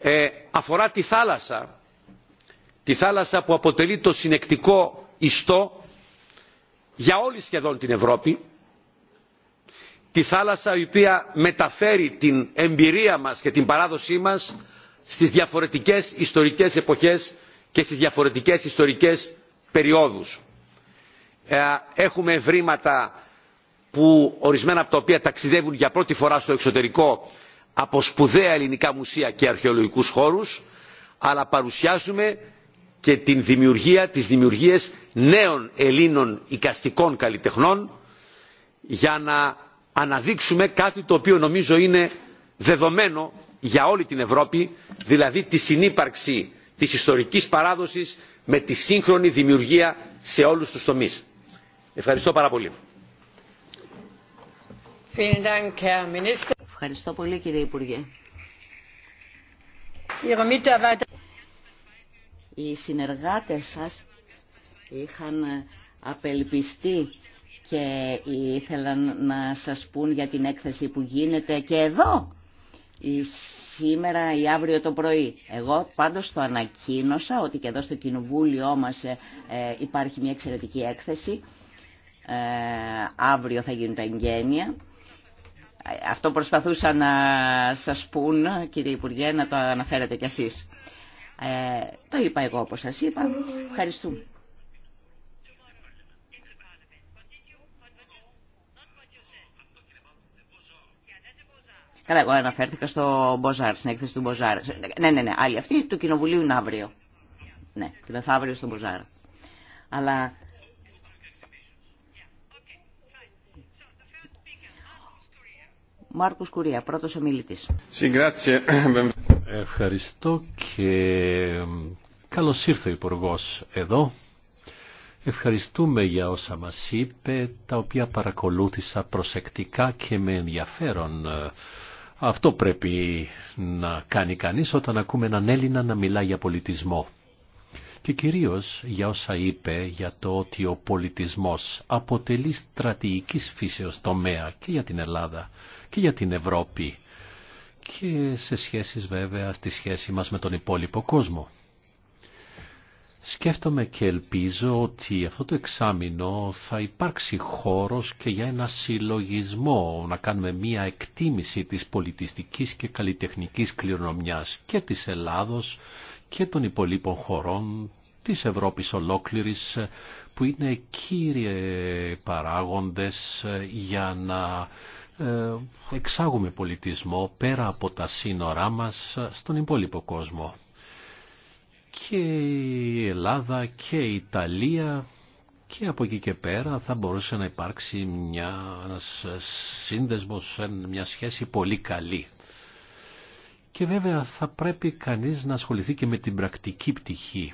ε, αφορά τη θάλασσα, τη θάλασσα που αποτελεί το συνεκτικό ιστό για όλη σχεδόν την Ευρώπη, τη θάλασσα η οποία μεταφέρει την εμπειρία μας και την παράδοσή μας στις διαφορετικές ιστορικές εποχές και στις διαφορετικές ιστορικές περιόδους. Ε, έχουμε ευρήματα που ορισμένα από τα οποία ταξιδεύουν για πρώτη φορά στο εξωτερικό από σπουδαία ελληνικά μουσεία και αρχαιολογικούς χώρους, αλλά παρουσιάζουμε και την δημιουργία, τις δημιουργίες νέων Ελλήνων οικαστικών καλλιτεχνών για να αναδείξουμε κάτι το οποίο νομίζω είναι δεδομένο για όλη την Ευρώπη, δηλαδή τη συνύπαρξη της ιστορικής παράδοσης με τη σύγχρονη δημιουργία σε όλους τους τομείς. Ευχαριστώ πάρα πολύ. Ευχαριστώ πολύ κύριε Υπουργέ. Οι συνεργάτες σας είχαν ε, απελπιστεί και ήθελαν να σας πούν για την έκθεση που γίνεται και εδώ ή σήμερα ή αύριο το πρωί. Εγώ πάντως το ανακοίνωσα ότι και εδώ στο κοινοβούλιο μας ε, ε, υπάρχει μια εξαιρετική έκθεση. Ε, αύριο θα γίνουν τα εγγένεια. Αυτό προσπαθούσα να σας πούν, κύριε Υπουργέ, να το αναφέρετε κι εσείς. Το είπα εγώ όπως σας είπα. Ευχαριστούμε. Καλά, εγώ αναφέρθηκα στο Μποζάρ, στην έκθεση του Μποζάρ. Ναι, ναι, ναι, άλλη αυτή του Κοινοβουλίου είναι αύριο. Ναι, και αύριο στο Μποζάρ. Αλλά... Μάρκο Κουρία, πρώτος ομιλητής. Ευχαριστώ και καλώς ήρθε ο υπουργό εδώ. Ευχαριστούμε για όσα μας είπε, τα οποία παρακολούθησα προσεκτικά και με ενδιαφέρον. Αυτό πρέπει να κάνει κανείς όταν ακούμε έναν Έλληνα να μιλά για πολιτισμό. Και κυρίως για όσα είπε για το ότι ο πολιτισμός αποτελεί στρατηγικής φύσεως τομέα και για την Ελλάδα και για την Ευρώπη και σε σχέσεις βέβαια στη σχέση μας με τον υπόλοιπο κόσμο. Σκέφτομαι και ελπίζω ότι αυτό το εξάμεινο θα υπάρξει χώρος και για ένα συλλογισμό, να κάνουμε μία εκτίμηση της πολιτιστικής και καλλιτεχνικής κληρονομιάς και της Ελλάδος και των υπολείπων χωρών της Ευρώπης ολόκληρης που είναι κύριε παράγοντες για να ε, εξάγουμε πολιτισμό πέρα από τα σύνορά μας στον υπόλοιπο κόσμο και η Ελλάδα και η Ιταλία και από εκεί και πέρα θα μπορούσε να υπάρξει μια, ένας σύνδεσμος, μια σχέση πολύ καλή. Και βέβαια θα πρέπει κανείς να ασχοληθεί και με την πρακτική πτυχή.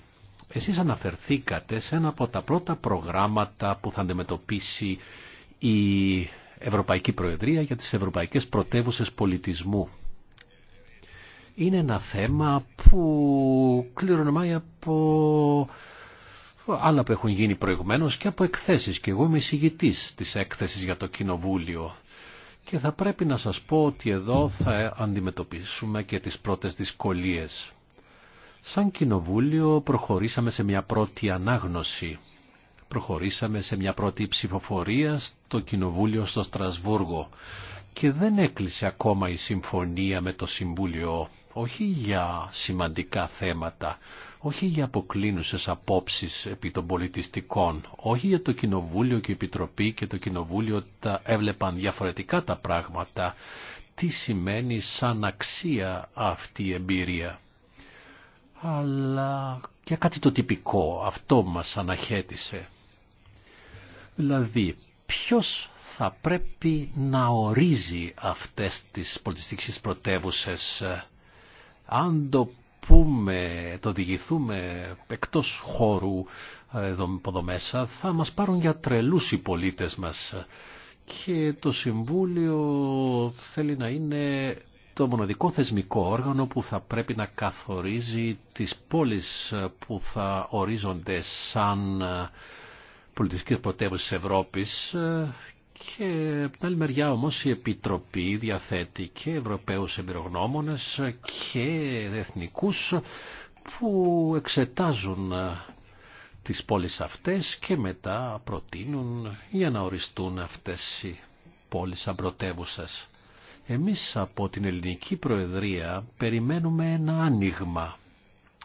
Εσείς αναφερθήκατε σε ένα από τα πρώτα προγράμματα που θα αντιμετωπίσει η Ευρωπαϊκή Προεδρία για τις Ευρωπαϊκές Πρωτεύουσες Πολιτισμού είναι ένα θέμα που κληρονομάει από άλλα που έχουν γίνει προηγουμένως και από εκθέσεις και εγώ είμαι εισηγητής της έκθεσης για το Κοινοβούλιο και θα πρέπει να σας πω ότι εδώ θα αντιμετωπίσουμε και τις πρώτες δυσκολίες. Σαν Κοινοβούλιο προχωρήσαμε σε μια πρώτη ανάγνωση. Προχωρήσαμε σε μια πρώτη ψηφοφορία στο Κοινοβούλιο στο Στρασβούργο και δεν έκλεισε ακόμα η συμφωνία με το Συμβούλιο όχι για σημαντικά θέματα, όχι για αποκλίνουσες απόψεις επί των πολιτιστικών, όχι για το Κοινοβούλιο και η Επιτροπή και το Κοινοβούλιο τα έβλεπαν διαφορετικά τα πράγματα, τι σημαίνει σαν αξία αυτή η εμπειρία. Αλλά για κάτι το τυπικό, αυτό μας αναχέτησε. Δηλαδή, ποιος θα πρέπει να ορίζει αυτές τις πολιτιστικές πρωτεύουσες αν το πούμε, το διηγηθούμε εκτός χώρου ε, εδώ μέσα, θα μας πάρουν για τρελούς οι πολίτες μας. Και το Συμβούλιο θέλει να είναι το μοναδικό θεσμικό όργανο που θα πρέπει να καθορίζει τις πόλεις που θα ορίζονται σαν πολιτιστικές πρωτεύουσες Ευρώπης και από την άλλη μεριά όμως η Επιτροπή διαθέτει και Ευρωπαίους εμπειρογνώμονες και εθνικούς που εξετάζουν τις πόλεις αυτές και μετά προτείνουν για να οριστούν αυτές οι πόλεις σαν πρωτεύουσες. Εμείς από την ελληνική προεδρία περιμένουμε ένα άνοιγμα.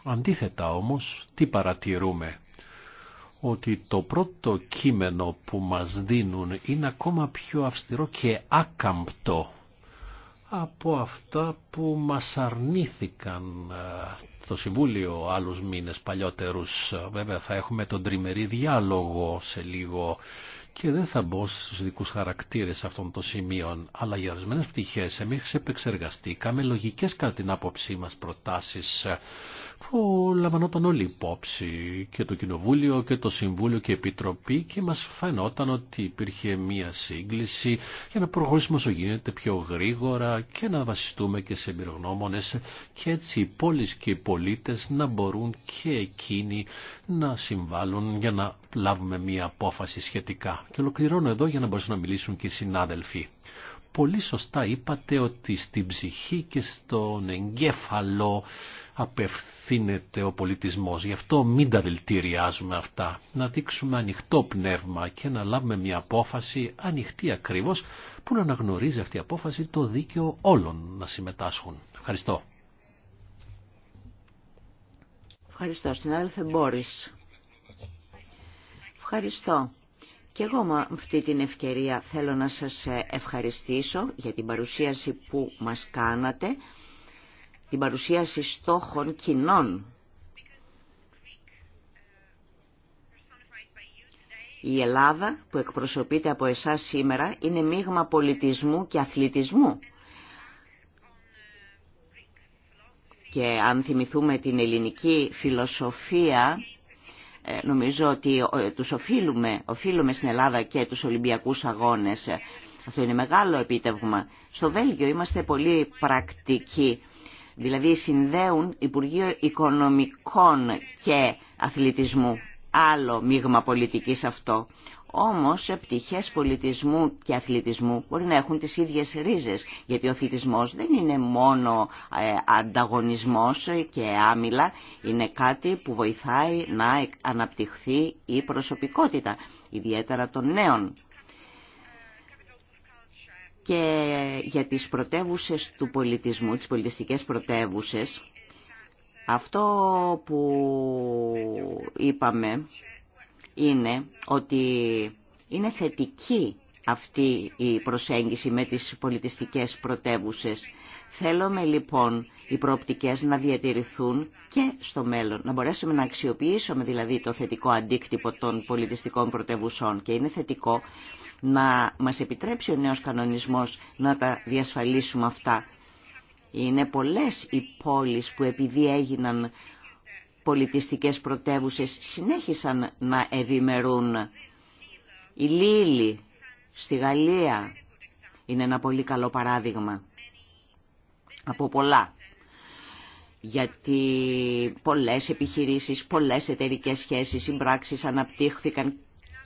Αντίθετα όμως, τι παρατηρούμε ότι το πρώτο κείμενο που μας δίνουν είναι ακόμα πιο αυστηρό και άκαμπτο από αυτά που μας αρνήθηκαν ε, το Συμβούλιο άλλους μήνες παλιότερους. Βέβαια θα έχουμε τον τριμερή διάλογο σε λίγο και δεν θα μπω στους δικούς χαρακτήρες αυτών των σημείων, αλλά για ορισμένε πτυχές εμείς επεξεργαστήκαμε λογικές κατά την άποψή μας προτάσεις που λαμβανόταν όλη υπόψη και το Κοινοβούλιο και το Συμβούλιο και η Επιτροπή και μας φαινόταν ότι υπήρχε μία σύγκληση για να προχωρήσουμε όσο γίνεται πιο γρήγορα και να βασιστούμε και σε εμπειρογνώμονες και έτσι οι πόλεις και οι πολίτες να μπορούν και εκείνοι να συμβάλλουν για να λάβουμε μία απόφαση σχετικά. Και ολοκληρώνω εδώ για να μπορέσουν να μιλήσουν και οι συνάδελφοι πολύ σωστά είπατε ότι στην ψυχή και στον εγκέφαλο απευθύνεται ο πολιτισμός. Γι' αυτό μην τα δηλητηριάζουμε αυτά. Να δείξουμε ανοιχτό πνεύμα και να λάβουμε μια απόφαση ανοιχτή ακριβώς που να αναγνωρίζει αυτή η απόφαση το δίκαιο όλων να συμμετάσχουν. Ευχαριστώ. Ευχαριστώ. Στην άδελφε Μπόρις. Ευχαριστώ. Και εγώ με αυτή την ευκαιρία θέλω να σας ευχαριστήσω για την παρουσίαση που μας κάνατε την παρουσίαση στόχων κοινών. Η Ελλάδα που εκπροσωπείται από εσάς σήμερα είναι μείγμα πολιτισμού και αθλητισμού. Και αν θυμηθούμε την ελληνική φιλοσοφία, ε, νομίζω ότι ε, τους οφείλουμε, οφείλουμε στην Ελλάδα και τους Ολυμπιακούς Αγώνες. Αυτό είναι μεγάλο επίτευγμα. Στο Βέλγιο είμαστε πολύ πρακτικοί Δηλαδή συνδέουν Υπουργείο Οικονομικών και Αθλητισμού. Άλλο μείγμα πολιτικής αυτό. Όμως πτυχές πολιτισμού και αθλητισμού μπορεί να έχουν τις ίδιες ρίζες, γιατί ο αθλητισμός δεν είναι μόνο ε, ανταγωνισμός και άμυλα, είναι κάτι που βοηθάει να αναπτυχθεί η προσωπικότητα, ιδιαίτερα των νέων και για τις πρωτεύουσες του πολιτισμού, τις πολιτιστικές πρωτεύουσες. Αυτό που είπαμε είναι ότι είναι θετική αυτή η προσέγγιση με τις πολιτιστικές πρωτεύουσες. Θέλουμε λοιπόν οι προοπτικές να διατηρηθούν και στο μέλλον, να μπορέσουμε να αξιοποιήσουμε δηλαδή το θετικό αντίκτυπο των πολιτιστικών πρωτεύουσών και είναι θετικό να μας επιτρέψει ο νέος κανονισμός να τα διασφαλίσουμε αυτά. Είναι πολλές οι πόλεις που επειδή έγιναν πολιτιστικές πρωτεύουσες συνέχισαν να ευημερούν. Η Λίλη στη Γαλλία είναι ένα πολύ καλό παράδειγμα από πολλά. Γιατί πολλές επιχειρήσεις, πολλές εταιρικές σχέσεις, συμπράξεις αναπτύχθηκαν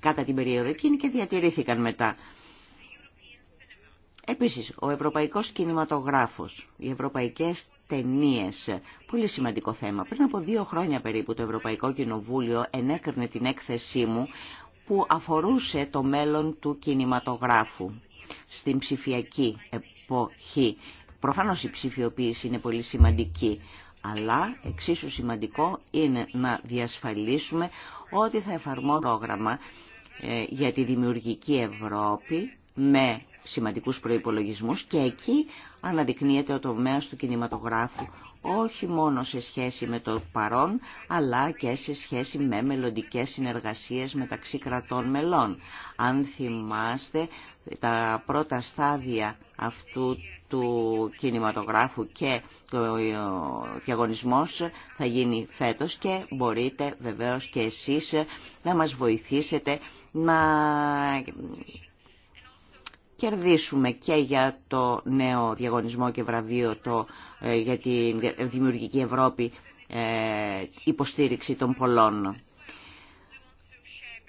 κατά την περίοδο εκείνη και διατηρήθηκαν μετά. Επίσης, ο ευρωπαϊκός κινηματογράφος, οι ευρωπαϊκές ταινίες, πολύ σημαντικό θέμα. Πριν από δύο χρόνια περίπου το Ευρωπαϊκό Κοινοβούλιο ενέκρινε την έκθεσή μου που αφορούσε το μέλλον του κινηματογράφου στην ψηφιακή εποχή. Προφανώς η ψηφιοποίηση είναι πολύ σημαντική, αλλά εξίσου σημαντικό είναι να διασφαλίσουμε ότι θα εφαρμόσουμε πρόγραμμα ε, για τη δημιουργική Ευρώπη με σημαντικούς προϋπολογισμούς και εκεί αναδεικνύεται ο τομέας του κινηματογράφου όχι μόνο σε σχέση με το παρόν αλλά και σε σχέση με μελλοντικές συνεργασίες μεταξύ κρατών μελών. Αν θυμάστε τα πρώτα στάδια αυτού του κινηματογράφου και ε, ο διαγωνισμός θα γίνει φέτος και μπορείτε βεβαίως και εσείς να μας βοηθήσετε να κερδίσουμε και για το νέο διαγωνισμό και βραβείο το, ε, για τη Δημιουργική Ευρώπη ε, υποστήριξη των πολλών.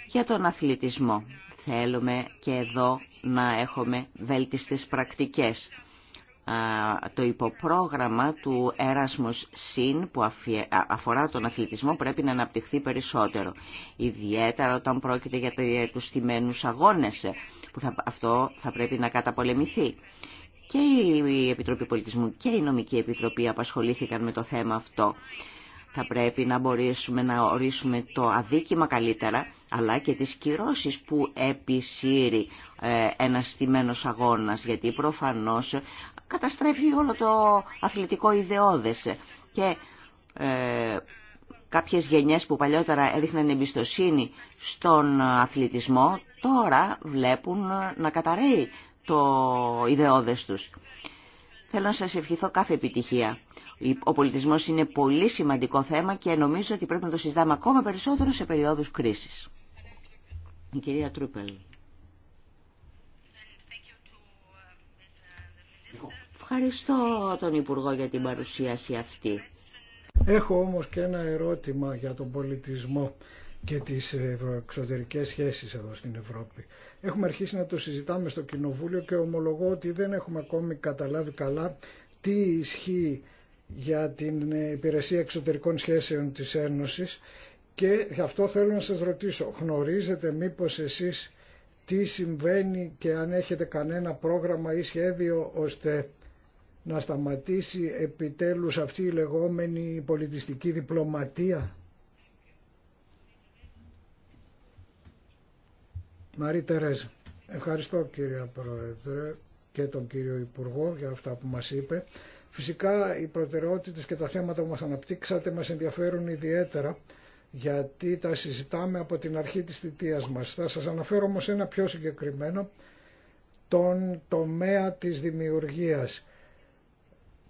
Για τον αθλητισμό θέλουμε και εδώ να έχουμε βέλτιστες πρακτικές το υποπρόγραμμα του Erasmus Συν που αφορά τον αθλητισμό πρέπει να αναπτυχθεί περισσότερο. Ιδιαίτερα όταν πρόκειται για τους θυμένους αγώνες, ε, που θα, αυτό θα πρέπει να καταπολεμηθεί. Και η Επιτροπή Πολιτισμού και η Νομική Επιτροπή απασχολήθηκαν με το θέμα αυτό. Θα πρέπει να μπορέσουμε να ορίσουμε το αδίκημα καλύτερα, αλλά και τις κυρώσεις που επισύρει ε, ένας θυμένος αγώνας, γιατί προφανώς καταστρέφει όλο το αθλητικό ιδεώδες και ε, κάποιες γενιές που παλιότερα έδειχναν εμπιστοσύνη στον αθλητισμό τώρα βλέπουν να καταραίει το ιδεώδες τους. Θέλω να σας ευχηθώ κάθε επιτυχία. Ο πολιτισμός είναι πολύ σημαντικό θέμα και νομίζω ότι πρέπει να το συζητάμε ακόμα περισσότερο σε περιόδους κρίσης. Η κυρία Τρούπελ. Ευχαριστώ τον Υπουργό για την παρουσίαση αυτή. Έχω όμως και ένα ερώτημα για τον πολιτισμό και τις εξωτερικές σχέσεις εδώ στην Ευρώπη. Έχουμε αρχίσει να το συζητάμε στο Κοινοβούλιο και ομολογώ ότι δεν έχουμε ακόμη καταλάβει καλά τι ισχύει για την υπηρεσία εξωτερικών σχέσεων της Ένωσης και γι' αυτό θέλω να σας ρωτήσω, γνωρίζετε μήπως εσείς τι συμβαίνει και αν έχετε κανένα πρόγραμμα ή σχέδιο ώστε να σταματήσει επιτέλους αυτή η λεγόμενη πολιτιστική διπλωματία. Μαρή Τερέζ, μαρη τερεζα κύριε Πρόεδρε και τον κύριο Υπουργό για αυτά που μας είπε. Φυσικά οι προτεραιότητες και τα θέματα που μας αναπτύξατε μας ενδιαφέρουν ιδιαίτερα γιατί τα συζητάμε από την αρχή της θητείας μας. Θα σας αναφέρω όμως ένα πιο συγκεκριμένο, τον τομέα της δημιουργίας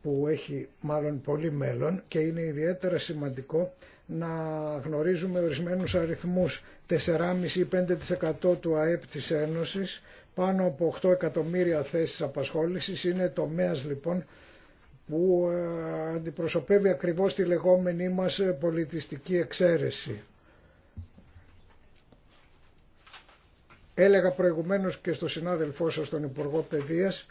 που έχει μάλλον πολύ μέλλον και είναι ιδιαίτερα σημαντικό να γνωρίζουμε ορισμένους αριθμούς 4,5-5% του ΑΕΠ της Ένωσης πάνω από 8 εκατομμύρια θέσεις απασχόλησης είναι τομέας λοιπόν που ε, αντιπροσωπεύει ακριβώς τη λεγόμενή μας ε, πολιτιστική εξαίρεση. Έλεγα προηγουμένως και στο συνάδελφό σας τον Υπουργό Παιδείας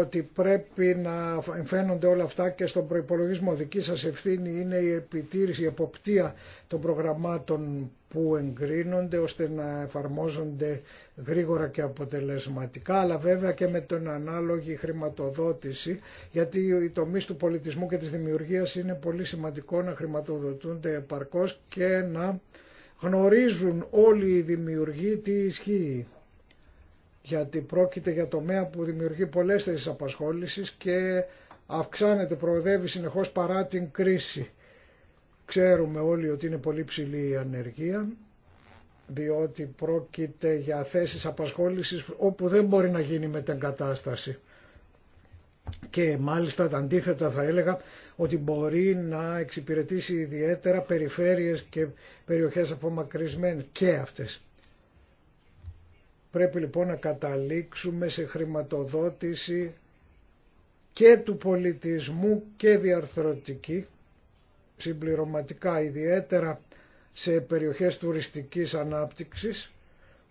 ότι πρέπει να εμφαίνονται όλα αυτά και στον προϋπολογισμό δική σας ευθύνη είναι η επιτήρηση, η εποπτεία των προγραμμάτων που εγκρίνονται ώστε να εφαρμόζονται γρήγορα και αποτελεσματικά αλλά βέβαια και με τον ανάλογη χρηματοδότηση γιατί οι τομείς του πολιτισμού και της δημιουργίας είναι πολύ σημαντικό να χρηματοδοτούνται επαρκώς και να γνωρίζουν όλοι οι δημιουργοί τι ισχύει γιατί πρόκειται για τομέα που δημιουργεί πολλές θέσεις απασχόλησης και αυξάνεται, προοδεύει συνεχώς παρά την κρίση. Ξέρουμε όλοι ότι είναι πολύ ψηλή η ανεργία, διότι πρόκειται για θέσεις απασχόλησης όπου δεν μπορεί να γίνει κατάσταση. Και μάλιστα τα αντίθετα θα έλεγα ότι μπορεί να εξυπηρετήσει ιδιαίτερα περιφέρειες και περιοχές απομακρυσμένες και αυτές. Πρέπει λοιπόν να καταλήξουμε σε χρηματοδότηση και του πολιτισμού και διαρθρωτική, συμπληρωματικά ιδιαίτερα σε περιοχές τουριστικής ανάπτυξης,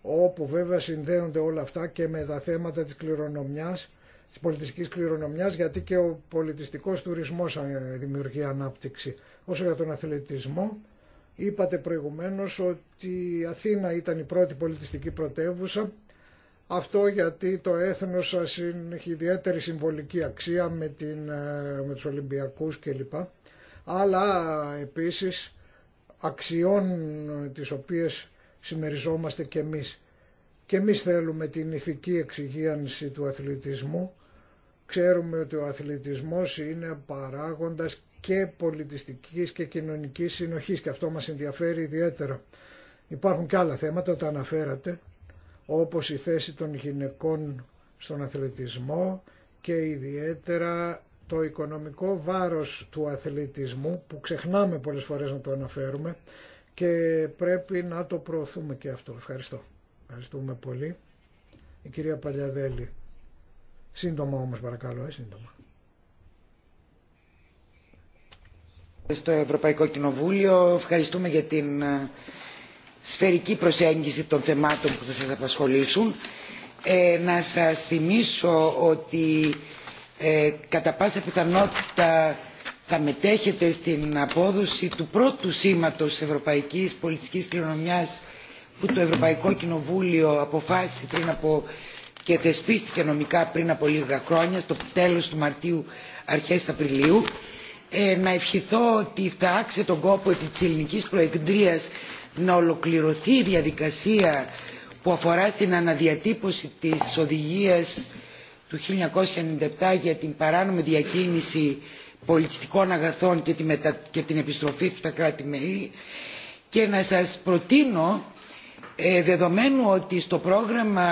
όπου βέβαια συνδέονται όλα αυτά και με τα θέματα της κληρονομιάς, της πολιτιστικής κληρονομιάς, γιατί και ο πολιτιστικός τουρισμός δημιουργεί ανάπτυξη. Όσο για τον αθλητισμό, Είπατε προηγουμένως ότι η Αθήνα ήταν η πρώτη πολιτιστική πρωτεύουσα. Αυτό γιατί το έθνος σας έχει ιδιαίτερη συμβολική αξία με, την, ε, με τους Ολυμπιακούς κλπ. Αλλά επίσης αξιών τις οποίες συμμεριζόμαστε και εμείς. Και εμείς θέλουμε την ηθική εξυγίανση του αθλητισμού. Ξέρουμε ότι ο αθλητισμός είναι παράγοντας και πολιτιστικής και κοινωνικής συνοχής και αυτό μας ενδιαφέρει ιδιαίτερα. Υπάρχουν και άλλα θέματα, τα αναφέρατε, όπως η θέση των γυναικών στον αθλητισμό και ιδιαίτερα το οικονομικό βάρος του αθλητισμού που ξεχνάμε πολλές φορές να το αναφέρουμε και πρέπει να το προωθούμε και αυτό. Ευχαριστώ. Ευχαριστούμε πολύ. Η κυρία Παλιαδέλη. Σύντομα όμως παρακαλώ, ε, σύντομα. στο Ευρωπαϊκό Κοινοβούλιο. Ευχαριστούμε για την ε, σφαιρική προσέγγιση των θεμάτων που θα σας απασχολήσουν. Ε, να σας θυμίσω ότι ε, κατά πάσα πιθανότητα θα μετέχετε στην απόδοση του πρώτου σήματος Ευρωπαϊκής Πολιτικής Κληρονομιάς που το Ευρωπαϊκό Κοινοβούλιο αποφάσισε πριν από και θεσπίστηκε νομικά πριν από λίγα χρόνια, στο τέλος του Μαρτίου, αρχές Απριλίου ε, να ευχηθώ ότι θα τον κόπο επί της ελληνικής προεκδρίας να ολοκληρωθεί η διαδικασία που αφορά στην αναδιατύπωση της οδηγίας του 1997 για την παράνομη διακίνηση πολιτιστικών αγαθών και, την επιστροφή του τα κράτη-μέλη και να σας προτείνω ε, δεδομένου ότι στο πρόγραμμα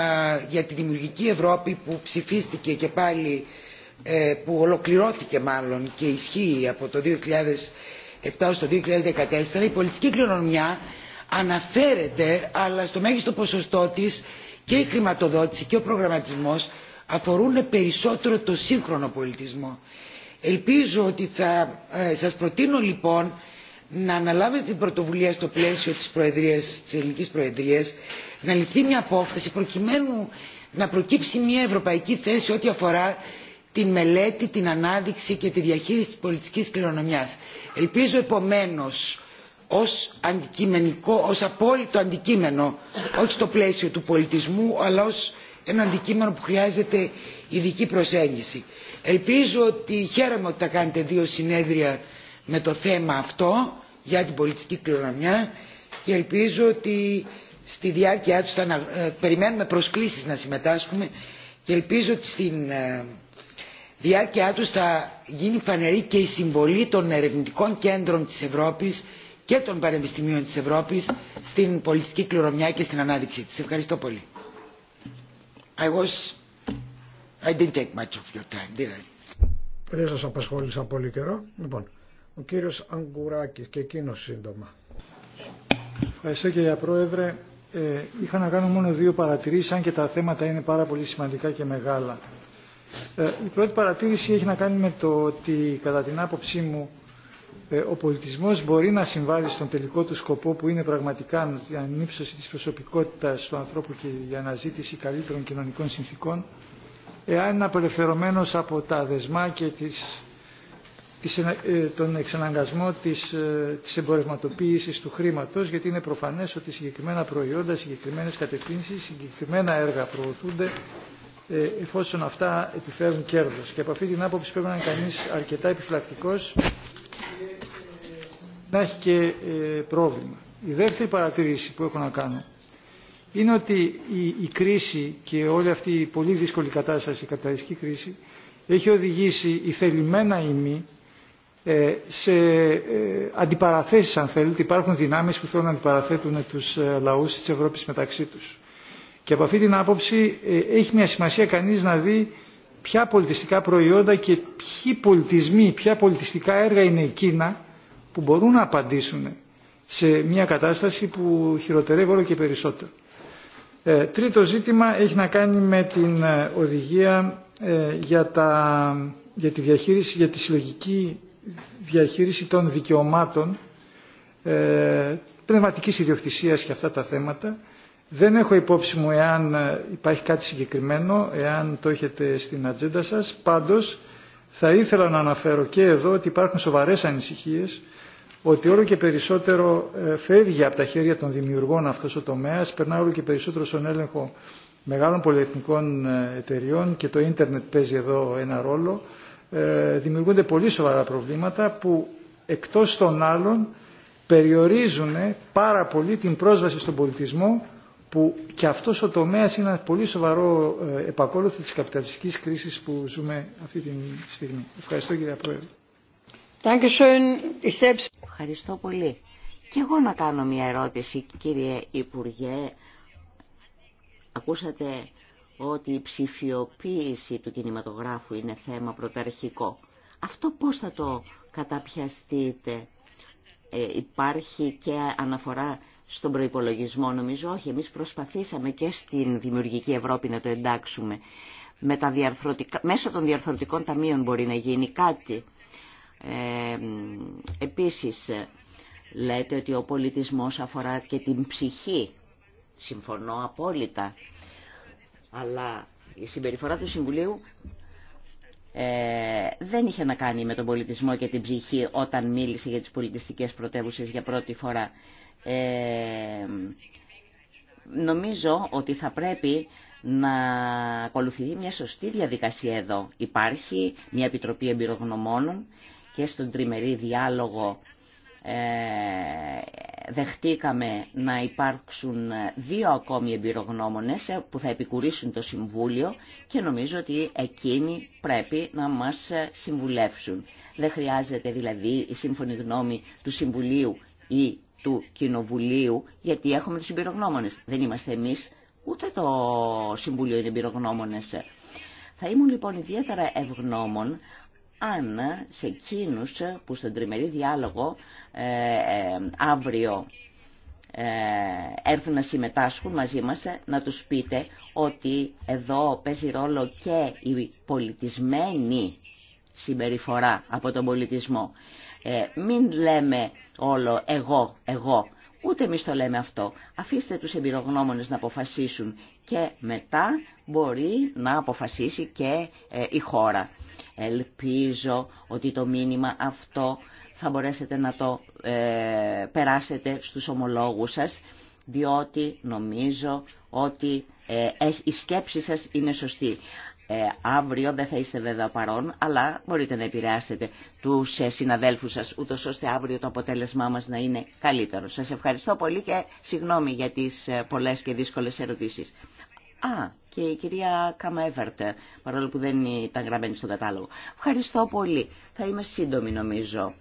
για τη Δημιουργική Ευρώπη που ψηφίστηκε και πάλι ε, που ολοκληρώθηκε μάλλον και ισχύει από το 2007 ως το 2014 η πολιτική κληρονομιά αναφέρεται αλλά στο μέγιστο ποσοστό της και η χρηματοδότηση και ο προγραμματισμός αφορούν περισσότερο το σύγχρονο πολιτισμό. Ελπίζω ότι θα ε, σας προτείνω λοιπόν να αναλάβετε την πρωτοβουλία στο πλαίσιο της, προεδρίας, της να ληφθεί μια απόφαση προκειμένου να προκύψει μια ευρωπαϊκή θέση ό,τι αφορά την μελέτη, την ανάδειξη και τη διαχείριση της πολιτικής κληρονομιάς. Ελπίζω επομένως ως, αντικειμενικό, ως απόλυτο αντικείμενο, όχι στο πλαίσιο του πολιτισμού, αλλά ως ένα αντικείμενο που χρειάζεται ειδική προσέγγιση. Ελπίζω ότι χαίρομαι ότι θα κάνετε δύο συνέδρια με το θέμα αυτό για την πολιτική κληρονομιά και ελπίζω ότι στη διάρκεια τους θα ε, περιμένουμε προσκλήσεις να συμμετάσχουμε και ελπίζω ότι στην ε, διάρκεια τους θα γίνει φανερή και η συμβολή των ερευνητικών κέντρων της Ευρώπης και των πανεπιστημίων της Ευρώπης στην πολιτική κληρονομιά και στην ανάδειξή της. Ευχαριστώ πολύ. I was... I didn't take much of your time, did I? Δεν σας απασχόλησα πολύ καιρό. Λοιπόν, ο κύριος Αγκουράκης και εκείνο σύντομα. Ευχαριστώ κύριε Πρόεδρε. Ε, είχα να κάνω μόνο δύο παρατηρήσεις, αν και τα θέματα είναι πάρα πολύ σημαντικά και μεγάλα. Ε, η πρώτη παρατήρηση έχει να κάνει με το ότι κατά την άποψή μου ε, ο πολιτισμός μπορεί να συμβάλλει στον τελικό του σκοπό που είναι πραγματικά η ανύψωση της προσωπικότητας του ανθρώπου και η αναζήτηση καλύτερων κοινωνικών συνθήκων εάν είναι απελευθερωμένος από τα δεσμά και τις, τις, ε, τον εξαναγκασμό της, της εμπορευματοποίησης του χρήματος γιατί είναι προφανές ότι συγκεκριμένα προϊόντα, συγκεκριμένες κατευθύνσεις, συγκεκριμένα έργα προωθούνται ε, εφόσον αυτά επιφέρουν κέρδος. Και από αυτή την άποψη πρέπει να είναι κανείς αρκετά και να έχει και ε, πρόβλημα. Η δεύτερη παρατηρήση που έχω να κάνω είναι ότι η κρίση και όλη αυτή η πολύ δύσκολη κατάσταση, η καπιταλιστική κρίση, έχει οδηγήσει η θελημένα ημί ε, σε αντιπαραθέσεις αν θέλετε. Υπάρχουν δυνάμεις που θέλουν να αντιπαραθέτουν τους λαούς της Ευρώπης μεταξύ τους. Και από αυτή την άποψη ε, έχει μια σημασία κανείς να δει ποια πολιτιστικά προϊόντα και ποιοι πολιτισμοί, ποια πολιτιστικά έργα είναι εκείνα που μπορούν να απαντήσουν σε μια κατάσταση που χειροτερεύει όλο και περισσότερο. Ε, τρίτο ζήτημα έχει να κάνει με την ε, οδηγία για, τα, για τη διαχείριση, για τη συλλογική διαχείριση των δικαιωμάτων ε, πνευματικής ιδιοκτησίας και αυτά τα θέματα δεν έχω υπόψη μου εάν ε, υπάρχει κάτι συγκεκριμένο, εάν το έχετε στην ατζέντα σας. Πάντως, θα ήθελα να αναφέρω και εδώ ότι υπάρχουν σοβαρές ανησυχίες ότι όλο και περισσότερο ε, φεύγει από τα χέρια των δημιουργών αυτός ο τομέας, περνά όλο και περισσότερο στον έλεγχο μεγάλων πολυεθνικών ε, εταιριών και το ίντερνετ παίζει εδώ ένα ρόλο. Δημιουργούνται πολύ σοβαρά προβλήματα που εκτός των άλλων περιορίζουν πάρα πολύ την πρόσβαση στον πολιτισμό που και αυτός ο τομέας είναι ένα πολύ σοβαρό ε, επακόλουθο της καπιταλιστικής κρίσης που ζούμε αυτή τη στιγμή. Ευχαριστώ κύριε Πρόεδρε. Ευχαριστώ πολύ. Και εγώ να κάνω μια ερώτηση κύριε Υπουργέ. Ακούσατε ότι η ψηφιοποίηση του κινηματογράφου είναι θέμα πρωταρχικό. Αυτό πώς θα το καταπιαστείτε. Ε, υπάρχει και αναφορά στον προϋπολογισμό νομίζω. Όχι, εμείς προσπαθήσαμε και στην Δημιουργική Ευρώπη να το εντάξουμε. Με τα διαρθρωτικά, μέσω των διαρθρωτικών ταμείων μπορεί να γίνει κάτι. Ε, επίσης, λέτε ότι ο πολιτισμός αφορά και την ψυχή. Συμφωνώ απόλυτα. Αλλά η συμπεριφορά του Συμβουλίου ε, δεν είχε να κάνει με τον πολιτισμό και την ψυχή όταν μίλησε για τις πολιτιστικές πρωτεύουσες για πρώτη φορά. Ε, νομίζω ότι θα πρέπει να ακολουθηθεί μια σωστή διαδικασία εδώ. Υπάρχει μια επιτροπή εμπειρογνωμόνων και στον τριμερή διάλογο ε, δεχτήκαμε να υπάρξουν δύο ακόμη εμπειρογνώμονες που θα επικουρήσουν το Συμβούλιο και νομίζω ότι εκείνοι πρέπει να μας συμβουλεύσουν. Δεν χρειάζεται δηλαδή η σύμφωνη γνώμη του Συμβουλίου ή του Κοινοβουλίου, γιατί έχουμε τους εμπειρογνώμονες. Δεν είμαστε εμείς, ούτε το Συμβούλιο είναι εμπειρογνώμονες. Θα ήμουν λοιπόν ιδιαίτερα ευγνώμων αν σε εκείνου που στον τριμερή διάλογο ε, ε, αύριο ε, έρθουν να συμμετάσχουν μαζί μας να τους πείτε ότι εδώ παίζει ρόλο και η πολιτισμένη συμπεριφορά από τον πολιτισμό. Ε, μην λέμε όλο εγώ, εγώ. Ούτε εμεί το λέμε αυτό. Αφήστε τους εμπειρογνώμονες να αποφασίσουν και μετά μπορεί να αποφασίσει και ε, η χώρα. Ελπίζω ότι το μήνυμα αυτό θα μπορέσετε να το ε, περάσετε στους ομολόγους σας διότι νομίζω ότι ε, η σκέψη σας είναι σωστή. Ε, αύριο δεν θα είστε βέβαια παρόν, αλλά μπορείτε να επηρεάσετε τους ε, συναδέλφους σας, ούτως ώστε αύριο το αποτέλεσμά μας να είναι καλύτερο. Σας ευχαριστώ πολύ και συγγνώμη για τις πολλές και δύσκολες ερωτήσεις. Α, και η κυρία καμαέβερτε, παρόλο που δεν ήταν γραμμένη στον κατάλογο. Ευχαριστώ πολύ. Θα είμαι σύντομη νομίζω.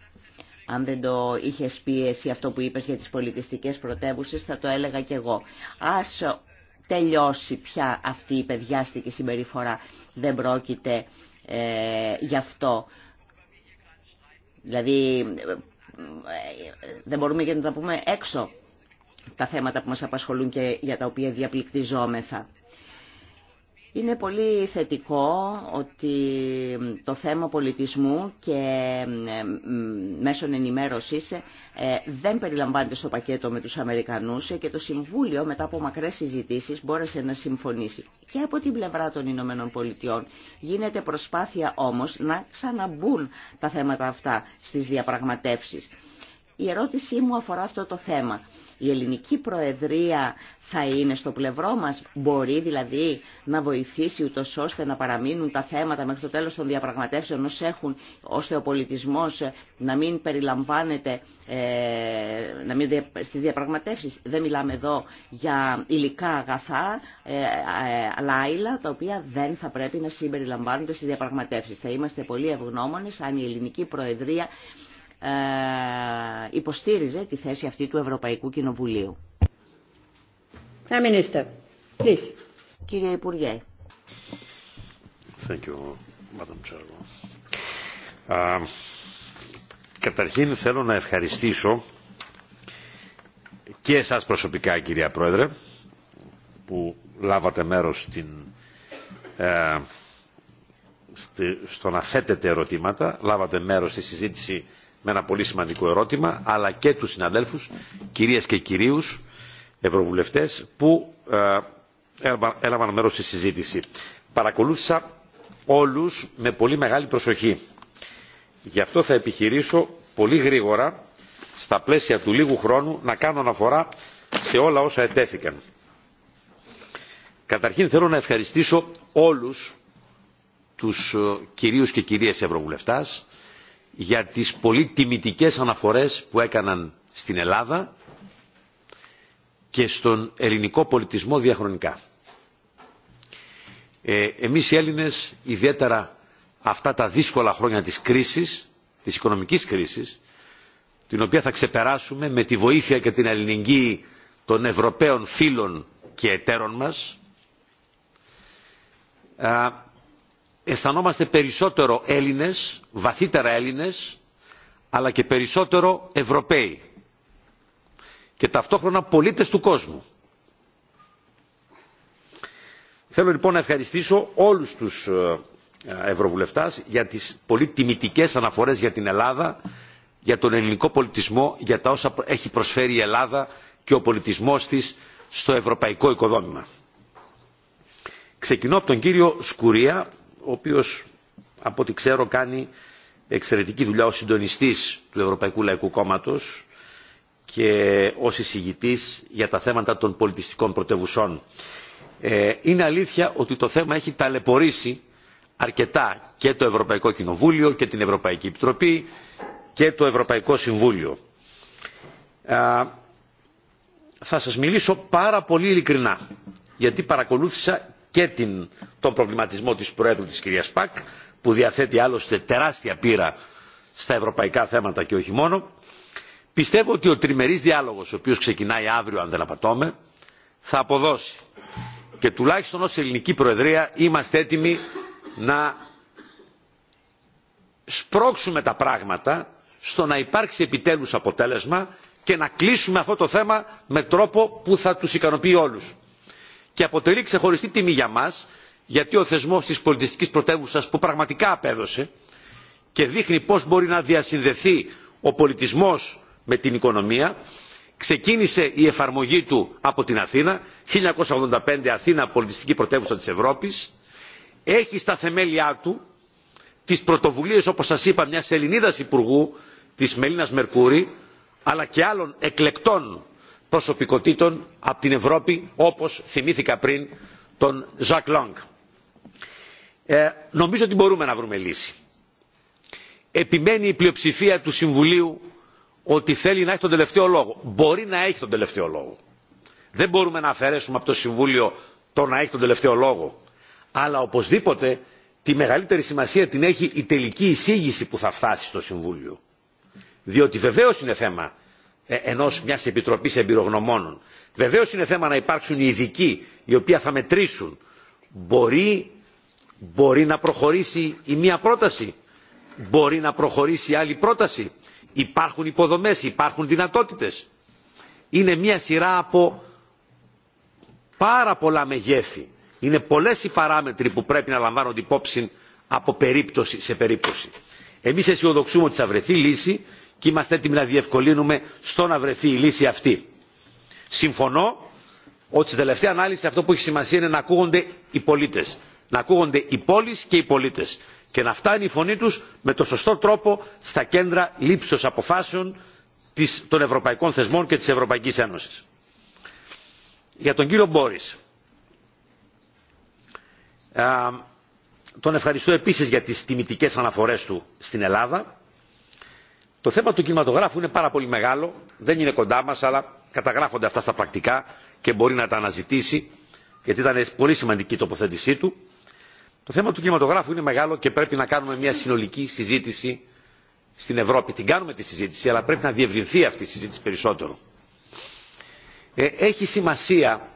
Αν δεν το είχε πει εσύ αυτό που είπες για τις πολιτιστικές πρωτεύουσες θα το έλεγα κι εγώ. Ας τελειώσει πια αυτή η παιδιάστικη συμπεριφορά. Δεν πρόκειται ε, γι' αυτό. Δηλαδή ε, δεν μπορούμε και να τα πούμε έξω τα θέματα που μας απασχολούν και για τα οποία διαπληκτιζόμεθα. Είναι πολύ θετικό ότι το θέμα πολιτισμού και μέσων ενημέρωσης ε, δεν περιλαμβάνεται στο πακέτο με τους Αμερικανούς και το Συμβούλιο μετά από μακρές συζητήσεις μπόρεσε να συμφωνήσει. Και από την πλευρά των Ηνωμένων Πολιτειών γίνεται προσπάθεια όμως να ξαναμπούν τα θέματα αυτά στις διαπραγματεύσεις. Η ερώτησή μου αφορά αυτό το θέμα. Η ελληνική προεδρία θα είναι στο πλευρό μας, μπορεί δηλαδή να βοηθήσει ούτω ώστε να παραμείνουν τα θέματα μέχρι το τέλος των διαπραγματεύσεων ως έχουν, ώστε ο πολιτισμός να μην περιλαμβάνεται ε, να μην, στις διαπραγματεύσεις. Δεν μιλάμε εδώ για υλικά αγαθά, ε, ε, αλλά άλλα τα οποία δεν θα πρέπει να συμπεριλαμβάνονται στις διαπραγματεύσεις. Θα είμαστε πολύ ευγνώμονες αν η ελληνική προεδρία ε, υποστήριζε τη θέση αυτή του Ευρωπαϊκού Κοινοβουλίου. Minister, please. Κύριε Υπουργέ. Thank Madam καταρχήν θέλω να ευχαριστήσω και εσάς προσωπικά κυρία Πρόεδρε που λάβατε μέρος στην, ε, στο να θέτετε ερωτήματα, λάβατε μέρος στη συζήτηση με ένα πολύ σημαντικό ερώτημα, αλλά και τους συναδέλφους, κυρίες και κυρίους ευρωβουλευτές, που ε, έλαβαν μέρος στη συζήτηση. Παρακολούθησα όλους με πολύ μεγάλη προσοχή. Γι' αυτό θα επιχειρήσω πολύ γρήγορα, στα πλαίσια του λίγου χρόνου, να κάνω αναφορά σε όλα όσα ετέθηκαν. Καταρχήν θέλω να ευχαριστήσω όλους τους ε, κυρίους και κυρίες ευρωβουλευτάς, για τις πολύ τιμητικές αναφορές που έκαναν στην Ελλάδα και στον ελληνικό πολιτισμό διαχρονικά. Ε, εμείς οι Έλληνες, ιδιαίτερα αυτά τα δύσκολα χρόνια της κρίσης, της οικονομικής κρίσης, την οποία θα ξεπεράσουμε με τη βοήθεια και την ελληνική των Ευρωπαίων φίλων και εταίρων μας, αισθανόμαστε περισσότερο Έλληνες, βαθύτερα Έλληνες, αλλά και περισσότερο Ευρωπαίοι και ταυτόχρονα πολίτες του κόσμου. Θέλω λοιπόν να ευχαριστήσω όλους τους ε, Ευρωβουλευτάς για τις πολύ τιμητικές αναφορές για την Ελλάδα, για τον ελληνικό πολιτισμό, για τα όσα έχει προσφέρει η Ελλάδα και ο πολιτισμός της στο ευρωπαϊκό οικοδόμημα. Ξεκινώ από τον κύριο Σκουρία ο οποίος από ό,τι ξέρω κάνει εξαιρετική δουλειά ως συντονιστής του Ευρωπαϊκού Λαϊκού Κόμματος και ως εισηγητής για τα θέματα των πολιτιστικών πρωτεύουσών. Ε, είναι αλήθεια ότι το θέμα έχει ταλαιπωρήσει αρκετά και το Ευρωπαϊκό Κοινοβούλιο και την Ευρωπαϊκή Επιτροπή και το Ευρωπαϊκό Συμβούλιο. Ε, θα σας μιλήσω πάρα πολύ ειλικρινά γιατί παρακολούθησα και τον προβληματισμό της Προέδρου της κυρίας Πακ που διαθέτει άλλωστε τεράστια πείρα στα ευρωπαϊκά θέματα και όχι μόνο. Πιστεύω ότι ο τριμερής διάλογος ο οποίος ξεκινάει αύριο αν δεν απατώμε θα αποδώσει και τουλάχιστον ως ελληνική προεδρία είμαστε έτοιμοι να σπρώξουμε τα πράγματα στο να υπάρξει επιτέλους αποτέλεσμα και να κλείσουμε αυτό το θέμα με τρόπο που θα τους ικανοποιεί όλους και αποτελεί ξεχωριστή τιμή για μας γιατί ο θεσμός της πολιτιστικής πρωτεύουσας που πραγματικά απέδωσε και δείχνει πώς μπορεί να διασυνδεθεί ο πολιτισμός με την οικονομία ξεκίνησε η εφαρμογή του από την Αθήνα 1985 Αθήνα πολιτιστική πρωτεύουσα της Ευρώπης έχει στα θεμέλια του τις πρωτοβουλίες όπως σας είπα μιας Ελληνίδας Υπουργού της Μελίνας Μερκούρη αλλά και άλλων εκλεκτών προσωπικότητων από την Ευρώπη όπως θυμήθηκα πριν τον Ζακ Λόγκ. Ε, νομίζω ότι μπορούμε να βρούμε λύση. Επιμένει η πλειοψηφία του Συμβουλίου ότι θέλει να έχει τον τελευταίο λόγο. Μπορεί να έχει τον τελευταίο λόγο. Δεν μπορούμε να αφαιρέσουμε από το Συμβούλιο το να έχει τον τελευταίο λόγο. Αλλά οπωσδήποτε τη μεγαλύτερη σημασία την έχει η τελική εισήγηση που θα φτάσει στο Συμβούλιο. Διότι βεβαίως είναι θέμα ε, ενός μιας επιτροπής εμπειρογνωμόνων. Βεβαίως είναι θέμα να υπάρξουν οι ειδικοί οι οποίοι θα μετρήσουν. Μπορεί, μπορεί να προχωρήσει η μία πρόταση, μπορεί να προχωρήσει η άλλη πρόταση. Υπάρχουν υποδομές, υπάρχουν δυνατότητες. Είναι μία σειρά από πάρα πολλά μεγέθη. Είναι πολλές οι παράμετροι που πρέπει να λαμβάνονται υπόψη από περίπτωση σε περίπτωση. Εμείς αισιοδοξούμε ότι θα βρεθεί λύση και είμαστε έτοιμοι να διευκολύνουμε στο να βρεθεί η λύση αυτή. Συμφωνώ ότι στην τελευταία ανάλυση αυτό που έχει σημασία είναι να ακούγονται οι πολίτες. Να ακούγονται οι πόλεις και οι πολίτες. Και να φτάνει η φωνή τους με το σωστό τρόπο στα κέντρα λήψεως αποφάσεων των ευρωπαϊκών θεσμών και της Ευρωπαϊκή Ένωση. Για τον κύριο Μπόρι. Τον ευχαριστώ επίση για τις τιμητικέ αναφορέ του στην Ελλάδα το θέμα του κινηματογράφου είναι πάρα πολύ μεγάλο, δεν είναι κοντά μας, αλλά καταγράφονται αυτά στα πρακτικά και μπορεί να τα αναζητήσει, γιατί ήταν πολύ σημαντική η τοποθέτησή του. Το θέμα του κινηματογράφου είναι μεγάλο και πρέπει να κάνουμε μια συνολική συζήτηση στην Ευρώπη. Την κάνουμε τη συζήτηση, αλλά πρέπει να διευρυνθεί αυτή η συζήτηση περισσότερο. Ε, έχει σημασία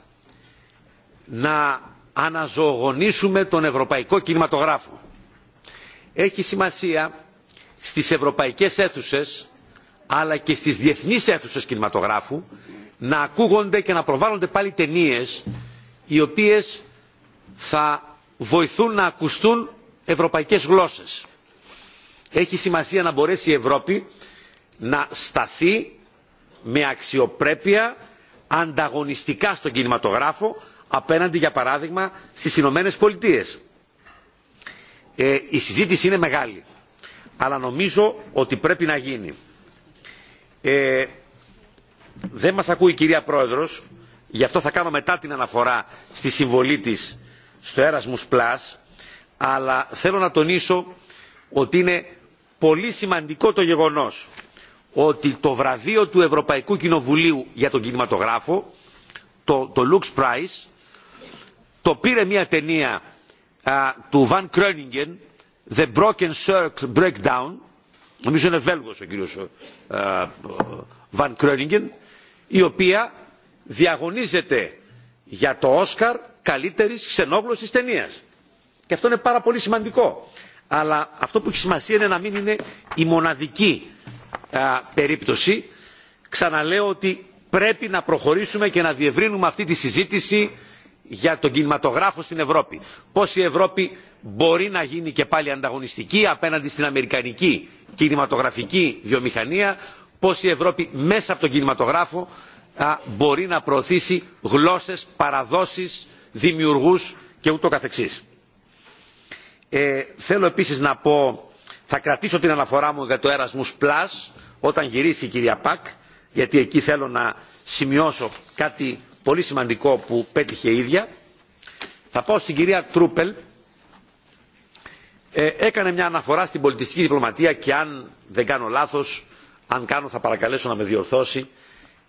να αναζωογονήσουμε τον ευρωπαϊκό κινηματογράφο. Έχει σημασία στις ευρωπαϊκές αίθουσες αλλά και στις διεθνείς αίθουσες κινηματογράφου να ακούγονται και να προβάλλονται πάλι ταινίες οι οποίες θα βοηθούν να ακουστούν ευρωπαϊκές γλώσσες. Έχει σημασία να μπορέσει η Ευρώπη να σταθεί με αξιοπρέπεια ανταγωνιστικά στον κινηματογράφο απέναντι για παράδειγμα στις Ηνωμένε Πολιτείες. Ε, η συζήτηση είναι μεγάλη αλλά νομίζω ότι πρέπει να γίνει. Ε, δεν μας ακούει η κυρία Πρόεδρος, γι' αυτό θα κάνω μετά την αναφορά στη συμβολή της στο Erasmus Plus, αλλά θέλω να τονίσω ότι είναι πολύ σημαντικό το γεγονός ότι το βραβείο του Ευρωπαϊκού Κοινοβουλίου για τον κινηματογράφο, το, το Lux Prize, το πήρε μια ταινία του Βαν Κρόνιγκεν The broken circle breakdown, νομίζω είναι Βέλγος ο κύριος ε, Βαν Κρόνιγκεν, η οποία διαγωνίζεται για το Όσκαρ καλύτερης ξενόγλωσης ταινίας. Και αυτό είναι πάρα πολύ σημαντικό. Αλλά αυτό που έχει σημασία είναι να μην είναι η μοναδική ε, περίπτωση. Ξαναλέω ότι πρέπει να προχωρήσουμε και να διευρύνουμε αυτή τη συζήτηση για τον κινηματογράφο στην Ευρώπη. Πώς η Ευρώπη μπορεί να γίνει και πάλι ανταγωνιστική απέναντι στην αμερικανική κινηματογραφική βιομηχανία, πώς η Ευρώπη μέσα από τον κινηματογράφο μπορεί να προωθήσει γλώσσες, παραδόσεις, δημιουργούς και ούτω καθεξής. Ε, θέλω επίσης να πω, θα κρατήσω την αναφορά μου για το Erasmus Plus όταν γυρίσει η κυρία Πακ, γιατί εκεί θέλω να σημειώσω κάτι πολύ σημαντικό που πέτυχε ίδια. Θα πάω στην κυρία Τρούπελ. Ε, έκανε μια αναφορά στην πολιτιστική διπλωματία και αν δεν κάνω λάθος, αν κάνω θα παρακαλέσω να με διορθώσει,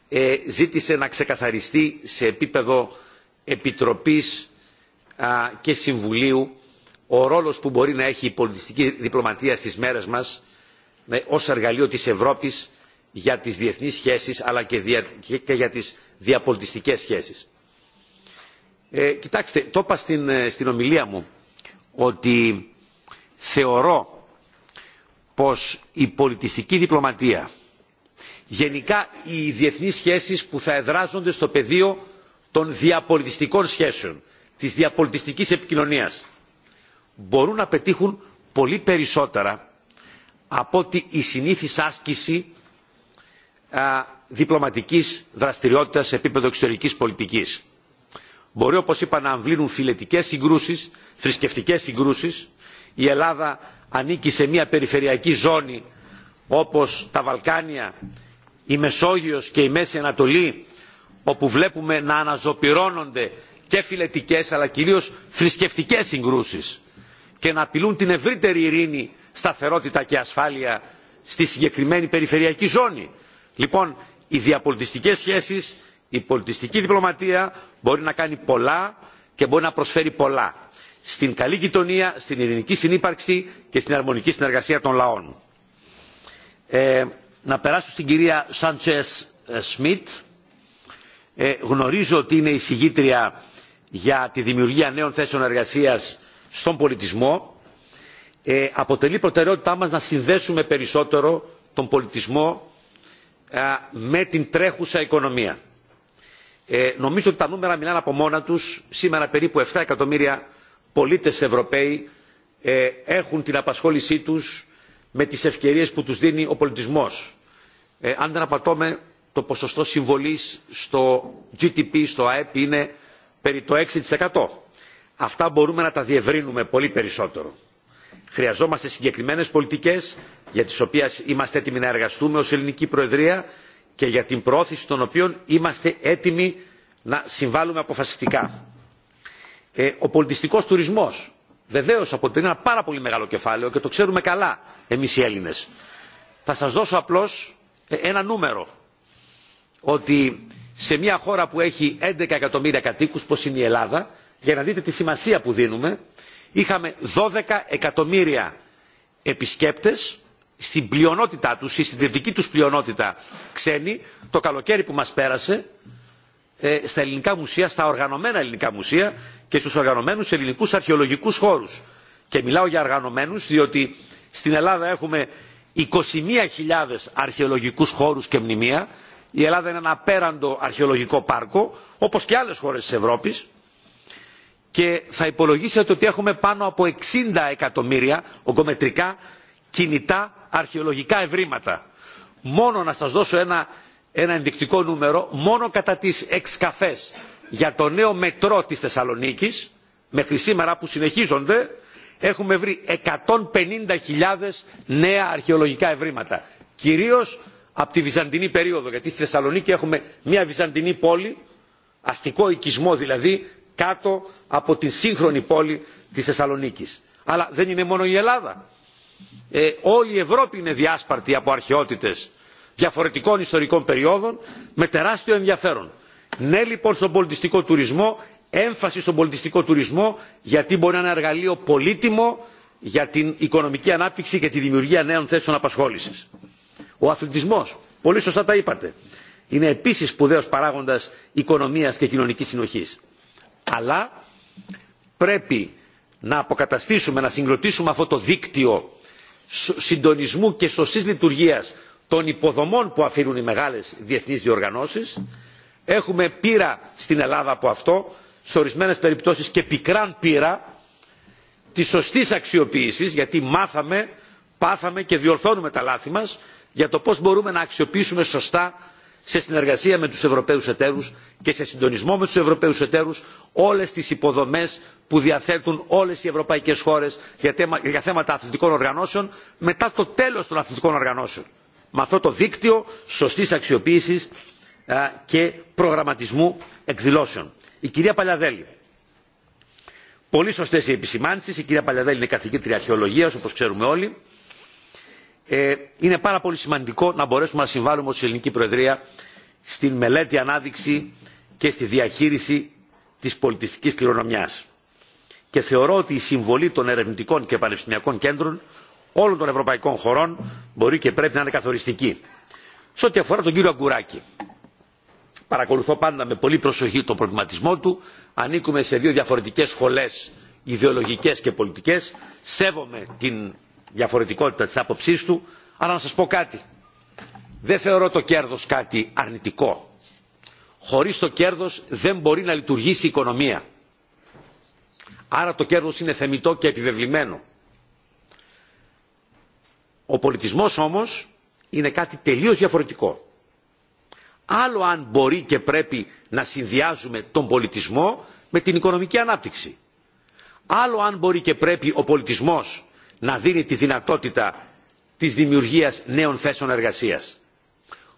ε, ζήτησε να ξεκαθαριστεί σε επίπεδο Επιτροπής και Συμβουλίου ο ρόλος που μπορεί να έχει η πολιτιστική διπλωματία στις μέρες μας ως εργαλείο της Ευρώπης για τις διεθνείς σχέσεις αλλά και, για τις διαπολιτιστικές σχέσεις. Ε, κοιτάξτε, το είπα στην, ε, στην ομιλία μου ότι θεωρώ πως η πολιτιστική διπλωματία γενικά οι διεθνείς σχέσεις που θα εδράζονται στο πεδίο των διαπολιτιστικών σχέσεων της διαπολιτιστικής επικοινωνίας μπορούν να πετύχουν πολύ περισσότερα από ότι η συνήθις άσκηση διπλωματικής δραστηριότητας σε επίπεδο εξωτερικής πολιτικής. Μπορεί, όπως είπα, να αμβλύνουν φιλετικές συγκρούσεις, θρησκευτικές συγκρούσεις. Η Ελλάδα ανήκει σε μια περιφερειακή ζώνη όπως τα Βαλκάνια, η Μεσόγειος και η Μέση Ανατολή, όπου βλέπουμε να αναζωπυρώνονται και φιλετικές αλλά κυρίως θρησκευτικές συγκρούσεις και να απειλούν την ευρύτερη ειρήνη, σταθερότητα και ασφάλεια στη συγκεκριμένη περιφερειακή ζώνη Λοιπόν, οι διαπολιτιστικές σχέσεις, η πολιτιστική διπλωματία μπορεί να κάνει πολλά και μπορεί να προσφέρει πολλά στην καλή γειτονία, στην ειρηνική συνύπαρξη και στην αρμονική συνεργασία των λαών. Ε, να περάσω στην κυρία Σάντσες ε, Σμιτ. Ε, γνωρίζω ότι είναι η συγγήτρια για τη δημιουργία νέων θέσεων εργασίας στον πολιτισμό. Ε, αποτελεί προτεραιότητά μας να συνδέσουμε περισσότερο τον πολιτισμό ε, με την τρέχουσα οικονομία. Ε, νομίζω ότι τα νούμερα μιλάνε από μόνα τους. Σήμερα περίπου 7 εκατομμύρια πολίτες Ευρωπαίοι ε, έχουν την απασχόλησή τους με τις ευκαιρίες που τους δίνει ο πολιτισμός. αν δεν απατώμε, το ποσοστό συμβολής στο GDP, στο ΑΕΠ είναι περί το 6%. Αυτά μπορούμε να τα διευρύνουμε πολύ περισσότερο. Χρειαζόμαστε συγκεκριμένε πολιτικέ για τι οποίε είμαστε έτοιμοι να εργαστούμε ω ελληνική προεδρία και για την προώθηση των οποίων είμαστε έτοιμοι να συμβάλλουμε αποφασιστικά. Ε, ο πολιτιστικό τουρισμό βεβαίω αποτελεί ένα πάρα πολύ μεγάλο κεφάλαιο και το ξέρουμε καλά εμεί, οι Έλληνε. Θα σα δώσω απλώ ε, ένα νούμερο ότι σε μια χώρα που έχει 11 εκατομμύρια κατοίκους, πώς είναι η Ελλάδα, για να δείτε τη σημασία που δίνουμε, είχαμε 12 εκατομμύρια επισκέπτες στην πλειονότητά τους ή στην τριπτική τους πλειονότητα ξένοι το καλοκαίρι που μας πέρασε ε, στα ελληνικά μουσεία, στα οργανωμένα ελληνικά μουσεία και στους οργανωμένους ελληνικούς αρχαιολογικούς χώρους. Και μιλάω για οργανωμένους διότι στην Ελλάδα έχουμε 21.000 αρχαιολογικούς χώρους και μνημεία. Η Ελλάδα είναι ένα απέραντο αρχαιολογικό πάρκο όπως και άλλες χώρες της Ευρώπης και θα υπολογίσετε ότι έχουμε πάνω από 60 εκατομμύρια ογκομετρικά κινητά αρχαιολογικά ευρήματα. Μόνο να σας δώσω ένα, ενδεικτικό νούμερο, μόνο κατά τις εξκαφές για το νέο μετρό της Θεσσαλονίκης, μέχρι σήμερα που συνεχίζονται, έχουμε βρει 150.000 νέα αρχαιολογικά ευρήματα. Κυρίως από τη Βυζαντινή περίοδο, γιατί στη Θεσσαλονίκη έχουμε μια Βυζαντινή πόλη, αστικό οικισμό δηλαδή, κάτω από την σύγχρονη πόλη της Θεσσαλονίκης. Αλλά δεν είναι μόνο η Ελλάδα. Ε, όλη η Ευρώπη είναι διάσπαρτη από αρχαιότητες διαφορετικών ιστορικών περιόδων με τεράστιο ενδιαφέρον. Ναι λοιπόν στον πολιτιστικό τουρισμό, έμφαση στον πολιτιστικό τουρισμό γιατί μπορεί να είναι ένα εργαλείο πολύτιμο για την οικονομική ανάπτυξη και τη δημιουργία νέων θέσεων απασχόλησης. Ο αθλητισμός, πολύ σωστά τα είπατε, είναι επίσης σπουδαίος παράγοντας οικονομίας και κοινωνικής συνοχής αλλά πρέπει να αποκαταστήσουμε να συγκροτήσουμε αυτό το δίκτυο συντονισμού και σωστής λειτουργίας των υποδομών που αφήνουν οι μεγάλες διεθνείς διοργανώσεις. Έχουμε πείρα στην Ελλάδα από αυτό, σε ορισμένε περιπτώσεις και πικράν πείρα της σωστής αξιοποίησης, γιατί μάθαμε, πάθαμε και διορθώνουμε τα λάθη μας για το πώς μπορούμε να αξιοποιήσουμε σωστά σε συνεργασία με τους ευρωπαίους εταίρους και σε συντονισμό με τους ευρωπαίους εταίρους όλες τις υποδομές που διαθέτουν όλες οι ευρωπαϊκές χώρες για θέματα αθλητικών οργανώσεων μετά το τέλος των αθλητικών οργανώσεων με αυτό το δίκτυο σωστής αξιοποίησης και προγραμματισμού εκδηλώσεων. Η κυρία Παλιαδέλη. Πολύ σωστές οι επισημάνσεις. Η κυρία Παλιαδέλη είναι καθηγήτρια αρχαιολογίας όπως ξέρουμε όλοι ε, είναι πάρα πολύ σημαντικό να μπορέσουμε να συμβάλλουμε ως ελληνική προεδρία στην μελέτη ανάδειξη και στη διαχείριση της πολιτιστικής κληρονομιάς. Και θεωρώ ότι η συμβολή των ερευνητικών και πανεπιστημιακών κέντρων όλων των ευρωπαϊκών χωρών μπορεί και πρέπει να είναι καθοριστική. Σε ό,τι αφορά τον κύριο Αγκουράκη, παρακολουθώ πάντα με πολύ προσοχή τον προβληματισμό του. Ανήκουμε σε δύο διαφορετικές σχολές ιδεολογικές και πολιτικές. Σέβομαι την διαφορετικότητα της άποψής του, αλλά να σας πω κάτι. Δεν θεωρώ το κέρδος κάτι αρνητικό. Χωρίς το κέρδος δεν μπορεί να λειτουργήσει η οικονομία. Άρα το κέρδος είναι θεμητό και επιβεβλημένο. Ο πολιτισμός όμως είναι κάτι τελείως διαφορετικό. Άλλο αν μπορεί και πρέπει να συνδυάζουμε τον πολιτισμό με την οικονομική ανάπτυξη. Άλλο αν μπορεί και πρέπει ο πολιτισμός να δίνει τη δυνατότητα της δημιουργίας νέων θέσεων εργασίας.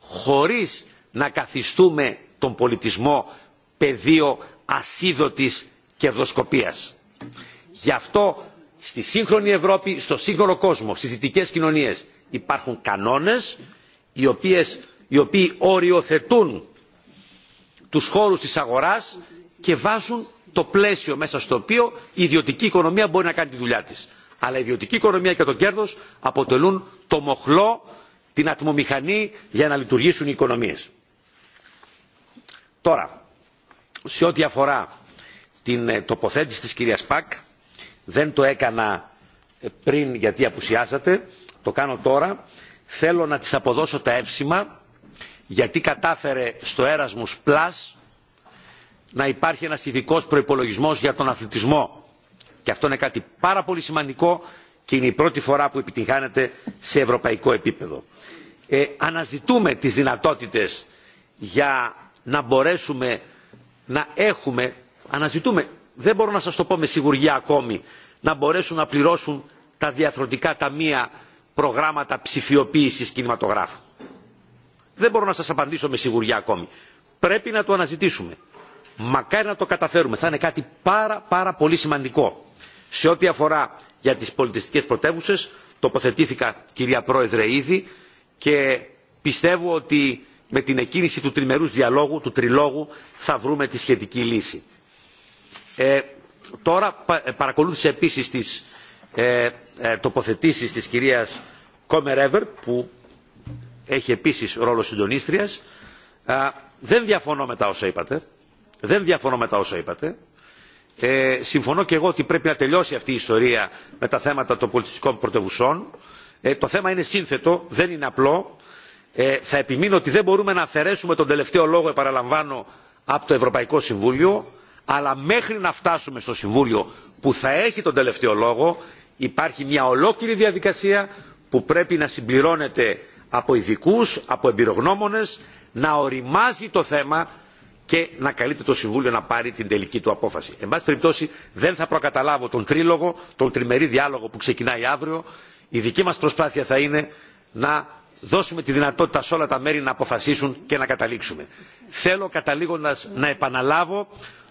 Χωρίς να καθιστούμε τον πολιτισμό πεδίο ασίδωτης κερδοσκοπίας. Γι' αυτό στη σύγχρονη Ευρώπη, στο σύγχρονο κόσμο, στις δυτικές κοινωνίες υπάρχουν κανόνες οι, οποίες, οι οποίοι οριοθετούν τους χώρους της αγοράς και βάζουν το πλαίσιο μέσα στο οποίο η ιδιωτική οικονομία μπορεί να κάνει τη δουλειά της αλλά η ιδιωτική οικονομία και το κέρδο αποτελούν το μοχλό, την ατμομηχανή για να λειτουργήσουν οι οικονομίες. Τώρα, σε ό,τι αφορά την ε, τοποθέτηση της κυρίας Πακ, δεν το έκανα ε, πριν γιατί απουσιάσατε, το κάνω τώρα. Θέλω να της αποδώσω τα εύσημα γιατί κατάφερε στο Erasmus Plus να υπάρχει ένας ειδικός προϋπολογισμός για τον αθλητισμό και αυτό είναι κάτι πάρα πολύ σημαντικό και είναι η πρώτη φορά που επιτυγχάνεται σε ευρωπαϊκό επίπεδο. Ε, αναζητούμε τις δυνατότητες για να μπορέσουμε να έχουμε, αναζητούμε, δεν μπορώ να σας το πω με σιγουριά ακόμη, να μπορέσουν να πληρώσουν τα διαθροτικά ταμεία προγράμματα ψηφιοποίησης κινηματογράφου. Δεν μπορώ να σας απαντήσω με σιγουριά ακόμη. Πρέπει να το αναζητήσουμε. Μακάρι να το καταφέρουμε. Θα είναι κάτι πάρα πάρα πολύ σημαντικό. Σε ό,τι αφορά για τις πολιτιστικές πρωτεύουσες, τοποθετήθηκα κυρία Πρόεδρε ήδη και πιστεύω ότι με την εκκίνηση του τριμερούς διαλόγου, του τριλόγου, θα βρούμε τη σχετική λύση. Ε, τώρα ε, παρακολούθησε επίσης τις ε, τοποθετήσεις της κυρίας Κόμερ που έχει επίσης ρόλο συντονίστριας. δεν διαφωνώ μετά όσα είπατε. Δεν διαφωνώ με τα όσα είπατε ε, συμφωνώ και εγώ ότι πρέπει να τελειώσει αυτή η ιστορία με τα θέματα των πολιτιστικών πρωτευουσών. Ε, το θέμα είναι σύνθετο, δεν είναι απλό. Ε, θα επιμείνω ότι δεν μπορούμε να αφαιρέσουμε τον τελευταίο λόγο, επαναλαμβάνω, από το Ευρωπαϊκό Συμβούλιο, αλλά μέχρι να φτάσουμε στο Συμβούλιο που θα έχει τον τελευταίο λόγο, υπάρχει μια ολόκληρη διαδικασία που πρέπει να συμπληρώνεται από ειδικού, από εμπειρογνώμονες, να οριμάζει το θέμα και να καλείται το Συμβούλιο να πάρει την τελική του απόφαση. Εν πάση περιπτώσει δεν θα προκαταλάβω τον τρίλογο, τον τριμερή διάλογο που ξεκινάει αύριο. Η δική μας προσπάθεια θα είναι να δώσουμε τη δυνατότητα σε όλα τα μέρη να αποφασίσουν και να καταλήξουμε. Θέλω καταλήγοντα να επαναλάβω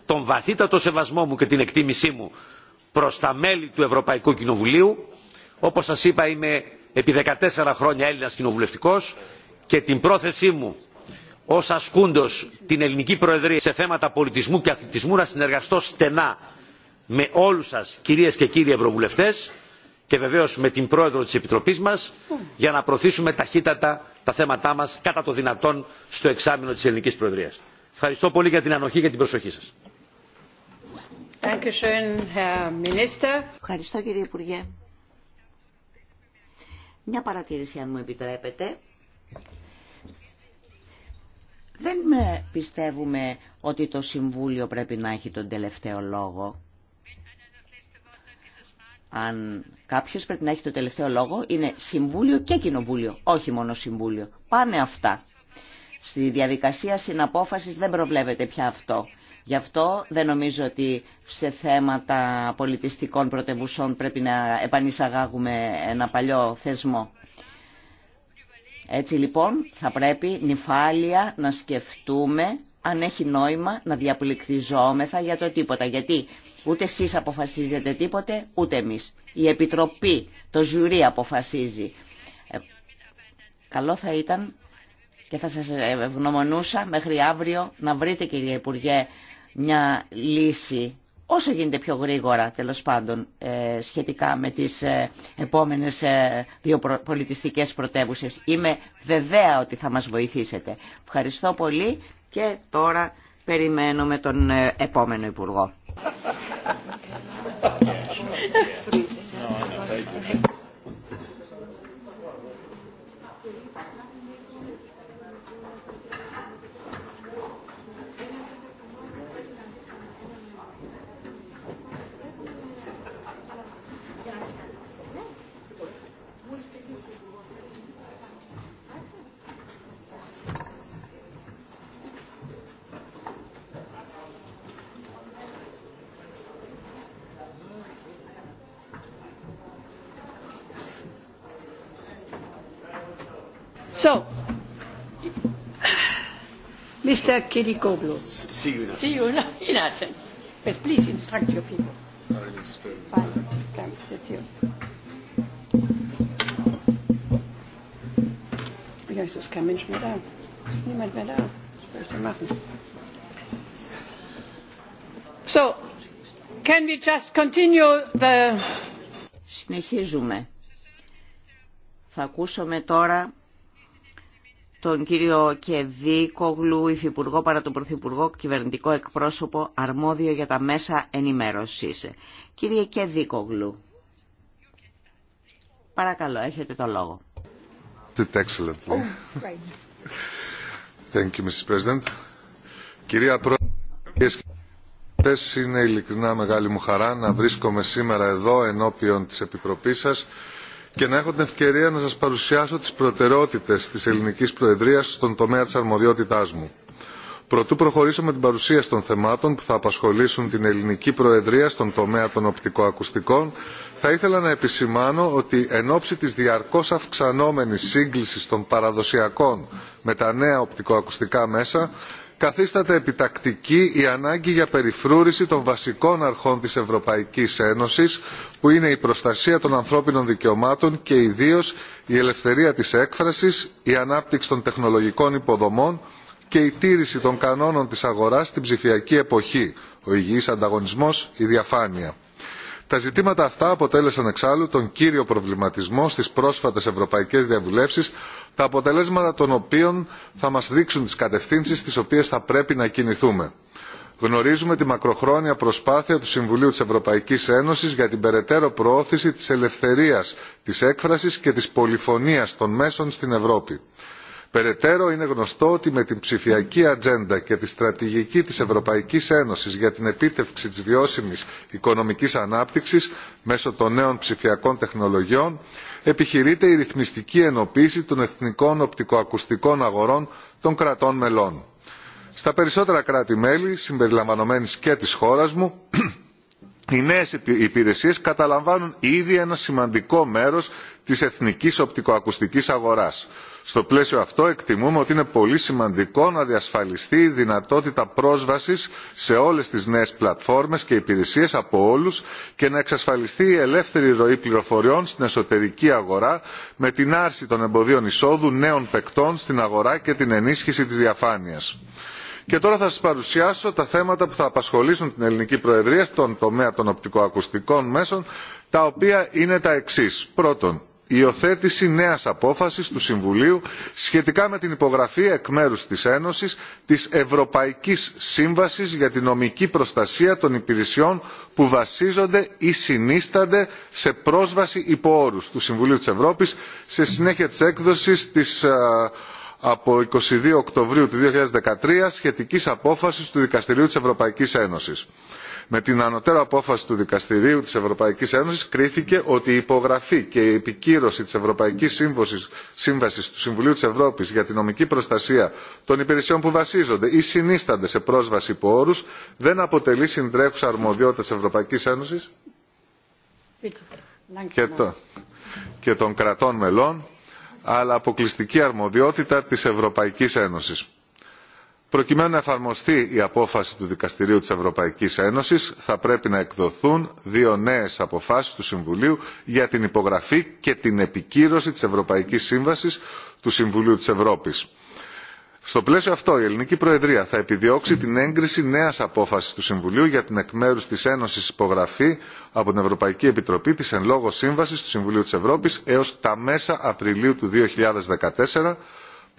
τον βαθύτατο σεβασμό μου και την εκτίμησή μου προ τα μέλη του Ευρωπαϊκού Κοινοβουλίου. όπω σα είπα είμαι επί 14 χρόνια Έλληνα κοινοβουλευτικό και την πρόθεσή μου ως ασκούντος την ελληνική προεδρία σε θέματα πολιτισμού και αθλητισμού να συνεργαστώ στενά με όλους σας κυρίες και κύριοι ευρωβουλευτές και βεβαίως με την πρόεδρο της επιτροπής μας για να προωθήσουμε ταχύτατα τα θέματά μας κατά το δυνατόν στο εξάμεινο της ελληνικής προεδρίας. Ευχαριστώ πολύ για την ανοχή και την προσοχή σας. Ευχαριστώ κύριε Υπουργέ. Μια παρατήρηση αν μου επιτρέπετε δεν πιστεύουμε ότι το Συμβούλιο πρέπει να έχει τον τελευταίο λόγο. Αν κάποιος πρέπει να έχει τον τελευταίο λόγο, είναι Συμβούλιο και Κοινοβούλιο, όχι μόνο Συμβούλιο. Πάνε αυτά. Στη διαδικασία συναπόφασης δεν προβλέπεται πια αυτό. Γι' αυτό δεν νομίζω ότι σε θέματα πολιτιστικών πρωτευουσών πρέπει να επανεισαγάγουμε ένα παλιό θεσμό. Έτσι λοιπόν θα πρέπει νυφάλια να σκεφτούμε αν έχει νόημα να διαπληκτιζόμεθα για το τίποτα. Γιατί ούτε εσείς αποφασίζετε τίποτε, ούτε εμείς. Η Επιτροπή, το ζουρί αποφασίζει. Ε, καλό θα ήταν και θα σας ευγνωμονούσα μέχρι αύριο να βρείτε κύριε Υπουργέ μια λύση όσο γίνεται πιο γρήγορα τέλος πάντων ε, σχετικά με τις ε, επόμενες ε, δύο πολιτιστικέ πρωτεύουσες. Είμαι βεβαία ότι θα μας βοηθήσετε. Ευχαριστώ πολύ και τώρα περιμένουμε τον επόμενο Υπουργό. Mr. Kirikoglu. See you. See you in Athens. yes, please instruct your people. Fine. Come, sit you. Ja, es ist kein Mensch mehr da. Niemand mehr da. Was soll ich denn machen? So, can we just continue the... Συνεχίζουμε. Θα ακούσουμε τώρα τον κύριο Κόγλου, υφυπουργό παρά τον πρωθυπουργό, κυβερνητικό εκπρόσωπο, αρμόδιο για τα μέσα ενημέρωσης. Κύριε Κόγλου, παρακαλώ, έχετε το λόγο. Ε, Thank you, Mrs. President. Κυρία Πρόεδρε, είναι ειλικρινά μεγάλη μου χαρά να βρίσκομαι σήμερα εδώ ενώπιον της Επιτροπής σας και να έχω την ευκαιρία να σας παρουσιάσω τις προτεραιότητες της ελληνικής προεδρίας στον τομέα της αρμοδιότητάς μου. Πρωτού προχωρήσω με την παρουσίαση των θεμάτων που θα απασχολήσουν την ελληνική προεδρία στον τομέα των οπτικοακουστικών, θα ήθελα να επισημάνω ότι εν ώψη της διαρκώς αυξανόμενης σύγκλησης των παραδοσιακών με τα νέα οπτικοακουστικά μέσα, καθίσταται επιτακτική η ανάγκη για περιφρούρηση των βασικών αρχών της ευρωπαϊκής ένωσης που είναι η προστασία των ανθρώπινων δικαιωμάτων και ιδίως η ελευθερία της έκφρασης η ανάπτυξη των τεχνολογικών υποδομών και η τήρηση των κανόνων της αγοράς στην ψηφιακή εποχή ο υγιής ανταγωνισμός η διαφάνεια τα ζητήματα αυτά αποτέλεσαν εξάλλου τον κύριο προβληματισμό στις πρόσφατες ευρωπαϊκές διαβουλεύσεις τα αποτελέσματα των οποίων θα μας δείξουν τις κατευθύνσεις στις οποίες θα πρέπει να κινηθούμε. Γνωρίζουμε τη μακροχρόνια προσπάθεια του Συμβουλίου της Ευρωπαϊκής Ένωσης για την περαιτέρω προώθηση της ελευθερίας, της έκφρασης και της πολυφωνίας των μέσων στην Ευρώπη περαιτέρω είναι γνωστό ότι με την ψηφιακή ατζέντα και τη στρατηγική της ευρωπαϊκής ένωσης για την επίτευξη της βιώσιμης οικονομικής ανάπτυξης μέσω των νέων ψηφιακών τεχνολογιών επιχειρείται η ρυθμιστική ενοποίηση των εθνικών οπτικοακουστικών αγορών των κρατών μελών. στα περισσότερα κράτη μέλη συμπεριλαμβανομένης και της χώρας μου οι νέες υπηρεσίες καταλαμβάνουν ήδη ένα σημαντικό μέρος της εθνικής οπτικοακουστικής αγοράς στο πλαίσιο αυτό εκτιμούμε ότι είναι πολύ σημαντικό να διασφαλιστεί η δυνατότητα πρόσβασης σε όλες τις νέες πλατφόρμες και υπηρεσίες από όλους και να εξασφαλιστεί η ελεύθερη ροή πληροφοριών στην εσωτερική αγορά με την άρση των εμποδίων εισόδου νέων παικτών στην αγορά και την ενίσχυση της διαφάνειας. Και τώρα θα σας παρουσιάσω τα θέματα που θα απασχολήσουν την ελληνική προεδρία στον τομέα των οπτικοακουστικών μέσων, τα οποία είναι τα εξής. Πρώτον, υιοθέτηση νέας απόφασης του Συμβουλίου σχετικά με την υπογραφή εκ μέρους της Ένωσης της Ευρωπαϊκής Σύμβασης για την νομική προστασία των υπηρεσιών που βασίζονται ή συνίστανται σε πρόσβαση υπό όρους του Συμβουλίου της Ευρώπης σε συνέχεια της έκδοσης της ε, από 22 Οκτωβρίου του 2013 σχετικής απόφασης του Δικαστηρίου της Ευρωπαϊκής Ένωσης με την ανωτέρω απόφαση του δικαστηρίου της ευρωπαϊκής ένωσης κρίθηκε ότι η υπογραφή και η επικύρωση της ευρωπαϊκής σύμβασης του συμβουλίου της ευρώπης για την νομική προστασία των υπηρεσιών που βασίζονται ή συνίστανται σε πρόσβαση υπό όρους δεν αποτελεί συντρέχουσα αρμοδιότητα της ευρωπαϊκής ένωσης και, και των κρατών μελών αλλά αποκλειστική αρμοδιότητα της ευρωπαϊκής ένωσης προκειμένου να εφαρμοστεί η απόφαση του δικαστηρίου της ευρωπαϊκής ένωσης θα πρέπει να εκδοθούν δύο νέες αποφάσεις του συμβουλίου για την υπογραφή και την επικύρωση της ευρωπαϊκής σύμβασης του συμβουλίου της ευρώπης. στο πλαίσιο αυτό η ελληνική προεδρία θα επιδιώξει την έγκριση νέας απόφασης του συμβουλίου για την εκ μέρους της ένωσης υπογραφή από την ευρωπαϊκή επιτροπή της εν λόγω σύμβασης του συμβουλίου της ευρώπης έως τα μέσα απριλίου του 2014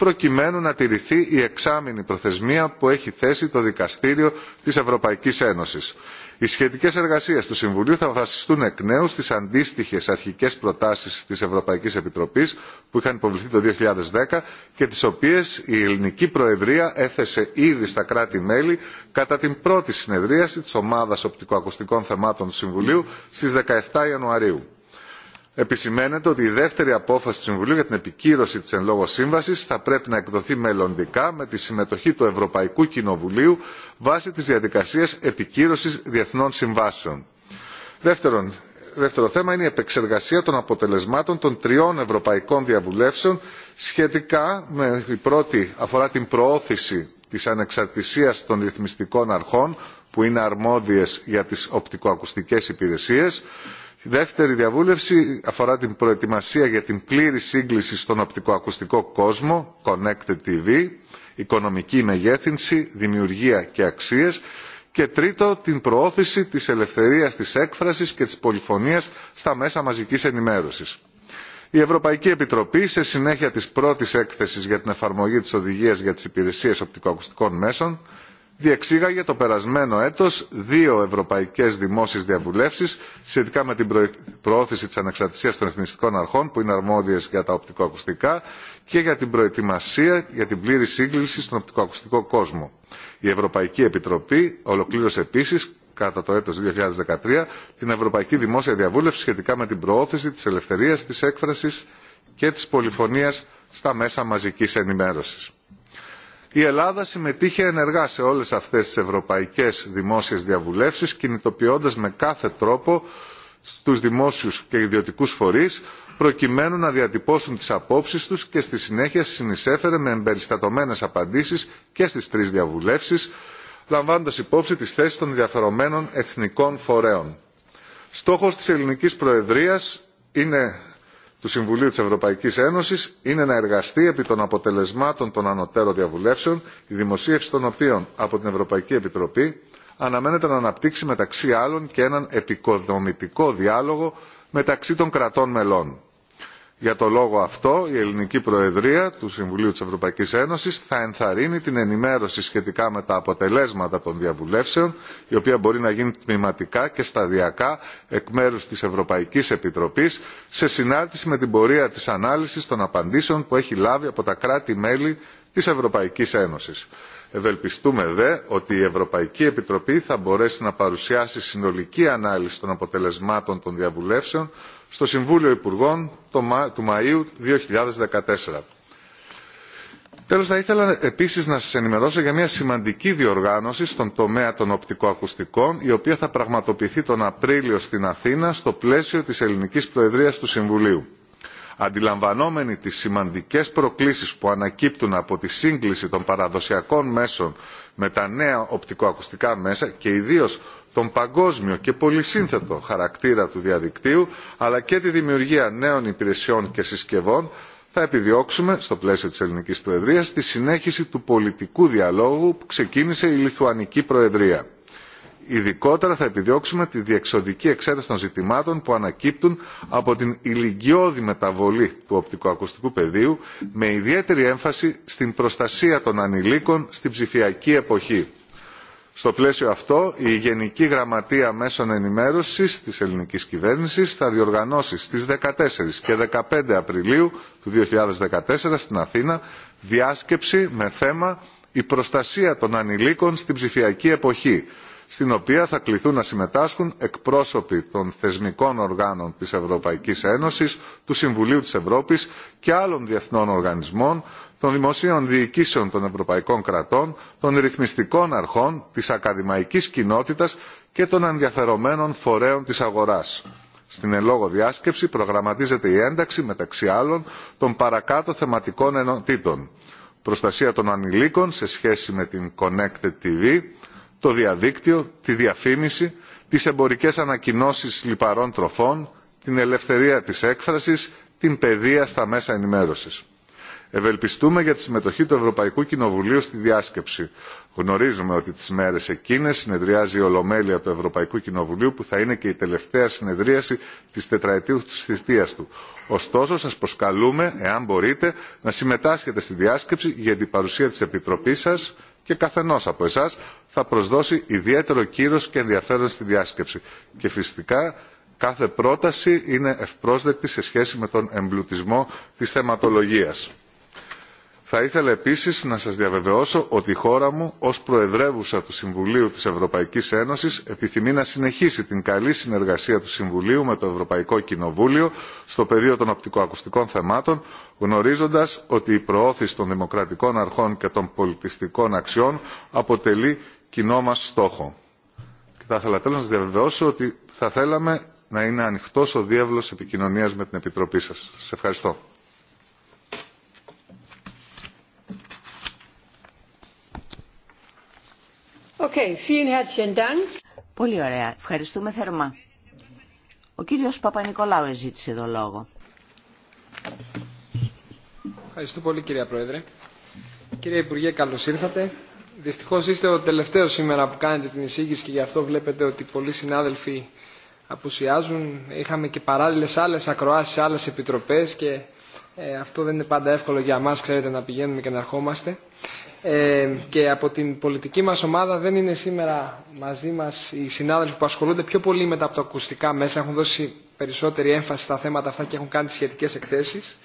προκειμένου να τηρηθεί η εξάμεινη προθεσμία που έχει θέσει το δικαστήριο της ευρωπαϊκής ένωσης. οι σχετικές εργασίες του συμβουλίου θα βασιστούν εκ νέου στις αντίστοιχες αρχικές προτάσεις της ευρωπαϊκής επιτροπής που είχαν υποβληθεί το 2010 και τις οποίες η ελληνική προεδρία έθεσε ήδη στα κράτη μέλη κατά την πρώτη συνεδρίαση της ομάδας οπτικοακουστικών θεμάτων του συμβουλίου στις 17 Ιανουαρίου επισημαίνεται ότι η δεύτερη απόφαση του συμβουλίου για την επικύρωση της εν λόγω σύμβασης θα πρέπει να εκδοθεί μελλοντικά με τη συμμετοχή του ευρωπαϊκού κοινοβουλίου βάσει της διαδικασίας επικύρωσης διεθνών συμβάσεων. δεύτερο θέμα είναι η επεξεργασία των αποτελεσμάτων των τριών ευρωπαϊκών διαβουλεύσεων σχετικά με η πρώτη αφορά την προώθηση της ανεξαρτησίας των ρυθμιστικών αρχών που είναι αρμόδιες για τις οπτικοακουστικές υπηρεσίες η δεύτερη διαβούλευση αφορά την προετοιμασία για την πλήρη σύγκληση στον οπτικοακουστικό κόσμο, Connected TV, οικονομική μεγέθυνση, δημιουργία και αξίες και τρίτο την προώθηση της ελευθερίας της έκφρασης και της πολυφωνίας στα μέσα μαζικής ενημέρωσης. Η Ευρωπαϊκή Επιτροπή, σε συνέχεια της πρώτης έκθεσης για την εφαρμογή της οδηγίας για τις υπηρεσίες οπτικοακουστικών μέσων, διεξήγαγε το περασμένο έτος δύο ευρωπαϊκές δημόσιες διαβουλεύσεις σχετικά με την προώθηση της ανεξαρτησίας των εθνιστικών αρχών που είναι αρμόδιες για τα οπτικοακουστικά και για την προετοιμασία για την πλήρη σύγκληση στον οπτικοακουστικό κόσμο. Η Ευρωπαϊκή Επιτροπή ολοκλήρωσε επίσης κατά το έτος 2013 την Ευρωπαϊκή Δημόσια Διαβούλευση σχετικά με την προώθηση της ελευθερίας της έκφρασης και της πολυφωνίας στα μέσα μαζικής ενημέρωσης η ελλάδα συμμετείχε ενεργά σε όλες αυτές τις ευρωπαϊκές δημόσιες διαβουλεύσεις κινητοποιώντας με κάθε τρόπο τους δημόσιους και ιδιωτικούς φορείς προκειμένου να διατυπώσουν τις απόψεις τους και στη συνέχεια συνεισέφερε με εμπεριστατωμένες απαντήσεις και στις τρεις διαβουλεύσεις λαμβάνοντας υπόψη τις θέσεις των διαφερομένων εθνικών φορέων. Στόχος της ελληνικής προεδρίας είναι του Συμβουλίου της Ευρωπαϊκής Ένωσης είναι να εργαστεί επί των αποτελεσμάτων των ανωτέρων διαβουλεύσεων, η δημοσίευση των οποίων από την Ευρωπαϊκή Επιτροπή αναμένεται να αναπτύξει μεταξύ άλλων και έναν επικοδομητικό διάλογο μεταξύ των κρατών μελών για το λόγο αυτό η ελληνική προεδρία του συμβουλίου της ευρωπαϊκής ένωσης θα ενθαρρύνει την ενημέρωση σχετικά με τα αποτελέσματα των διαβουλεύσεων η οποία μπορεί να γίνει τμηματικά και σταδιακά εκ μέρους της ευρωπαϊκής επιτροπής σε συνάρτηση με την πορεία της ανάλυσης των απαντήσεων που έχει λάβει από τα κράτη μέλη της ευρωπαϊκής ένωσης. Ευελπιστούμε δε ότι η Ευρωπαϊκή Επιτροπή θα μπορέσει να παρουσιάσει συνολική ανάλυση των αποτελεσμάτων των διαβουλεύσεων στο Συμβούλιο Υπουργών του Μαΐου 2014. Τέλος, θα ήθελα επίσης να σας ενημερώσω για μια σημαντική διοργάνωση στον τομέα των οπτικοακουστικών, η οποία θα πραγματοποιηθεί τον Απρίλιο στην Αθήνα στο πλαίσιο της Ελληνικής Προεδρίας του Συμβουλίου. Αντιλαμβανόμενοι τις σημαντικές προκλήσεις που ανακύπτουν από τη σύγκληση των παραδοσιακών μέσων με τα νέα οπτικοακουστικά μέσα και ιδίως τον παγκόσμιο και πολυσύνθετο χαρακτήρα του διαδικτύου αλλά και τη δημιουργία νέων υπηρεσιών και συσκευών θα επιδιώξουμε στο πλαίσιο της ελληνικής προεδρίας τη συνέχιση του πολιτικού διαλόγου που ξεκίνησε η λιθουανική προεδρία. Ειδικότερα θα επιδιώξουμε τη διεξοδική εξέταση των ζητημάτων που ανακύπτουν από την ηλικιώδη μεταβολή του οπτικοακουστικού πεδίου με ιδιαίτερη έμφαση στην προστασία των ανηλίκων στην ψηφιακή εποχή. Στο πλαίσιο αυτό, η Γενική Γραμματεία Μέσων Ενημέρωσης της ελληνικής κυβέρνησης θα διοργανώσει στις 14 και 15 Απριλίου του 2014 στην Αθήνα διάσκεψη με θέμα «Η προστασία των ανηλίκων στην ψηφιακή εποχή», στην οποία θα κληθούν να συμμετάσχουν εκπρόσωποι των θεσμικών οργάνων της Ευρωπαϊκής Ένωσης, του Συμβουλίου της Ευρώπης και άλλων διεθνών οργανισμών των δημοσίων διοικήσεων των ευρωπαϊκών κρατών των ρυθμιστικών αρχών της ακαδημαϊκής κοινότητας και των ενδιαφερομένων φορέων της αγοράς. Στην ελόγω διάσκεψη προγραμματίζεται η ένταξη, μεταξύ άλλων, των παρακάτω θεματικών ενωτήτων. Προστασία των ανηλίκων σε σχέση με την Connected TV, το διαδίκτυο, τη διαφήμιση, τις εμπορικές ανακοινώσεις λιπαρών τροφών, την ελευθερία της έκφρασης, την παιδεία στα μέσα ενημέρωσης. Ευελπιστούμε για τη συμμετοχή του Ευρωπαϊκού Κοινοβουλίου στη διάσκεψη. Γνωρίζουμε ότι τις μέρες εκείνες συνεδριάζει η Ολομέλεια του Ευρωπαϊκού Κοινοβουλίου που θα είναι και η τελευταία συνεδρίαση της τετραετίου της θητείας του. Ωστόσο σας προσκαλούμε, εάν μπορείτε, να συμμετάσχετε στη διάσκεψη για την παρουσία της Επιτροπής σας και καθενός από εσάς θα προσδώσει ιδιαίτερο κύρος και ενδιαφέρον στη διάσκεψη. Και φυσικά κάθε πρόταση είναι ευπρόσδεκτη σε σχέση με τον εμπλουτισμό της θεματολογίας. Θα ήθελα επίσης να σας διαβεβαιώσω ότι η χώρα μου ως Προεδρεύουσα του Συμβουλίου της Ευρωπαϊκής Ένωσης επιθυμεί να συνεχίσει την καλή συνεργασία του Συμβουλίου με το Ευρωπαϊκό Κοινοβούλιο στο πεδίο των οπτικοακουστικών θεμάτων, γνωρίζοντας ότι η προώθηση των δημοκρατικών αρχών και των πολιτιστικών αξιών αποτελεί κοινό μας στόχο. Και θα ήθελα τέλος να σας διαβεβαιώσω ότι θα θέλαμε να είναι ανοιχτός ο διεύλος επικοινωνίας με την Επιτροπή σας. Σας ευχαριστώ. Πολύ ωραία. Ευχαριστούμε θερμά. Ο κύριος Παπα-Νικολάου ζήτησε το λόγο. Ευχαριστώ πολύ κυρία Πρόεδρε. Κύριε Υπουργέ, καλώς ήρθατε. Δυστυχώς είστε ο τελευταίο σήμερα που κάνετε την εισήγηση και γι' αυτό βλέπετε ότι πολλοί συνάδελφοι απουσιάζουν. Είχαμε και παράλληλες άλλες ακροάσεις, άλλες επιτροπές και ε, αυτό δεν είναι πάντα εύκολο για μας, ξέρετε, να πηγαίνουμε και να ερχόμαστε. Ε, και από την πολιτική μας ομάδα δεν είναι σήμερα μαζί μας οι συνάδελφοι που ασχολούνται πιο πολύ με τα ακουστικά μέσα, έχουν δώσει περισσότερη έμφαση στα θέματα αυτά και έχουν κάνει σχετικές εκθέσεις.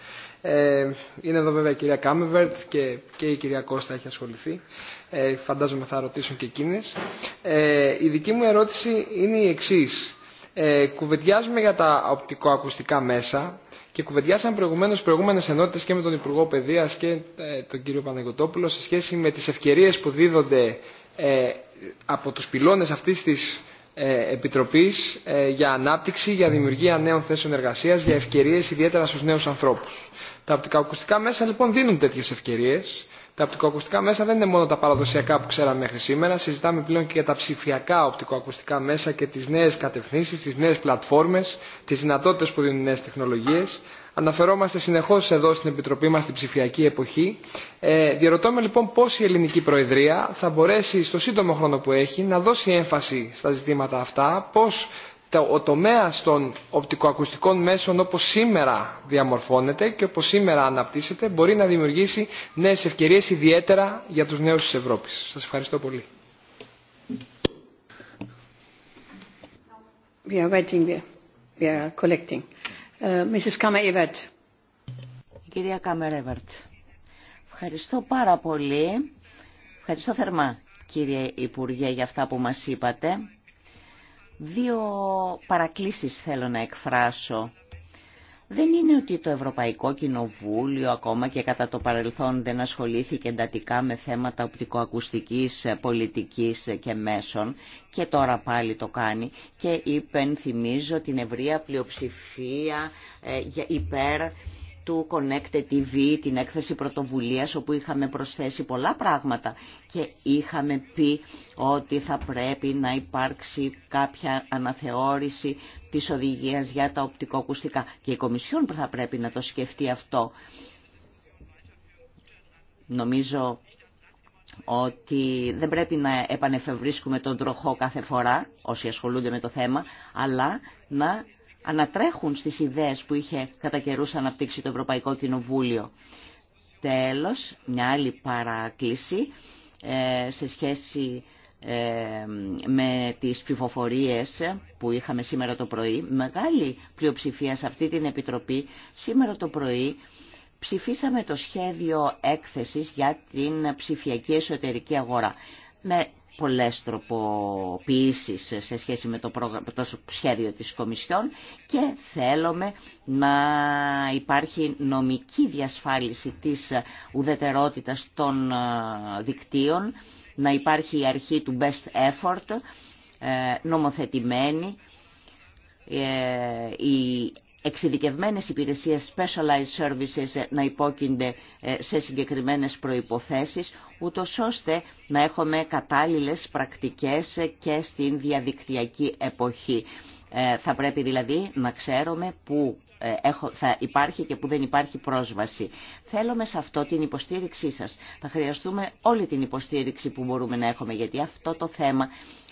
Ε, είναι εδώ βέβαια η κυρία Κάμεβερτ και, και η κυρία Κώστα έχει ασχοληθεί. Ε, φαντάζομαι θα ρωτήσουν και εκείνες. Ε, η δική μου ερώτηση είναι η εξής. Ε, κουβεντιάζουμε για τα οπτικοακουστικά μέσα και κουβεντιάσαμε προηγουμένω προηγούμενε ενότητε και με τον Υπουργό Παιδεία και ε, τον κύριο Παναγιοτόπουλο σε σχέση με τι ευκαιρίε που δίδονται ε, από του πυλώνε αυτή τη ε, Επιτροπή για ανάπτυξη, για δημιουργία νέων θέσεων εργασία, για ευκαιρίε ιδιαίτερα στου νέου ανθρώπου. Τα οπτικοακουστικά μέσα λοιπόν δίνουν τέτοιε ευκαιρίε τα οπτικοακουστικά μέσα δεν είναι μόνο τα παραδοσιακά που ξέραμε μέχρι σήμερα. Συζητάμε πλέον και για τα ψηφιακά οπτικοακουστικά μέσα και τι νέε κατευθύνσει, τι νέε πλατφόρμε, τι δυνατότητε που δίνουν νέε τεχνολογίε. Αναφερόμαστε συνεχώ εδώ στην Επιτροπή μα στην ψηφιακή εποχή. Ε, λοιπόν πώ η ελληνική Προεδρία θα μπορέσει στο σύντομο χρόνο που έχει να δώσει έμφαση στα ζητήματα αυτά, πώ ο τομέας των οπτικοακουστικών μέσων όπως σήμερα διαμορφώνεται και όπως σήμερα αναπτύσσεται μπορεί να δημιουργήσει νέες ευκαιρίες ιδιαίτερα για τους νέους της Ευρώπης. Σας ευχαριστώ πολύ. Uh, κυρια Ευχαριστώ πάρα πολύ. Ευχαριστώ θερμά κύριε Υπουργέ για αυτά που μας είπατε. Δύο παρακλήσεις θέλω να εκφράσω. Δεν είναι ότι το Ευρωπαϊκό Κοινοβούλιο ακόμα και κατά το παρελθόν δεν ασχολήθηκε εντατικά με θέματα οπτικοακουστικής ε, πολιτικής ε, και μέσων και τώρα πάλι το κάνει και υπενθυμίζω την ευρεία πλειοψηφία ε, υπέρ του Connected TV, την έκθεση πρωτοβουλίας όπου είχαμε προσθέσει πολλά πράγματα και είχαμε πει ότι θα πρέπει να υπάρξει κάποια αναθεώρηση της οδηγίας για τα οπτικοακουστικά και η Κομισιόν θα πρέπει να το σκεφτεί αυτό. Νομίζω ότι δεν πρέπει να επανεφευρίσκουμε τον τροχό κάθε φορά όσοι ασχολούνται με το θέμα, αλλά να ανατρέχουν στις ιδέες που είχε κατά καιρούς αναπτύξει το Ευρωπαϊκό Κοινοβούλιο. Τέλος, μια άλλη παράκληση ε, σε σχέση ε, με τις ψηφοφορίε που είχαμε σήμερα το πρωί. Μεγάλη πλειοψηφία σε αυτή την Επιτροπή σήμερα το πρωί ψηφίσαμε το σχέδιο έκθεσης για την ψηφιακή εσωτερική αγορά με πολλές τροποποιήσεις σε σχέση με το, πρόγραμμα, το σχέδιο της Κομισιόν και θέλουμε να υπάρχει νομική διασφάλιση της ουδετερότητας των ε, δικτύων, να υπάρχει η αρχή του best effort ε, νομοθετημένη, ε, η εξειδικευμένες υπηρεσίες specialized services ε, να υπόκεινται ε, σε συγκεκριμένες προϋποθέσεις, ούτω ώστε να έχουμε κατάλληλες πρακτικές ε, και στην διαδικτυακή εποχή. Θα πρέπει δηλαδή να ξέρουμε πού θα υπάρχει και που δεν υπάρχει πρόσβαση. Θέλουμε σε αυτό την υποστήριξή σας. Θα χρειαστούμε όλη την υποστήριξη που μπορούμε να έχουμε, γιατί αυτό το θέμα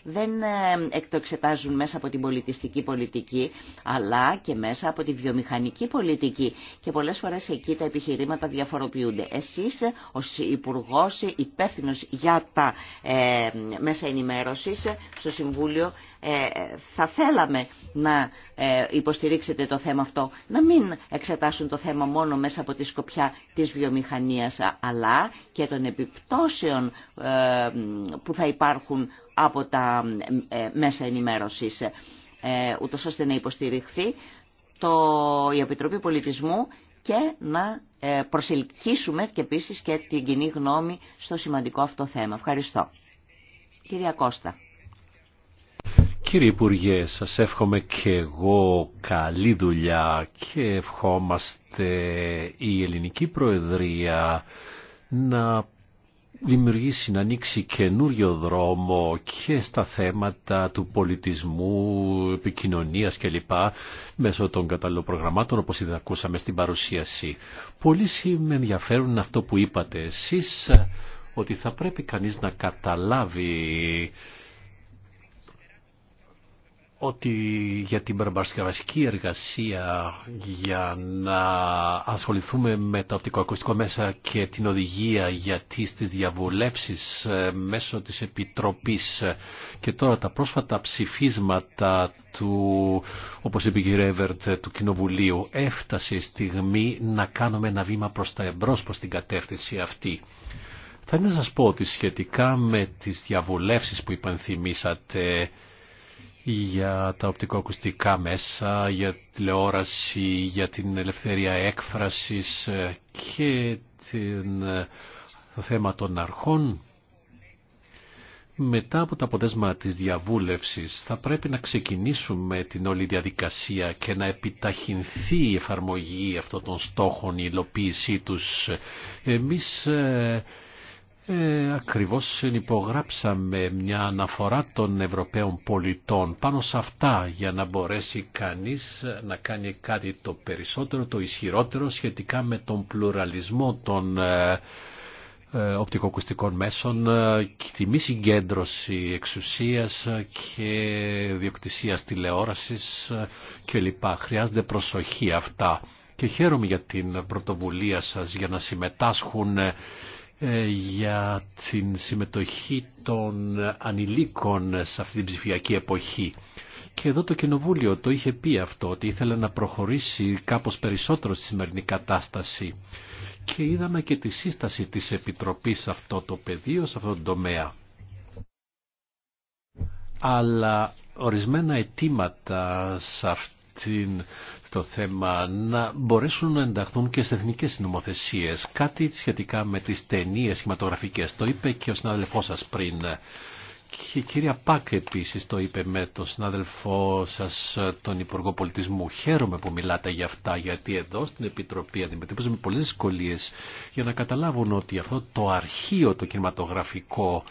δεν ε, εκτοξετάζουν μέσα από την πολιτιστική πολιτική, αλλά και μέσα από τη βιομηχανική πολιτική. Και πολλές φορές εκεί τα επιχειρήματα διαφοροποιούνται. Εσείς ως υπουργό υπεύθυνο για τα ε, μέσα ενημέρωσης στο Συμβούλιο ε, θα θέλαμε να υποστηρίξετε το θέμα αυτό, να μην εξετάσουν το θέμα μόνο μέσα από τη σκοπιά της βιομηχανίας, αλλά και των επιπτώσεων που θα υπάρχουν από τα ε, μέσα ενημέρωσης, ε, ούτως ώστε να υποστηριχθεί το, η Επιτροπή Πολιτισμού και να ε, προσελκύσουμε και επίσης και την κοινή γνώμη στο σημαντικό αυτό θέμα. Ευχαριστώ. Κύριε Κώστα. Κύριε Υπουργέ, σας εύχομαι και εγώ καλή δουλειά και ευχόμαστε η Ελληνική Προεδρία να δημιουργήσει να ανοίξει καινούριο δρόμο και στα θέματα του πολιτισμού, επικοινωνίας κλπ. μέσω των καταλληλοπρογραμμάτων προγραμμάτων όπως ήδη ακούσαμε στην παρουσίαση. Πολύ με ενδιαφέρουν αυτό που είπατε εσείς ότι θα πρέπει κανείς να καταλάβει ότι για την παρασκευαστική εργασία για να ασχοληθούμε με τα οπτικοακουστικά μέσα και την οδηγία γιατί τις διαβουλεύσεις ε, μέσω της Επιτροπής και τώρα τα πρόσφατα ψηφίσματα του, όπως είπε η Ρέβερτ, του Κοινοβουλίου έφτασε η στιγμή να κάνουμε ένα βήμα προς τα εμπρός προς την κατεύθυνση αυτή. Θα ήθελα να σας πω ότι σχετικά με τις διαβουλεύσεις που υπενθυμίσατε για τα οπτικοακουστικά μέσα, για τηλεόραση, για την ελευθερία έκφρασης και την, το θέμα των αρχών. Μετά από τα αποτέσμα της διαβούλευσης θα πρέπει να ξεκινήσουμε την όλη διαδικασία και να επιταχυνθεί η εφαρμογή αυτών των στόχων, η υλοποίησή τους. Εμείς ε, ε, ακριβώς υπογράψαμε μια αναφορά των Ευρωπαίων πολιτών πάνω σε αυτά για να μπορέσει κανείς να κάνει κάτι το περισσότερο, το ισχυρότερο σχετικά με τον πλουραλισμό των ε, ε οπτικοκουστικών μέσων και ε, τη μη συγκέντρωση εξουσίας και διοκτησίας τηλεόρασης ε, κλπ. Χρειάζεται προσοχή αυτά και χαίρομαι για την πρωτοβουλία σας για να συμμετάσχουν ε, για την συμμετοχή των ανηλίκων σε αυτή την ψηφιακή εποχή. Και εδώ το Κοινοβούλιο το είχε πει αυτό, ότι ήθελε να προχωρήσει κάπως περισσότερο στη σημερινή κατάσταση. Και είδαμε και τη σύσταση της Επιτροπής σε αυτό το πεδίο, σε αυτό το τομέα. Αλλά ορισμένα αιτήματα σε αυτήν το θέμα να μπορέσουν να ενταχθούν και σε εθνικές νομοθεσίε Κάτι σχετικά με τις ταινίε σχηματογραφικές. Το είπε και ο συνάδελφός σας πριν. Και η κυρία Πάκ επίσης το είπε με τον συνάδελφό σας, τον Υπουργό Πολιτισμού. Χαίρομαι που μιλάτε για αυτά, γιατί εδώ στην Επιτροπή αντιμετωπίζουμε πολλές δυσκολίε για να καταλάβουν ότι αυτό το αρχείο το κινηματογραφικό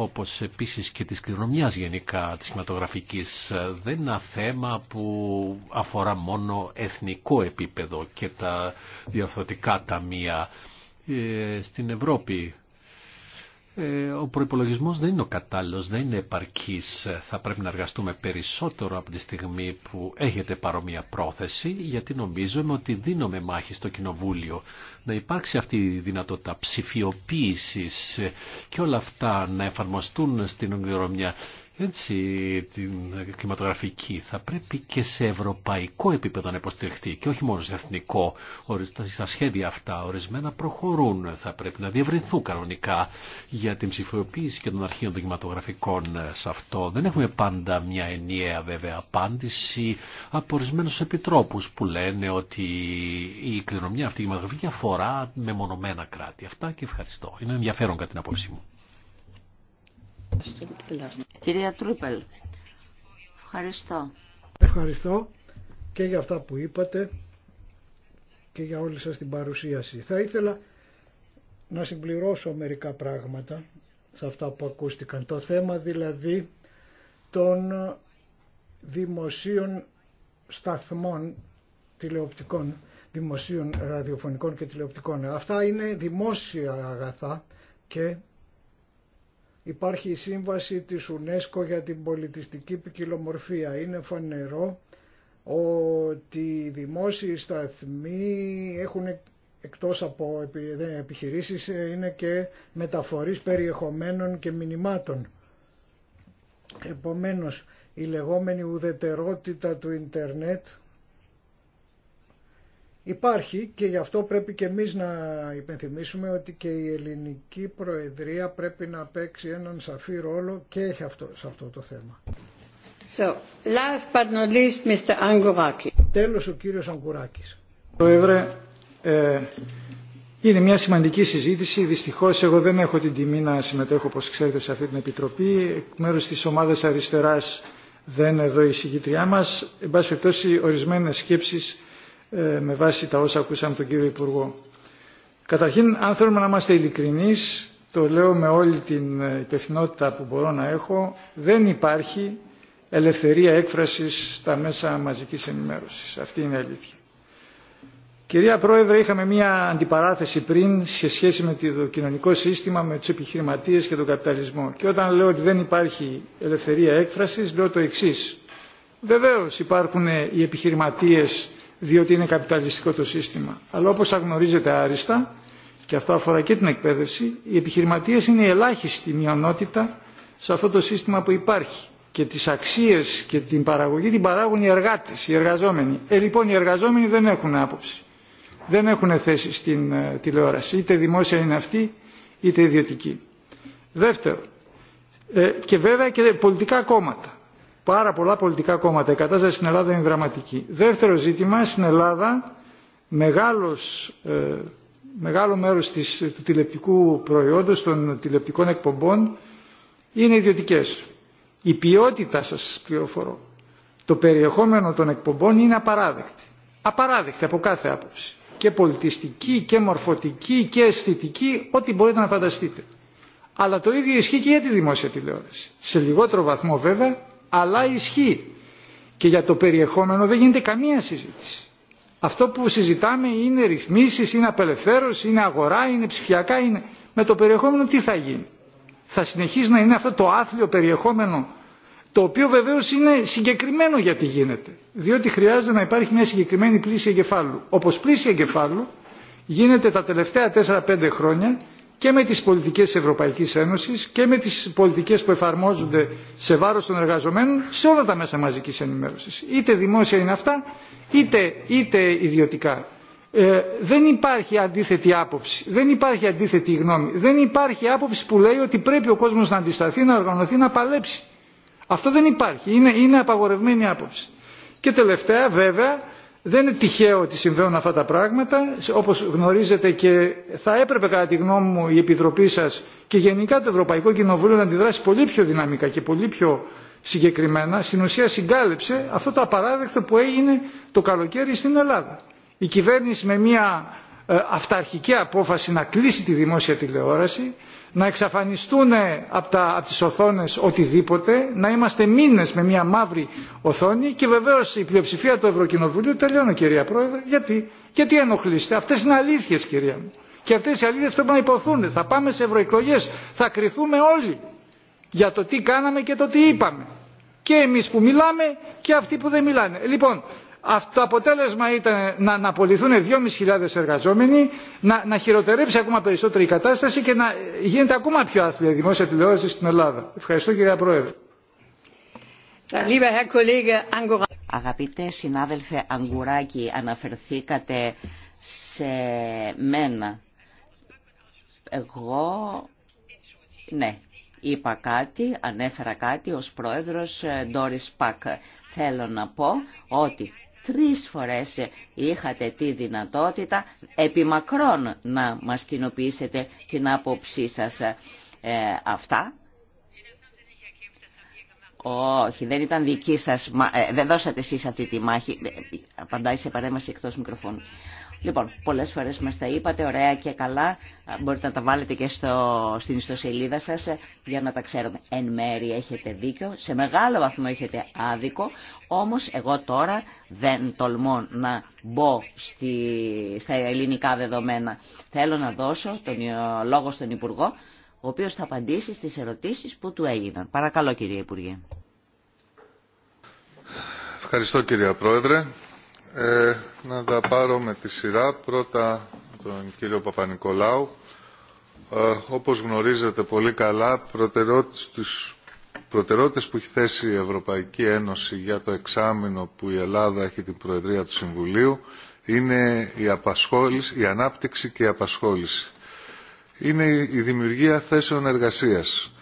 όπως επίσης και της κληρονομιάς γενικά της κινηματογραφικής. Δεν είναι ένα θέμα που αφορά μόνο εθνικό επίπεδο και τα διαφορετικά ταμεία ε, στην Ευρώπη ε, ο προϋπολογισμός δεν είναι ο κατάλληλος, δεν είναι επαρκής. Θα πρέπει να εργαστούμε περισσότερο από τη στιγμή που έχετε παρόμοια πρόθεση, γιατί νομίζουμε ότι δίνουμε μάχη στο Κοινοβούλιο. Να υπάρξει αυτή η δυνατότητα ψηφιοποίησης και όλα αυτά να εφαρμοστούν στην ονειρομιά έτσι την κλιματογραφική θα πρέπει και σε ευρωπαϊκό επίπεδο να υποστηριχθεί και όχι μόνο σε εθνικό. Στα σχέδια αυτά ορισμένα προχωρούν, θα πρέπει να διευρυνθούν κανονικά για την ψηφιοποίηση και των αρχείων των κλιματογραφικών ε, σε αυτό. Δεν έχουμε πάντα μια ενιαία βέβαια απάντηση από ορισμένου επιτρόπου που λένε ότι η κληρονομιά αυτή η κλιματογραφική αφορά μεμονωμένα κράτη. Αυτά και ευχαριστώ. Είναι ενδιαφέρον κατά την απόψη μου. Κυρία Τρούπελ, ευχαριστώ. Ευχαριστώ και για αυτά που είπατε και για όλη σας την παρουσίαση. Θα ήθελα να συμπληρώσω μερικά πράγματα σε αυτά που ακούστηκαν. Το θέμα δηλαδή των δημοσίων σταθμών τηλεοπτικών, δημοσίων ραδιοφωνικών και τηλεοπτικών. Αυτά είναι δημόσια αγαθά και Υπάρχει η σύμβαση της UNESCO για την πολιτιστική ποικιλομορφία. Είναι φανερό ότι οι δημόσιοι σταθμοί έχουν εκτός από επιχειρήσεις είναι και μεταφορείς περιεχομένων και μηνυμάτων. Επομένως, η λεγόμενη ουδετερότητα του ίντερνετ Υπάρχει και γι' αυτό πρέπει και εμείς να υπενθυμίσουμε ότι και η ελληνική προεδρία πρέπει να παίξει έναν σαφή ρόλο και έχει αυτό, σε αυτό το θέμα. So, last but not least, Mr. Angouraki. Τέλος ο κύριος Αγκουράκης. Πρόεδρε, ε, είναι μια σημαντική συζήτηση. Δυστυχώς εγώ δεν έχω την τιμή να συμμετέχω, όπως ξέρετε, σε αυτή την Επιτροπή. Εκ μέρους της ομάδας αριστεράς δεν είναι εδώ η συγκήτριά μας. Εν πάση περιπτώσει, ορισμένες σκέψεις ε, με βάση τα όσα ακούσαμε τον κύριο Υπουργό. Καταρχήν, αν θέλουμε να είμαστε ειλικρινεί, το λέω με όλη την ε, υπευθυνότητα που μπορώ να έχω, δεν υπάρχει ελευθερία έκφρασης στα μέσα μαζικής ενημέρωσης. Αυτή είναι η αλήθεια. Κυρία Πρόεδρε, είχαμε μία αντιπαράθεση πριν σε σχέση με το κοινωνικό σύστημα, με τους επιχειρηματίες και τον καπιταλισμό. Και όταν λέω ότι δεν υπάρχει ελευθερία έκφρασης, λέω το εξής. Βεβαίως υπάρχουν οι επιχειρηματίες διότι είναι καπιταλιστικό το σύστημα. Αλλά όπως αγνωρίζετε άριστα, και αυτό αφορά και την εκπαίδευση, οι επιχειρηματίες είναι η ελάχιστη μειονότητα σε αυτό το σύστημα που υπάρχει. Και τις αξίες και την παραγωγή την παράγουν οι εργάτες, οι εργαζόμενοι. Ε, λοιπόν, οι εργαζόμενοι δεν έχουν άποψη. Δεν έχουν θέση στην ε, τηλεόραση. Είτε δημόσια είναι αυτή, είτε ιδιωτική. Δεύτερο, ε, και βέβαια και πολιτικά κόμματα πάρα πολλά πολιτικά κόμματα. Η κατάσταση στην Ελλάδα είναι δραματική. Δεύτερο ζήτημα, στην Ελλάδα μεγάλος, ε, μεγάλο μέρος της, του τηλεπτικού προϊόντος, των τηλεπτικών εκπομπών είναι ιδιωτικές. Η ποιότητα σας πληροφορώ. Το περιεχόμενο των εκπομπών είναι απαράδεκτη. Απαράδεκτη από κάθε άποψη. Και πολιτιστική και μορφωτική και αισθητική, ό,τι μπορείτε να φανταστείτε. Αλλά το ίδιο ισχύει και για τη δημόσια τηλεόραση. Σε λιγότερο βαθμό βέβαια, αλλά ισχύει. Και για το περιεχόμενο δεν γίνεται καμία συζήτηση. Αυτό που συζητάμε είναι ρυθμίσεις, είναι απελευθέρωση, είναι αγορά, είναι ψηφιακά, είναι... με το περιεχόμενο τι θα γίνει. Θα συνεχίσει να είναι αυτό το άθλιο περιεχόμενο το οποίο βεβαίω είναι συγκεκριμένο γιατί γίνεται. Διότι χρειάζεται να υπάρχει μια συγκεκριμένη πλήση εγκεφάλου. Όπως πλήση εγκεφάλου γίνεται τα τελευταία 4-5 χρόνια και με τις πολιτικές της Ευρωπαϊκής Ένωσης και με τις πολιτικές που εφαρμόζονται σε βάρος των εργαζομένων σε όλα τα μέσα μαζικής ενημέρωσης. Είτε δημόσια είναι αυτά, είτε, είτε ιδιωτικά. Ε, δεν υπάρχει αντίθετη άποψη, δεν υπάρχει αντίθετη γνώμη, δεν υπάρχει άποψη που λέει ότι πρέπει ο κόσμος να αντισταθεί, να οργανωθεί, να παλέψει. Αυτό δεν υπάρχει, είναι, είναι απαγορευμένη άποψη. Και τελευταία βέβαια δεν είναι τυχαίο ότι συμβαίνουν αυτά τα πράγματα. Όπως γνωρίζετε και θα έπρεπε κατά τη γνώμη μου η Επιτροπή σας και γενικά το Ευρωπαϊκό Κοινοβούλιο να αντιδράσει πολύ πιο δυναμικά και πολύ πιο συγκεκριμένα. Στην ουσία συγκάλεψε αυτό το απαράδεκτο που έγινε το καλοκαίρι στην Ελλάδα. Η κυβέρνηση με μια ε, αυταρχική απόφαση να κλείσει τη δημόσια τηλεόραση να εξαφανιστούν από, τα, από τις οθόνες οτιδήποτε, να είμαστε μήνες με μια μαύρη οθόνη και βεβαίως η πλειοψηφία του Ευρωκοινοβουλίου, τελειώνω κυρία Πρόεδρε, γιατί, γιατί ενοχλείστε, αυτές είναι αλήθειες κυρία μου. Και αυτές οι αλήθειες πρέπει να υποθούν, θα πάμε σε ευρωεκλογές, θα κριθούμε όλοι για το τι κάναμε και το τι είπαμε. Και εμείς που μιλάμε και αυτοί που δεν μιλάνε. Λοιπόν, αυτό αποτέλεσμα ήταν να αναπολυθούν 2.500 εργαζόμενοι, να, να χειροτερέψει ακόμα περισσότερη η κατάσταση και να γίνεται ακόμα πιο άθλια η δημόσια τηλεόραση στην Ελλάδα. Ευχαριστώ κυρία Πρόεδρε. Ε, Αγαπητέ συνάδελφε Αγγουράκη, αναφερθήκατε σε μένα. Εγώ, ναι, είπα κάτι, ανέφερα κάτι ως πρόεδρος Ντόρις ε, Πακ. Θέλω να πω ότι Τρεις φορές είχατε τη δυνατότητα επιμακρών να μας κοινοποιήσετε την άποψή σας ε, αυτά. Όχι, δεν ήταν δική σας, ε, δεν δώσατε εσείς αυτή τη μάχη. Ε, απαντάει σε παρέμβαση εκτός μικροφώνου. Λοιπόν, πολλές φορές μας τα είπατε, ωραία και καλά. Μπορείτε να τα βάλετε και στο, στην ιστοσελίδα σας για να τα ξέρουμε. Εν μέρη έχετε δίκιο, σε μεγάλο βαθμό έχετε άδικο, όμως εγώ τώρα δεν τολμώ να μπω στη, στα ελληνικά δεδομένα. Θέλω να δώσω τον ε, λόγο στον Υπουργό, ο οποίος θα απαντήσει στις ερωτήσεις που του έγιναν. Παρακαλώ κύριε Υπουργέ. Ευχαριστώ κύριε Πρόεδρε. Ε, να τα πάρω με τη σειρά. Πρώτα τον κύριο Παπα-Νικολάου. Ε, όπως γνωρίζετε πολύ καλά, προτεραιότητες, προτεραιότητες που έχει θέσει η Ευρωπαϊκή Ένωση για το εξάμεινο που η Ελλάδα έχει την Προεδρία του Συμβουλίου είναι η, απασχόληση, η ανάπτυξη και η απασχόληση. Είναι η δημιουργία θέσεων εργασίας.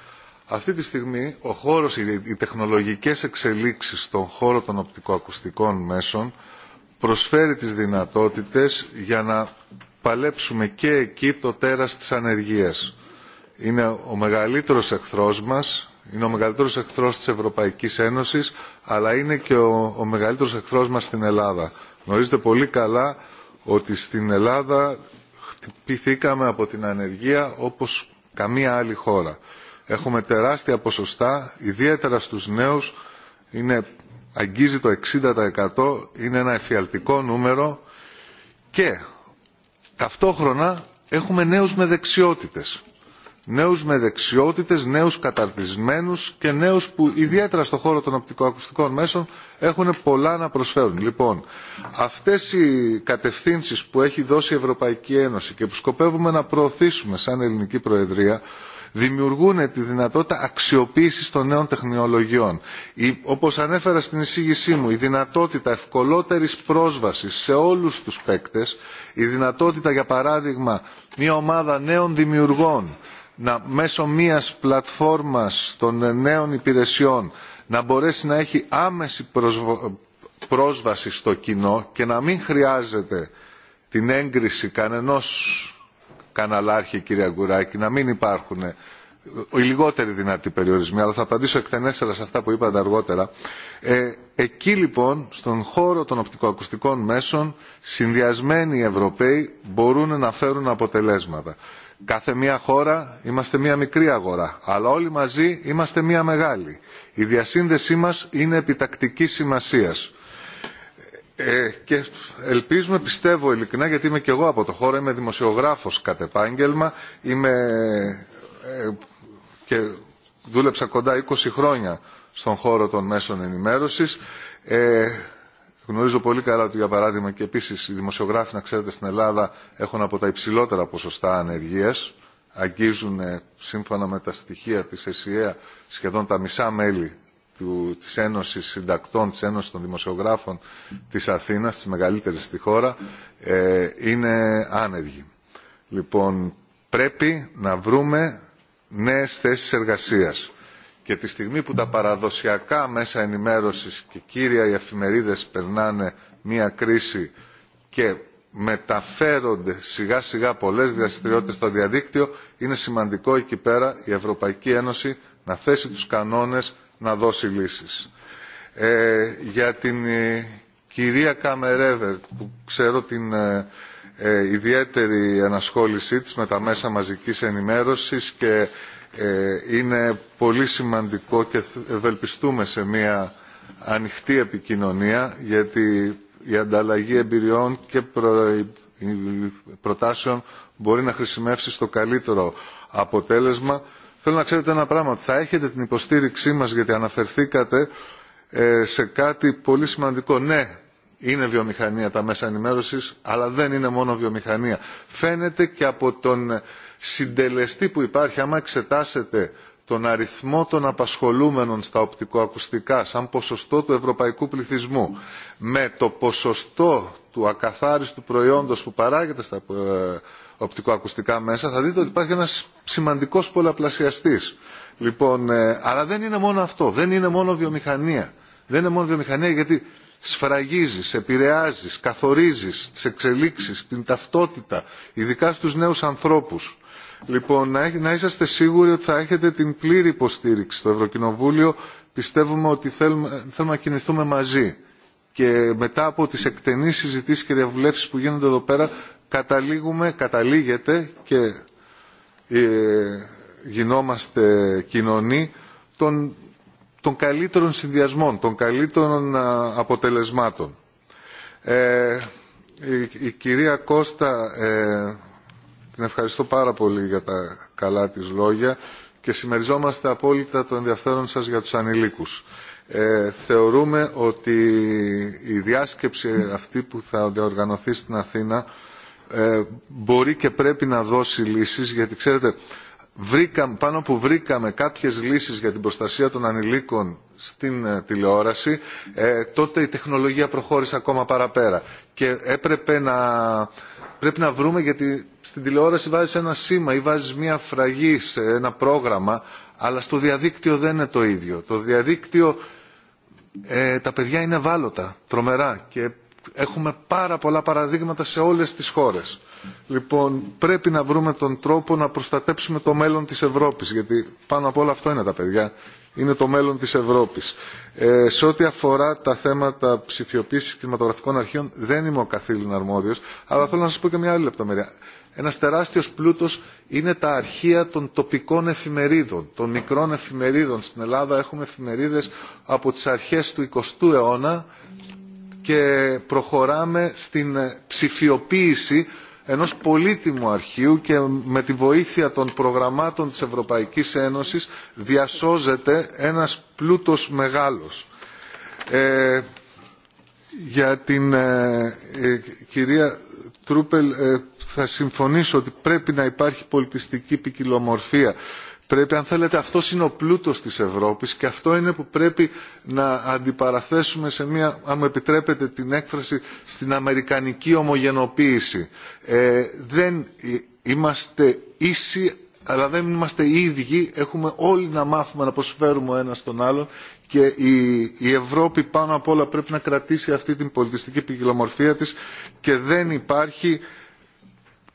Αυτή τη στιγμή ο χώρος, οι τεχνολογικές εξελίξεις στον χώρο των οπτικοακουστικών μέσων προσφέρει τις δυνατότητες για να παλέψουμε και εκεί το τέρας της ανεργίας. Είναι ο μεγαλύτερος εχθρός μας, είναι ο μεγαλύτερος εχθρός της Ευρωπαϊκής Ένωσης, αλλά είναι και ο, ο μεγαλύτερος εχθρός μας στην Ελλάδα. Γνωρίζετε πολύ καλά ότι στην Ελλάδα χτυπηθήκαμε από την ανεργία όπως καμία άλλη χώρα. Έχουμε τεράστια ποσοστά, ιδιαίτερα στους νέους, είναι αγγίζει το 60% είναι ένα εφιαλτικό νούμερο και ταυτόχρονα έχουμε νέους με δεξιότητες. Νέους με δεξιότητες, νέους καταρτισμένους και νέους που ιδιαίτερα στον χώρο των οπτικοακουστικών μέσων έχουν πολλά να προσφέρουν. Λοιπόν, αυτές οι κατευθύνσεις που έχει δώσει η Ευρωπαϊκή Ένωση και που σκοπεύουμε να προωθήσουμε σαν Ελληνική Προεδρία δημιουργούν τη δυνατότητα αξιοποίησης των νέων τεχνολογιών. Η, όπως ανέφερα στην εισήγησή μου, η δυνατότητα ευκολότερης πρόσβασης σε όλους τους παίκτες, η δυνατότητα για παράδειγμα μια ομάδα νέων δημιουργών να μέσω μιας πλατφόρμας των νέων υπηρεσιών να μπορέσει να έχει άμεση πρόσβαση στο κοινό και να μην χρειάζεται την έγκριση κανενός καναλάρχη κυρία Γκουράκη, να μην υπάρχουν ε, οι λιγότεροι δυνατοί περιορισμοί, αλλά θα απαντήσω εκτενέστερα σε αυτά που είπατε αργότερα. Ε, εκεί λοιπόν, στον χώρο των οπτικοακουστικών μέσων, συνδυασμένοι οι Ευρωπαίοι μπορούν να φέρουν αποτελέσματα. Κάθε μία χώρα είμαστε μία μικρή αγορά, αλλά όλοι μαζί είμαστε μία μεγάλη. Η διασύνδεσή μας είναι επιτακτική σημασίας. Ε, και ελπίζουμε, πιστεύω ειλικρινά, γιατί είμαι και εγώ από το χώρο, είμαι δημοσιογράφος κατ' επάγγελμα, είμαι, ε, και δούλεψα κοντά 20 χρόνια στον χώρο των μέσων ενημέρωσης. Ε, γνωρίζω πολύ καλά ότι, για παράδειγμα, και επίσης οι δημοσιογράφοι, να ξέρετε, στην Ελλάδα έχουν από τα υψηλότερα ποσοστά ανεργίας. Αγγίζουν, ε, σύμφωνα με τα στοιχεία της ΕΣΥΕΑ, σχεδόν τα μισά μέλη του, της Ένωσης Συντακτών, της Ένωσης των Δημοσιογράφων της Αθήνας, της μεγαλύτερης στη χώρα, ε, είναι άνεργοι. Λοιπόν, πρέπει να βρούμε νέες θέσεις εργασίας. Και τη στιγμή που τα παραδοσιακά μέσα ενημέρωσης και κύρια οι εφημερίδες περνάνε μία κρίση και μεταφέρονται σιγά σιγά πολλές διαστηριότητε στο διαδίκτυο, είναι σημαντικό εκεί πέρα η Ευρωπαϊκή Ένωση να θέσει τους κανόνες να δώσει λύσεις. Ε, για την ε, κυρία Καμερέβερ που ξέρω την ε, ιδιαίτερη ανασχόλησή της με τα μέσα μαζικής ενημέρωσης και είναι πολύ σημαντικό και ευελπιστούμε σε μια ανοιχτή επικοινωνία γιατί η ανταλλαγή εμπειριών και προτάσεων μπορεί να χρησιμεύσει στο καλύτερο αποτέλεσμα θέλω να ξέρετε ένα πράγμα θα έχετε την υποστήριξή μας γιατί αναφερθήκατε ε, σε κάτι πολύ σημαντικό. Ναι, είναι βιομηχανία τα μέσα ενημέρωσης, αλλά δεν είναι μόνο βιομηχανία. Φαίνεται και από τον συντελεστή που υπάρχει, άμα εξετάσετε τον αριθμό των απασχολούμενων στα οπτικοακουστικά σαν ποσοστό του ευρωπαϊκού πληθυσμού με το ποσοστό του ακαθάριστου προϊόντος που παράγεται στα ε, οπτικοακουστικά μέσα, θα δείτε ότι υπάρχει ένας σημαντικός πολλαπλασιαστής. Λοιπόν, ε, αλλά δεν είναι μόνο αυτό, δεν είναι μόνο βιομηχανία. Δεν είναι μόνο βιομηχανία γιατί σφραγίζεις, επηρεάζεις, καθορίζεις τις εξελίξεις, την ταυτότητα, ειδικά στους νέους ανθρώπους. Λοιπόν, να είσαστε σίγουροι ότι θα έχετε την πλήρη υποστήριξη στο Ευρωκοινοβούλιο. Πιστεύουμε ότι θέλουμε, θέλουμε να κινηθούμε μαζί. Και μετά από τις εκτενείς συζητήσεις και διαβουλεύσεις που γίνονται εδώ πέρα, καταλήγουμε, καταλήγεται και ε, γινόμαστε κοινωνοί των, των καλύτερων συνδυασμών, των καλύτερων αποτελεσμάτων. Ε, η, κυρία Κώστα, ε, την ευχαριστώ πάρα πολύ για τα καλά της λόγια και συμμεριζόμαστε απόλυτα το ενδιαφέρον σας για τους ανηλίκους. Ε, θεωρούμε ότι η διάσκεψη αυτή που θα διοργανωθεί στην Αθήνα ε, μπορεί και πρέπει να δώσει λύσεις γιατί ξέρετε βρήκαμε, πάνω που βρήκαμε κάποιες λύσεις για την προστασία των ανηλίκων στην ε, τηλεόραση ε, τότε η τεχνολογία προχώρησε ακόμα παραπέρα και έπρεπε να πρέπει να βρούμε γιατί στην τηλεόραση βάζεις ένα σήμα ή βάζεις μια φραγή σε ένα πρόγραμμα αλλά στο διαδίκτυο δεν είναι το ίδιο. Το διαδίκτυο τα παιδιά είναι βάλωτα, τρομερά και Έχουμε πάρα πολλά παραδείγματα σε όλες τις χώρες. Λοιπόν, πρέπει να βρούμε τον τρόπο να προστατέψουμε το μέλλον της Ευρώπης, γιατί πάνω από όλα αυτό είναι τα παιδιά. Είναι το μέλλον της Ευρώπης. Ε, σε ό,τι αφορά τα θέματα ψηφιοποίησης κλιματογραφικών αρχείων, δεν είμαι ο καθήλυνα αρμόδιος, αλλά θέλω να σας πω και μια άλλη λεπτομέρεια. Ένας τεράστιος πλούτος είναι τα αρχεία των τοπικών εφημερίδων, των μικρών εφημερίδων. Στην Ελλάδα έχουμε εφημερίδες από τις αρχές του 20ου αιώνα και προχωράμε στην ε, ψηφιοποίηση ενός πολύτιμου αρχείου και με τη βοήθεια των προγραμμάτων της Ευρωπαϊκής Ένωσης διασώζεται ένας πλούτος μεγάλος. Ε, για την ε, κυρία Τρούπελ θα συμφωνήσω ότι πρέπει να υπάρχει πολιτιστική ποικιλομορφία Πρέπει, αν θέλετε, αυτό είναι ο πλούτος της Ευρώπης και αυτό είναι που πρέπει να αντιπαραθέσουμε σε μια, αν μου επιτρέπετε την έκφραση, στην αμερικανική ομογενοποίηση. Ε, δεν είμαστε ίσοι, αλλά δεν είμαστε ίδιοι. Έχουμε όλοι να μάθουμε να προσφέρουμε ο ένας τον άλλον και η, η Ευρώπη πάνω απ' όλα πρέπει να κρατήσει αυτή την πολιτιστική ποικιλομορφία της και δεν υπάρχει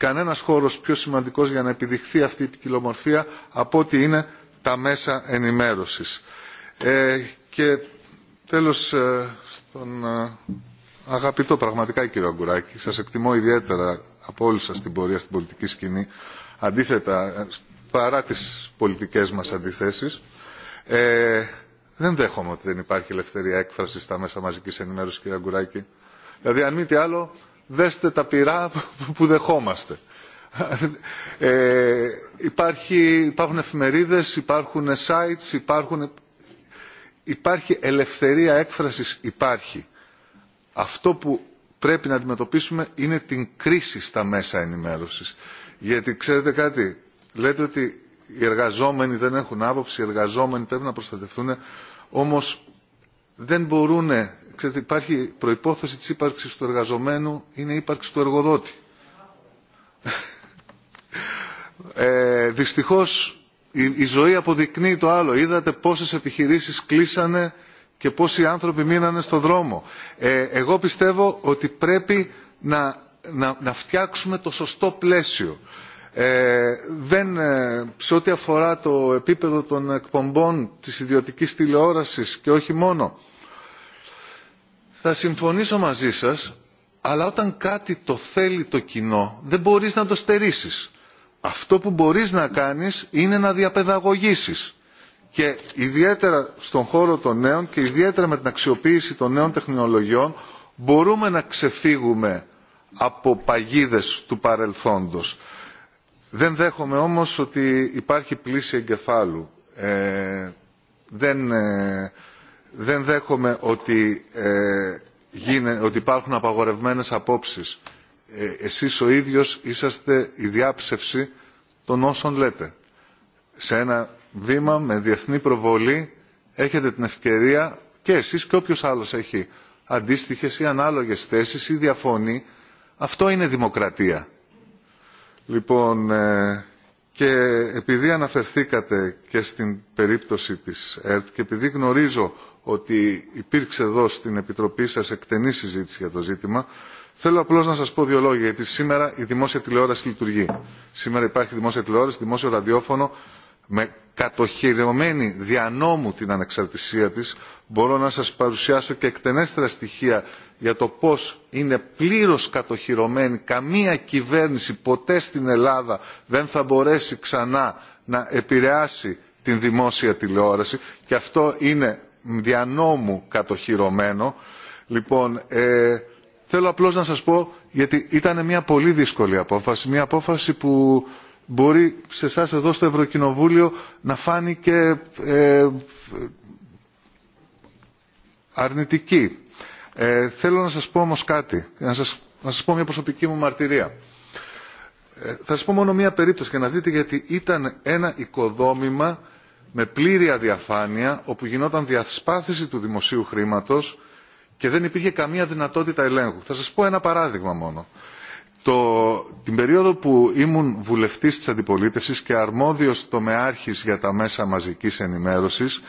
Κανένα χώρο πιο σημαντικός για να επιδειχθεί αυτή η ποικιλομορφία από ότι είναι τα μέσα ενημέρωσης. Ε, και τέλος ε, στον ε, αγαπητό πραγματικά κύριο Αγκουράκη, σας εκτιμώ ιδιαίτερα από όλη σα την πορεία στην πολιτική σκηνή, αντίθετα ε, παρά τις πολιτικές μας αντιθέσεις. Ε, δεν δέχομαι ότι δεν υπάρχει ελευθερία έκφραση στα μέσα μαζική ενημέρωση, κύριε Αγκουράκη. Δηλαδή, αν μη τι άλλο, δέστε τα πυρά που δεχόμαστε. Ε, υπάρχει, υπάρχουν εφημερίδες, υπάρχουν sites, υπάρχουν... Υπάρχει ελευθερία έκφρασης, υπάρχει. Αυτό που πρέπει να αντιμετωπίσουμε είναι την κρίση στα μέσα ενημέρωσης. Γιατί ξέρετε κάτι, λέτε ότι οι εργαζόμενοι δεν έχουν άποψη, οι εργαζόμενοι πρέπει να προστατευτούν, όμως δεν μπορούν ξέρετε, υπάρχει προϋπόθεση της ύπαρξης του εργαζομένου, είναι η ύπαρξη του εργοδότη. Ε, δυστυχώς η, ζωή αποδεικνύει το άλλο. Είδατε πόσες επιχειρήσεις κλείσανε και πόσοι άνθρωποι μείνανε στο δρόμο. Ε, εγώ πιστεύω ότι πρέπει να, να, φτιάξουμε το σωστό πλαίσιο. Ε, δεν, ε, σε ό,τι αφορά το επίπεδο των εκπομπών της ιδιωτικής τηλεόρασης και όχι μόνο θα συμφωνήσω μαζί σας, αλλά όταν κάτι το θέλει το κοινό, δεν μπορείς να το στερήσεις. Αυτό που μπορείς να κάνεις είναι να διαπαιδαγωγήσεις. Και ιδιαίτερα στον χώρο των νέων και ιδιαίτερα με την αξιοποίηση των νέων τεχνολογιών μπορούμε να ξεφύγουμε από παγίδες του παρελθόντος. Δεν δέχομαι όμως ότι υπάρχει πλήση εγκεφάλου. Ε, δεν... Ε, δεν δέχομαι ότι, ε, γίνε, ότι υπάρχουν απαγορευμένες απόψεις. Ε, εσείς ο ίδιος είσαστε η διάψευση των όσων λέτε. Σε ένα βήμα με διεθνή προβολή έχετε την ευκαιρία και εσείς και όποιος άλλος έχει αντίστοιχες ή ανάλογες θέσεις ή διαφωνεί. Αυτό είναι δημοκρατία. Λοιπόν, ε, και επειδή αναφερθήκατε και στην περίπτωση της ΕΡΤ και επειδή γνωρίζω ότι υπήρξε εδώ στην Επιτροπή σας εκτενή συζήτηση για το ζήτημα, θέλω απλώς να σας πω δύο λόγια, γιατί σήμερα η δημόσια τηλεόραση λειτουργεί. Σήμερα υπάρχει δημόσια τηλεόραση, δημόσιο ραδιόφωνο με κατοχυρωμένη δια νόμου την ανεξαρτησία της, μπορώ να σας παρουσιάσω και εκτενέστερα στοιχεία για το πώς είναι πλήρως κατοχυρωμένη. Καμία κυβέρνηση ποτέ στην Ελλάδα δεν θα μπορέσει ξανά να επηρεάσει την δημόσια τηλεόραση και αυτό είναι δια νόμου κατοχυρωμένο. Λοιπόν, ε, θέλω απλώς να σας πω, γιατί ήταν μια πολύ δύσκολη απόφαση, μια απόφαση που μπορεί σε εσά εδώ στο Ευρωκοινοβούλιο να φάνηκε ε, αρνητική. Ε, θέλω να σας πω όμως κάτι, να σας, να σας πω μια προσωπική μου μαρτυρία. Ε, θα σας πω μόνο μια περίπτωση για να δείτε γιατί ήταν ένα οικοδόμημα με πλήρη αδιαφάνεια όπου γινόταν διασπάθηση του δημοσίου χρήματος και δεν υπήρχε καμία δυνατότητα ελέγχου. Θα σας πω ένα παράδειγμα μόνο το, την περίοδο που ήμουν βουλευτής της αντιπολίτευσης και αρμόδιος τομεάρχης για τα μέσα μαζικής ενημέρωσης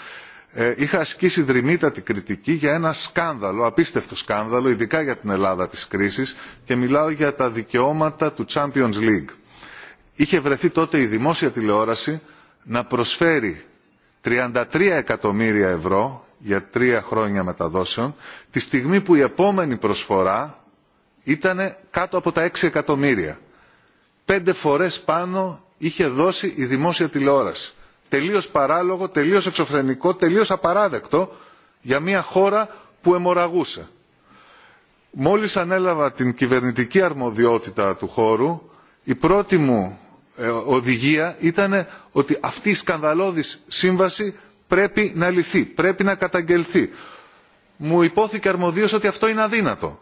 ε, είχα ασκήσει δρυμύτατη κριτική για ένα σκάνδαλο, απίστευτο σκάνδαλο, ειδικά για την Ελλάδα της κρίσης και μιλάω για τα δικαιώματα του Champions League. Είχε βρεθεί τότε η δημόσια τηλεόραση να προσφέρει 33 εκατομμύρια ευρώ για τρία χρόνια μεταδόσεων τη στιγμή που η επόμενη προσφορά ήταν κάτω από τα 6 εκατομμύρια. Πέντε φορές πάνω είχε δώσει η δημόσια τηλεόραση. Τελείως παράλογο, τελείως εξωφρενικό, τελείως απαράδεκτο για μια χώρα που αιμορραγούσε. Μόλις ανέλαβα την κυβερνητική αρμοδιότητα του χώρου, η πρώτη μου ε, οδηγία ήταν ότι αυτή η σκανδαλώδη σύμβαση πρέπει να λυθεί, πρέπει να καταγγελθεί. Μου υπόθηκε αρμοδίως ότι αυτό είναι αδύνατο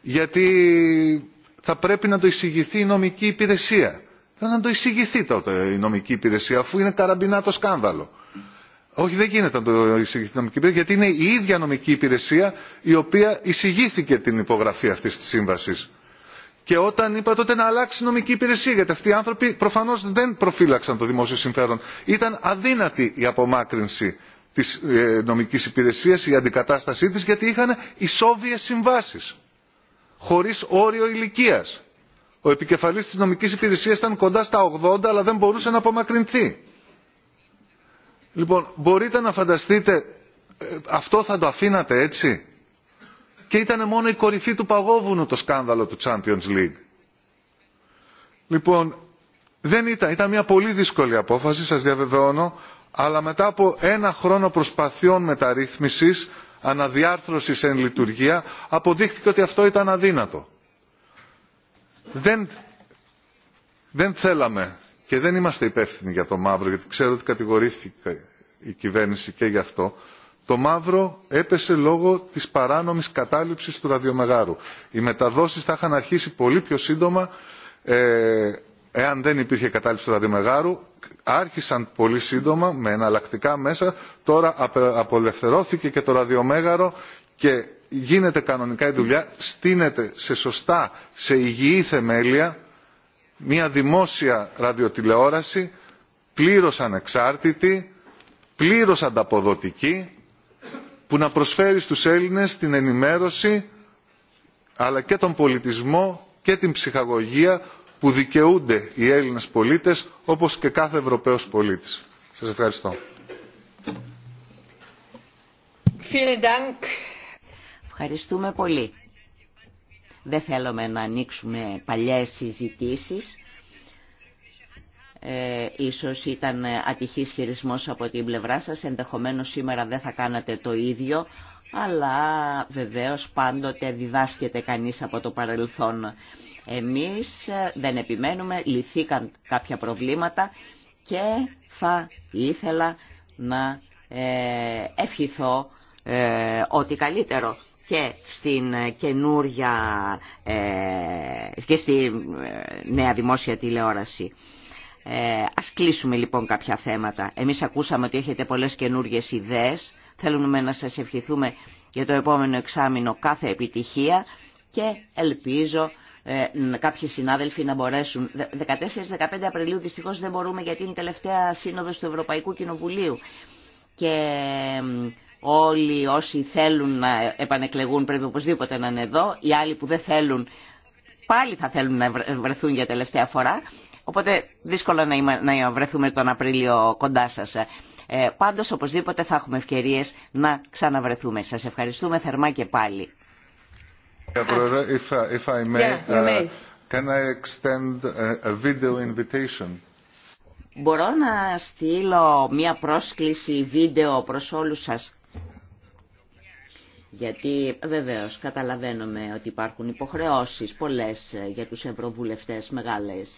γιατί θα πρέπει να το εισηγηθεί η νομική υπηρεσία. Ε, να το εισηγηθεί τότε η νομική υπηρεσία, αφού είναι καραμπινά το σκάνδαλο. Όχι, δεν γίνεται να το εισηγηθεί η νομική υπηρεσία, γιατί είναι η ίδια νομική υπηρεσία η οποία εισηγήθηκε την υπογραφή αυτή τη σύμβαση. Και όταν είπα τότε να αλλάξει η νομική υπηρεσία, γιατί αυτοί οι άνθρωποι προφανώ δεν προφύλαξαν το δημόσιο συμφέρον. Ήταν αδύνατη η απομάκρυνση τη ε, νομική υπηρεσία, η αντικατάστασή τη, γιατί είχαν ισόβιες συμβάσει χωρίς όριο ηλικίας. Ο επικεφαλής της νομικής υπηρεσίας ήταν κοντά στα 80 αλλά δεν μπορούσε να απομακρυνθεί. Λοιπόν, μπορείτε να φανταστείτε ε, αυτό θα το αφήνατε έτσι. Και ήταν μόνο η κορυφή του παγόβουνου το σκάνδαλο του Champions League. Λοιπόν, δεν ήταν. Ήταν μια πολύ δύσκολη απόφαση, σας διαβεβαιώνω. Αλλά μετά από ένα χρόνο προσπαθειών μεταρρύθμισης αναδιάρθρωσης εν λειτουργία αποδείχθηκε ότι αυτό ήταν αδύνατο. Δεν, δεν θέλαμε και δεν είμαστε υπεύθυνοι για το μαύρο γιατί ξέρω ότι κατηγορήθηκε η κυβέρνηση και γι' αυτό το μαύρο έπεσε λόγω της παράνομης κατάληψης του ραδιομεγάρου. Οι μεταδόσεις θα είχαν αρχίσει πολύ πιο σύντομα ε, εάν δεν υπήρχε κατάληψη του ραδιομεγάρου άρχισαν πολύ σύντομα με εναλλακτικά μέσα τώρα απελευθερώθηκε και το ραδιομέγαρο και γίνεται κανονικά η δουλειά στείνεται σε σωστά σε υγιή θεμέλια μια δημόσια ραδιοτηλεόραση πλήρως ανεξάρτητη πλήρως ανταποδοτική που να προσφέρει στους Έλληνες την ενημέρωση αλλά και τον πολιτισμό και την ψυχαγωγία που δικαιούνται οι Έλληνες πολίτες όπως και κάθε Ευρωπαίος πολίτης. Σας ευχαριστώ. Ευχαριστούμε πολύ. Δεν θέλουμε να ανοίξουμε παλιές συζητήσεις. Ε, ίσως ήταν ατυχής χειρισμός από την πλευρά σας, ενδεχομένως σήμερα δεν θα κάνατε το ίδιο, αλλά βεβαίως πάντοτε διδάσκεται κανείς από το παρελθόν. Εμείς ε, δεν επιμένουμε, λυθήκαν κάποια προβλήματα και θα ήθελα να ε, ευχηθώ ε, ότι καλύτερο και στην καινούρια και στη νέα δημόσια τηλεόραση. Ε, ας κλείσουμε λοιπόν κάποια θέματα. Εμείς ακούσαμε ότι έχετε πολλές καινούργιες ιδέες. Θέλουμε να σας ευχηθούμε για το επόμενο εξάμεινο κάθε επιτυχία και ελπίζω ε, κάποιοι συνάδελφοι να μπορέσουν. 14-15 Απριλίου δυστυχώς δεν μπορούμε γιατί είναι η τελευταία σύνοδος του Ευρωπαϊκού Κοινοβουλίου. Και όλοι όσοι θέλουν να επανεκλεγούν πρέπει οπωσδήποτε να είναι εδώ. Οι άλλοι που δεν θέλουν πάλι θα θέλουν να βρεθούν για τελευταία φορά. Οπότε δύσκολο να βρεθούμε τον Απρίλιο κοντά σας. Ε, πάντως οπωσδήποτε θα έχουμε ευκαιρίες να ξαναβρεθούμε. Σας ευχαριστούμε θερμά και πάλι. Πρόεδρε, if, Μπορώ να στείλω μια πρόσκληση βίντεο προς όλους σας. Γιατί βεβαίως καταλαβαίνουμε ότι υπάρχουν υποχρεώσεις πολλές ε, για τους ευρωβουλευτές, μεγάλες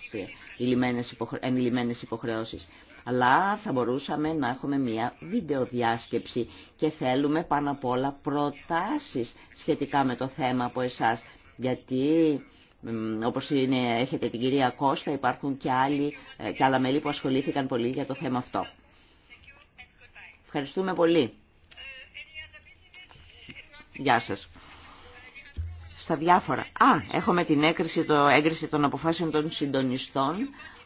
ενηλυμένες υποχρεώσεις. Αλλά θα μπορούσαμε να έχουμε μια βιντεοδιάσκεψη και θέλουμε πάνω απ' όλα προτάσεις σχετικά με το θέμα από εσάς. Γιατί όπως είναι, έχετε την κυρία Κώστα υπάρχουν και, άλλοι, ε, και άλλα μέλη που ασχολήθηκαν πολύ για το θέμα αυτό. Ευχαριστούμε πολύ. Γεια σας. Στα διάφορα. Α, έχουμε την το, έγκριση των αποφάσεων των συντονιστών.